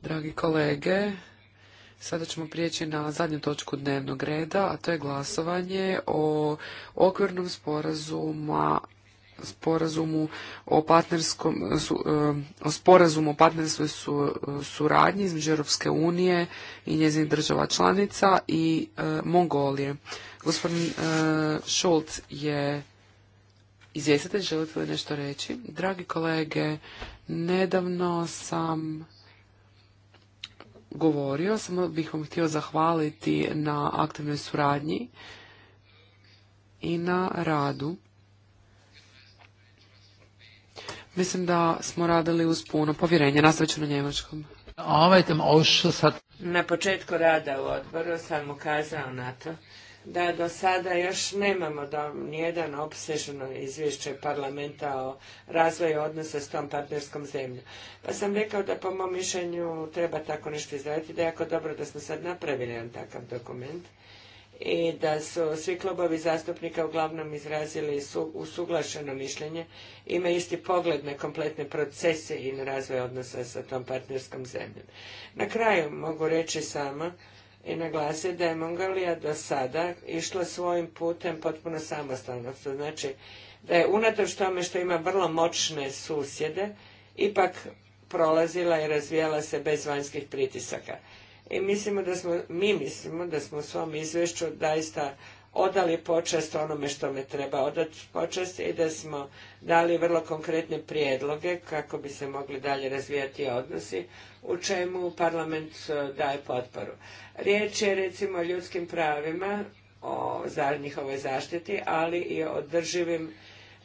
S2: Dragi kolege, sada ćemo prijeći na zadnju točku dnevnog reda, a to je glasovanje o okvirnom sporazuma sporazumu o partnerskom o sporazumu o partnerskoj suradnji između Europske unije i njezinih država članica i Mongolije. Gospodin e, je Izvjestitelj, želite li nešto reći? Dragi kolege, nedavno sam govorio, samo bih vam htio zahvaliti na aktivnoj suradnji i na radu. Mislim da smo radili uz puno povjerenja. Nastavit ću na njemačkom. Ovaj
S1: na početku rada u odboru sam ukazao na to da do sada još nemamo da nijedan opsežno izvješće parlamenta o razvoju odnosa s tom partnerskom zemljom. Pa sam rekao da po mom mišljenju treba tako nešto izraditi, da je jako dobro da smo sad napravili jedan takav dokument i da su svi klubovi zastupnika uglavnom izrazili usuglašeno mišljenje, ima isti pogled na kompletne procese i na razvoj odnosa sa tom partnerskom zemljom. Na kraju mogu reći samo i naglasi da je Mongolija do sada išla svojim putem potpuno samostalno. To znači da je unatoč tome što ima vrlo moćne susjede, ipak prolazila i razvijala se bez vanjskih pritisaka. I mislimo da smo, mi mislimo da smo u svom izvješću daista odali počest onome što me treba odati počest i da smo dali vrlo konkretne prijedloge kako bi se mogli dalje razvijati odnosi u čemu parlament e, daje potporu. Riječ je recimo o ljudskim pravima, o njihovoj zaštiti, ali i o održivim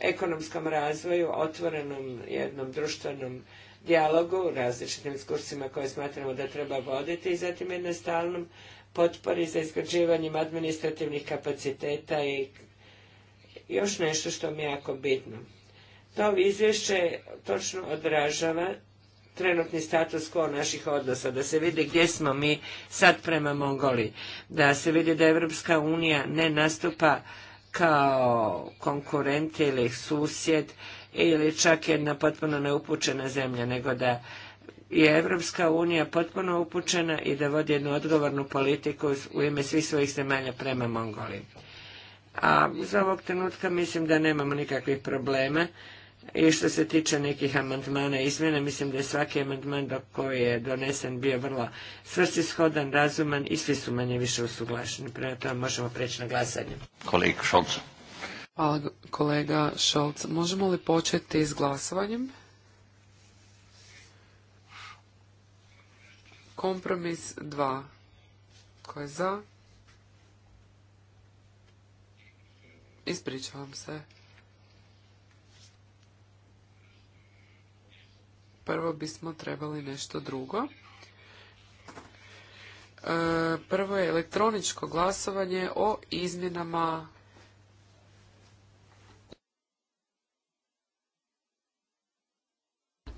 S1: ekonomskom razvoju, otvorenom jednom društvenom dijalogu, različitim diskursima koje smatramo da treba voditi i zatim jednom stalnom potpori za izgrađivanjem administrativnih kapaciteta i još nešto što mi je jako bitno. To izvješće točno odražava trenutni status quo naših odnosa, da se vidi gdje smo mi sad prema Mongoliji, da se vidi da Evropska unija ne nastupa kao konkurent ili susjed ili čak jedna potpuno neupućena zemlja, nego da je Evropska unija potpuno upućena i da vodi jednu odgovornu politiku u ime svih svojih zemalja prema Mongoliji. A za ovog trenutka mislim da nemamo nikakvih problema i što se tiče nekih amandmana i izmjena, mislim da je svaki amandman do koji je donesen bio vrlo svrsishodan, razuman i svi su manje više usuglašeni. Prema tome možemo preći na glasanje. Kolega Šolc. Hvala
S2: kolega Šolc. Možemo li početi s glasovanjem? Kompromis 2. Tko je za? Ispričavam se. Prvo bismo trebali nešto drugo. E, prvo je elektroničko glasovanje o izmjenama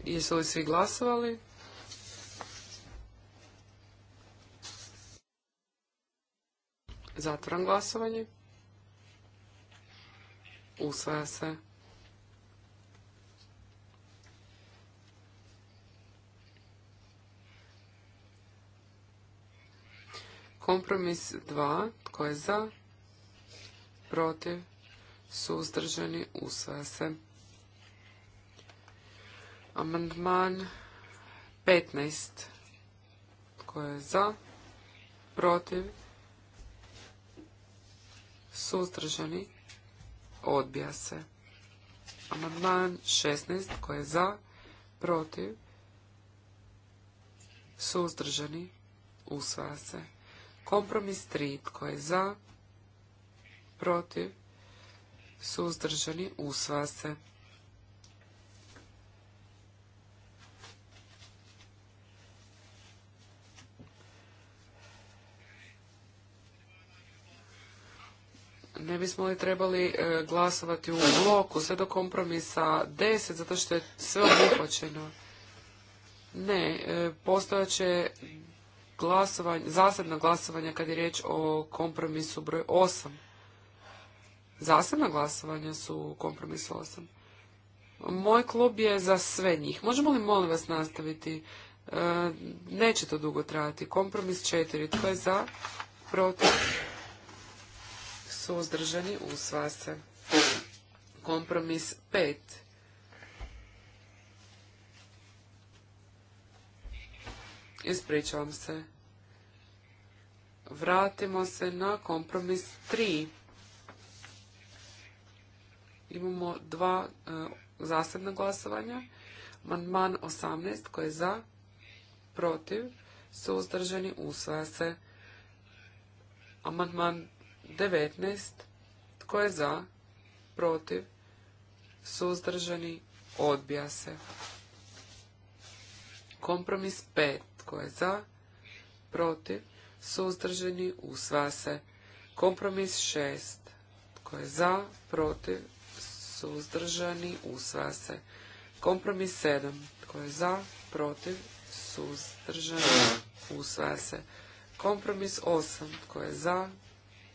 S2: Jesu li svi glasovali? Zatvaram glasovanje. Usvaja se. Kompromis 2. Tko je za? Protiv? Suzdržani? Usvaja se. Amandman 15. Tko je za? Protiv? suzdržani, odbija se. Amandman 16 koji je za, protiv, suzdržani, usvaja se. Kompromis 3 tko je za, protiv, suzdržani, usvaja se. ne bismo li trebali e, glasovati u bloku sve do kompromisa 10, zato što je sve obuhvaćeno? Ne, e, će glasovanje, zasebna glasovanja kad je riječ o kompromisu broj 8. Zasebna glasovanja su u kompromisu 8. Moj klub je za sve njih. Možemo li molim vas nastaviti? E, neće to dugo trajati. Kompromis 4. Tko je za? Protiv? suzdržani, usvaja se. Kompromis pet. Ispričavam se. Vratimo se na kompromis tri. Imamo dva e, zasebna glasovanja. Amandman 18 koji je za, protiv, suzdržani, usvaja se. Amandman 19. Tko je za? Protiv? Suzdržani? Odbija se. Kompromis 5. Tko je za? Protiv? Suzdržani? Usva se. Kompromis 6. Tko je za? Protiv? Suzdržani? Usva se. Kompromis 7. Tko je za? Protiv? Suzdržani? Usva se. Kompromis 8. Tko je za?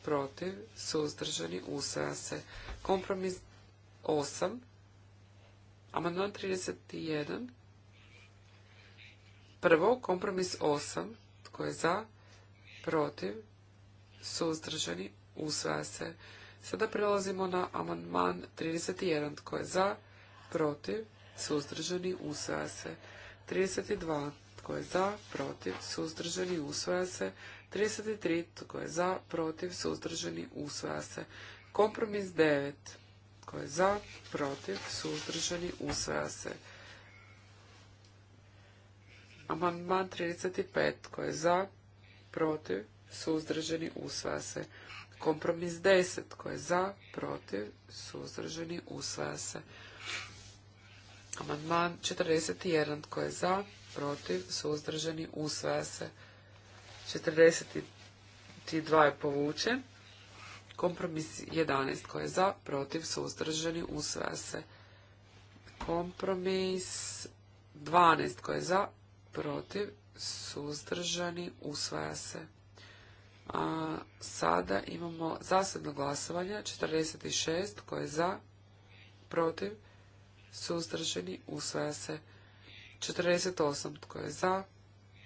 S2: protiv, suzdržani, usvaja se. Kompromis 8, amandman 31, prvo, kompromis 8, tko je za, protiv, suzdržani, usvaja se. Sada prelazimo na amandman 31, tko je za, protiv, suzdržani, usvaja se. 32, tko je za, protiv, suzdržani, usvaja se. 33. Tko je za? Protiv? Suzdržani? Usvaja se. Kompromis 9. Tko je za? Protiv? Suzdržani? Usvaja se. Amandman 35. Tko je za? Protiv? Suzdržani? Usvaja se. Kompromis 10. Tko je za? Protiv? Suzdržani? Usvaja se. Amandman 41. Tko je za? Protiv? Suzdržani? Usvaja se. 42 je povučen. Kompromis 11 koji je za, protiv, suzdržani, usvaja se. Kompromis 12 koji je za, protiv, suzdržani, usvaja se. A sada imamo zasebno glasovanje 46 koje je za, protiv, suzdržani, usvaja se. 48 tko je za,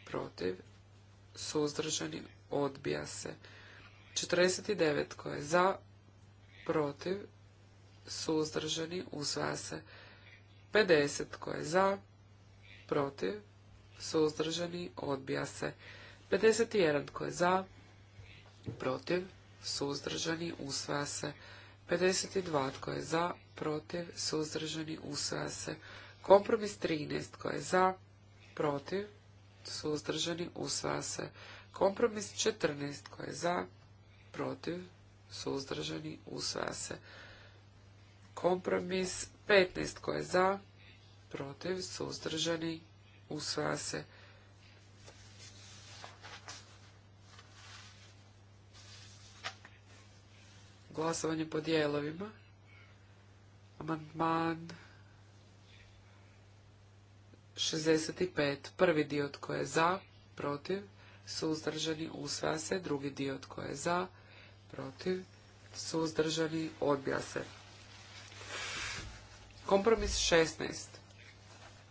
S2: protiv, suzdržani, odbija se. 49 koje je za, protiv, suzdržani, usvaja se. 50 koje je za, protiv, suzdržani, odbija se. 51 koje je za, protiv, suzdržani, usvaja se. 52 tko je za, protiv, suzdržani, usvaja se. Kompromis 13 tko je za, protiv, suzdržani, usvaja se. Kompromis 14 koji je za, protiv, suzdržani, usvaja se. Kompromis 15 koji je za, protiv, suzdržani, usvaja se. Glasovanje po dijelovima. Amandman 65. Prvi dio tko je za, protiv, suzdržani, usvaja se. Drugi dio tko je za, protiv, suzdržani, odbija se. Kompromis 16.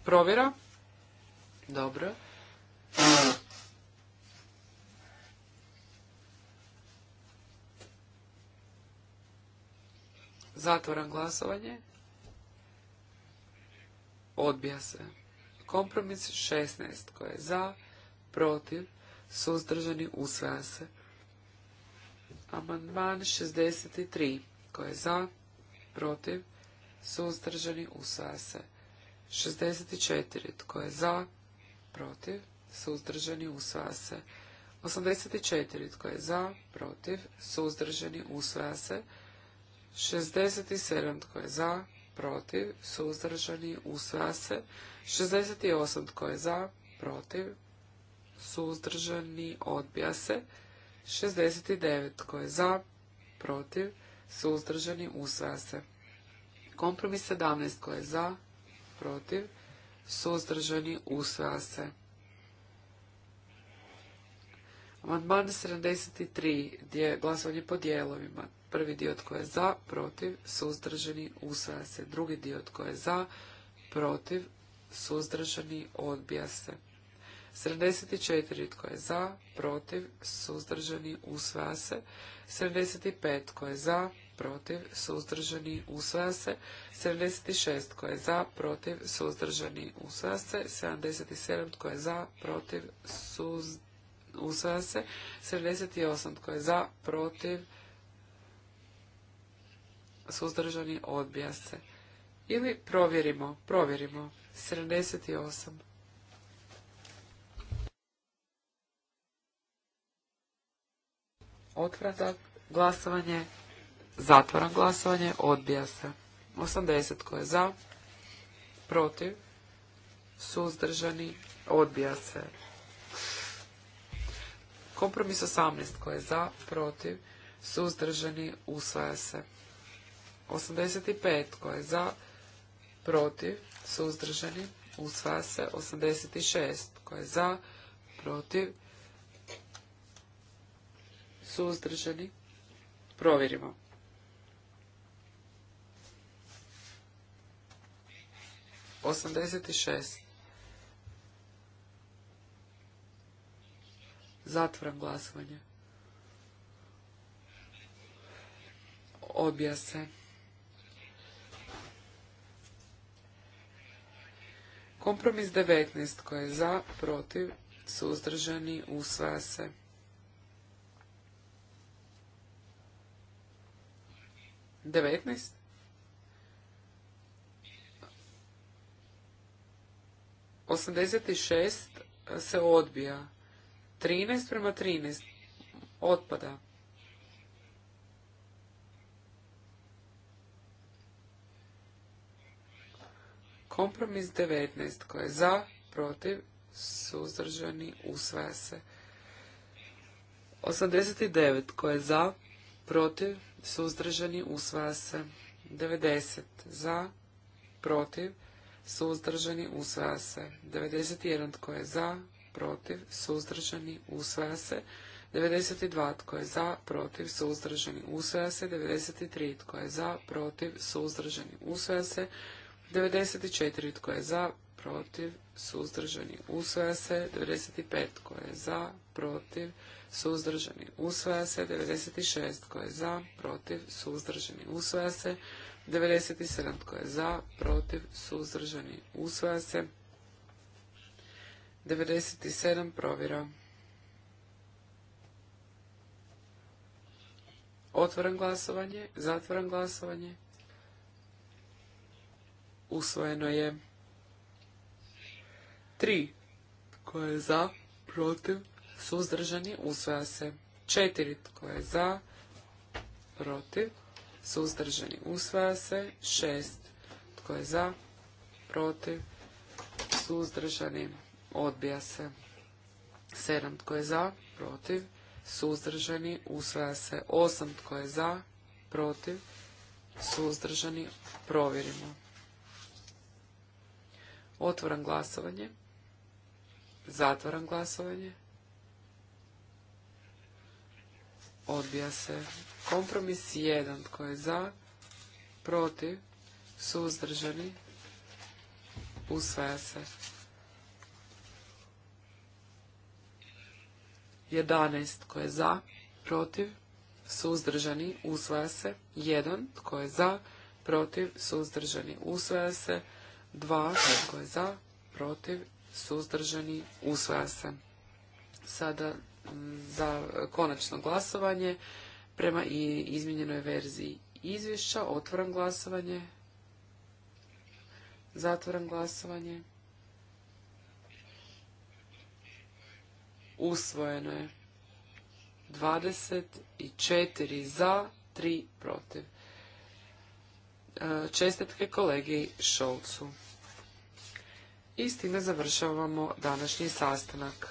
S2: Provjera. Dobro. Zatvoram glasovanje. Odbija se. Kompromis 16 koje je za, protiv, suzdržani, usvaja se. Amandman 63 koje je za, protiv, suzdržani, usvaja se. 64 Koje je za, protiv, suzdržani, usvaja se. 84 tko je za, protiv, suzdržani, usvaja se. 67 tko je za, protiv, suzdržani, usvaja se. 68 tko je za, protiv, suzdržani, odbija se. 69 tko je za, protiv, suzdržani, usvaja se. Kompromis 17 tko je za, protiv, suzdržani, usvaja se. Amandman 73 gdje je glasovanje po dijelovima Prvi dio tko je za, protiv, suzdržani, usvaja se. Drugi dio tko je za, protiv, suzdržani, odbija se. 74 tko je za, protiv, suzdržani, usvaja se. 75 tko je za, protiv, suzdržani, usvaja se. 76 tko je za, protiv, suzdržani, usvaja se. 77 tko je za, protiv, usvaja se. 78 tko je za, protiv, suzdržani, odbija se. Ili provjerimo, provjerimo. 78. Otvratak glasovanje, zatvoran glasovanje, odbija se. 80 tko je za, protiv, suzdržani, odbija se. Kompromis 18 tko je za, protiv, suzdržani, usvaja se. 85 koje je za, protiv, suzdržani, usvaja se 86 koje je za, protiv, suzdržani, provjerimo. Osamdeset šest. Zatvoram glasovanje. Obja se. Kompromis 19 koji je za, protiv, suzdržani, usvaja se. Devetnaest. Osamdeset šest se odbija. Trinaest prema trinaest. Otpada. Kompromis 19 koji je za, protiv, suzdržani, usvaja se. 89 koji je za, protiv, suzdržani, usvaja se. 90 za, protiv, suzdržani, usvaja se. 91 tko je za, protiv, suzdržani, usvaja se. 92 tko je za, protiv, suzdržani, usvaja se. 93 tko je za, protiv, suzdržani, usvaja se. 94. Tko je za? Protiv? Suzdržani? Usvaja se. 95. Tko je za? Protiv? Suzdržani? Usvaja se. 96. Tko je za? Protiv? Suzdržani? Usvaja se. 97. Tko je za? Protiv? Suzdržani? Usvaja se. 97. Provjera. Otvoren glasovanje. Zatvoram glasovanje usvojeno je. 3 tko je za, protiv, suzdržani, usvaja se. 4 tko je za, protiv, suzdržani, usvaja se. 6 tko je za, protiv, suzdržani, odbija se. 7 tko je za, protiv, suzdržani, usvaja se. 8 tko je za, protiv, suzdržani, provjerimo. Otvoram glasovanje. Zatvaram glasovanje. Odbija se. Kompromis 1. Tko je za? Protiv? Suzdržani? Usvaja se. 11. Tko je za? Protiv? Suzdržani? Usvaja se. 1. Tko je za? Protiv? Suzdržani? Usvaja se. 2. Tko je za? Protiv? Suzdržani? Usvaja se. Sada mm, za konačno glasovanje prema i izmijenjenoj verziji izvješća. Otvoram glasovanje. Zatvoram glasovanje. Usvojeno je. 24 za, 3 protiv. E, čestitke kolegi Šolcu. I s time završavamo današnji sastanak.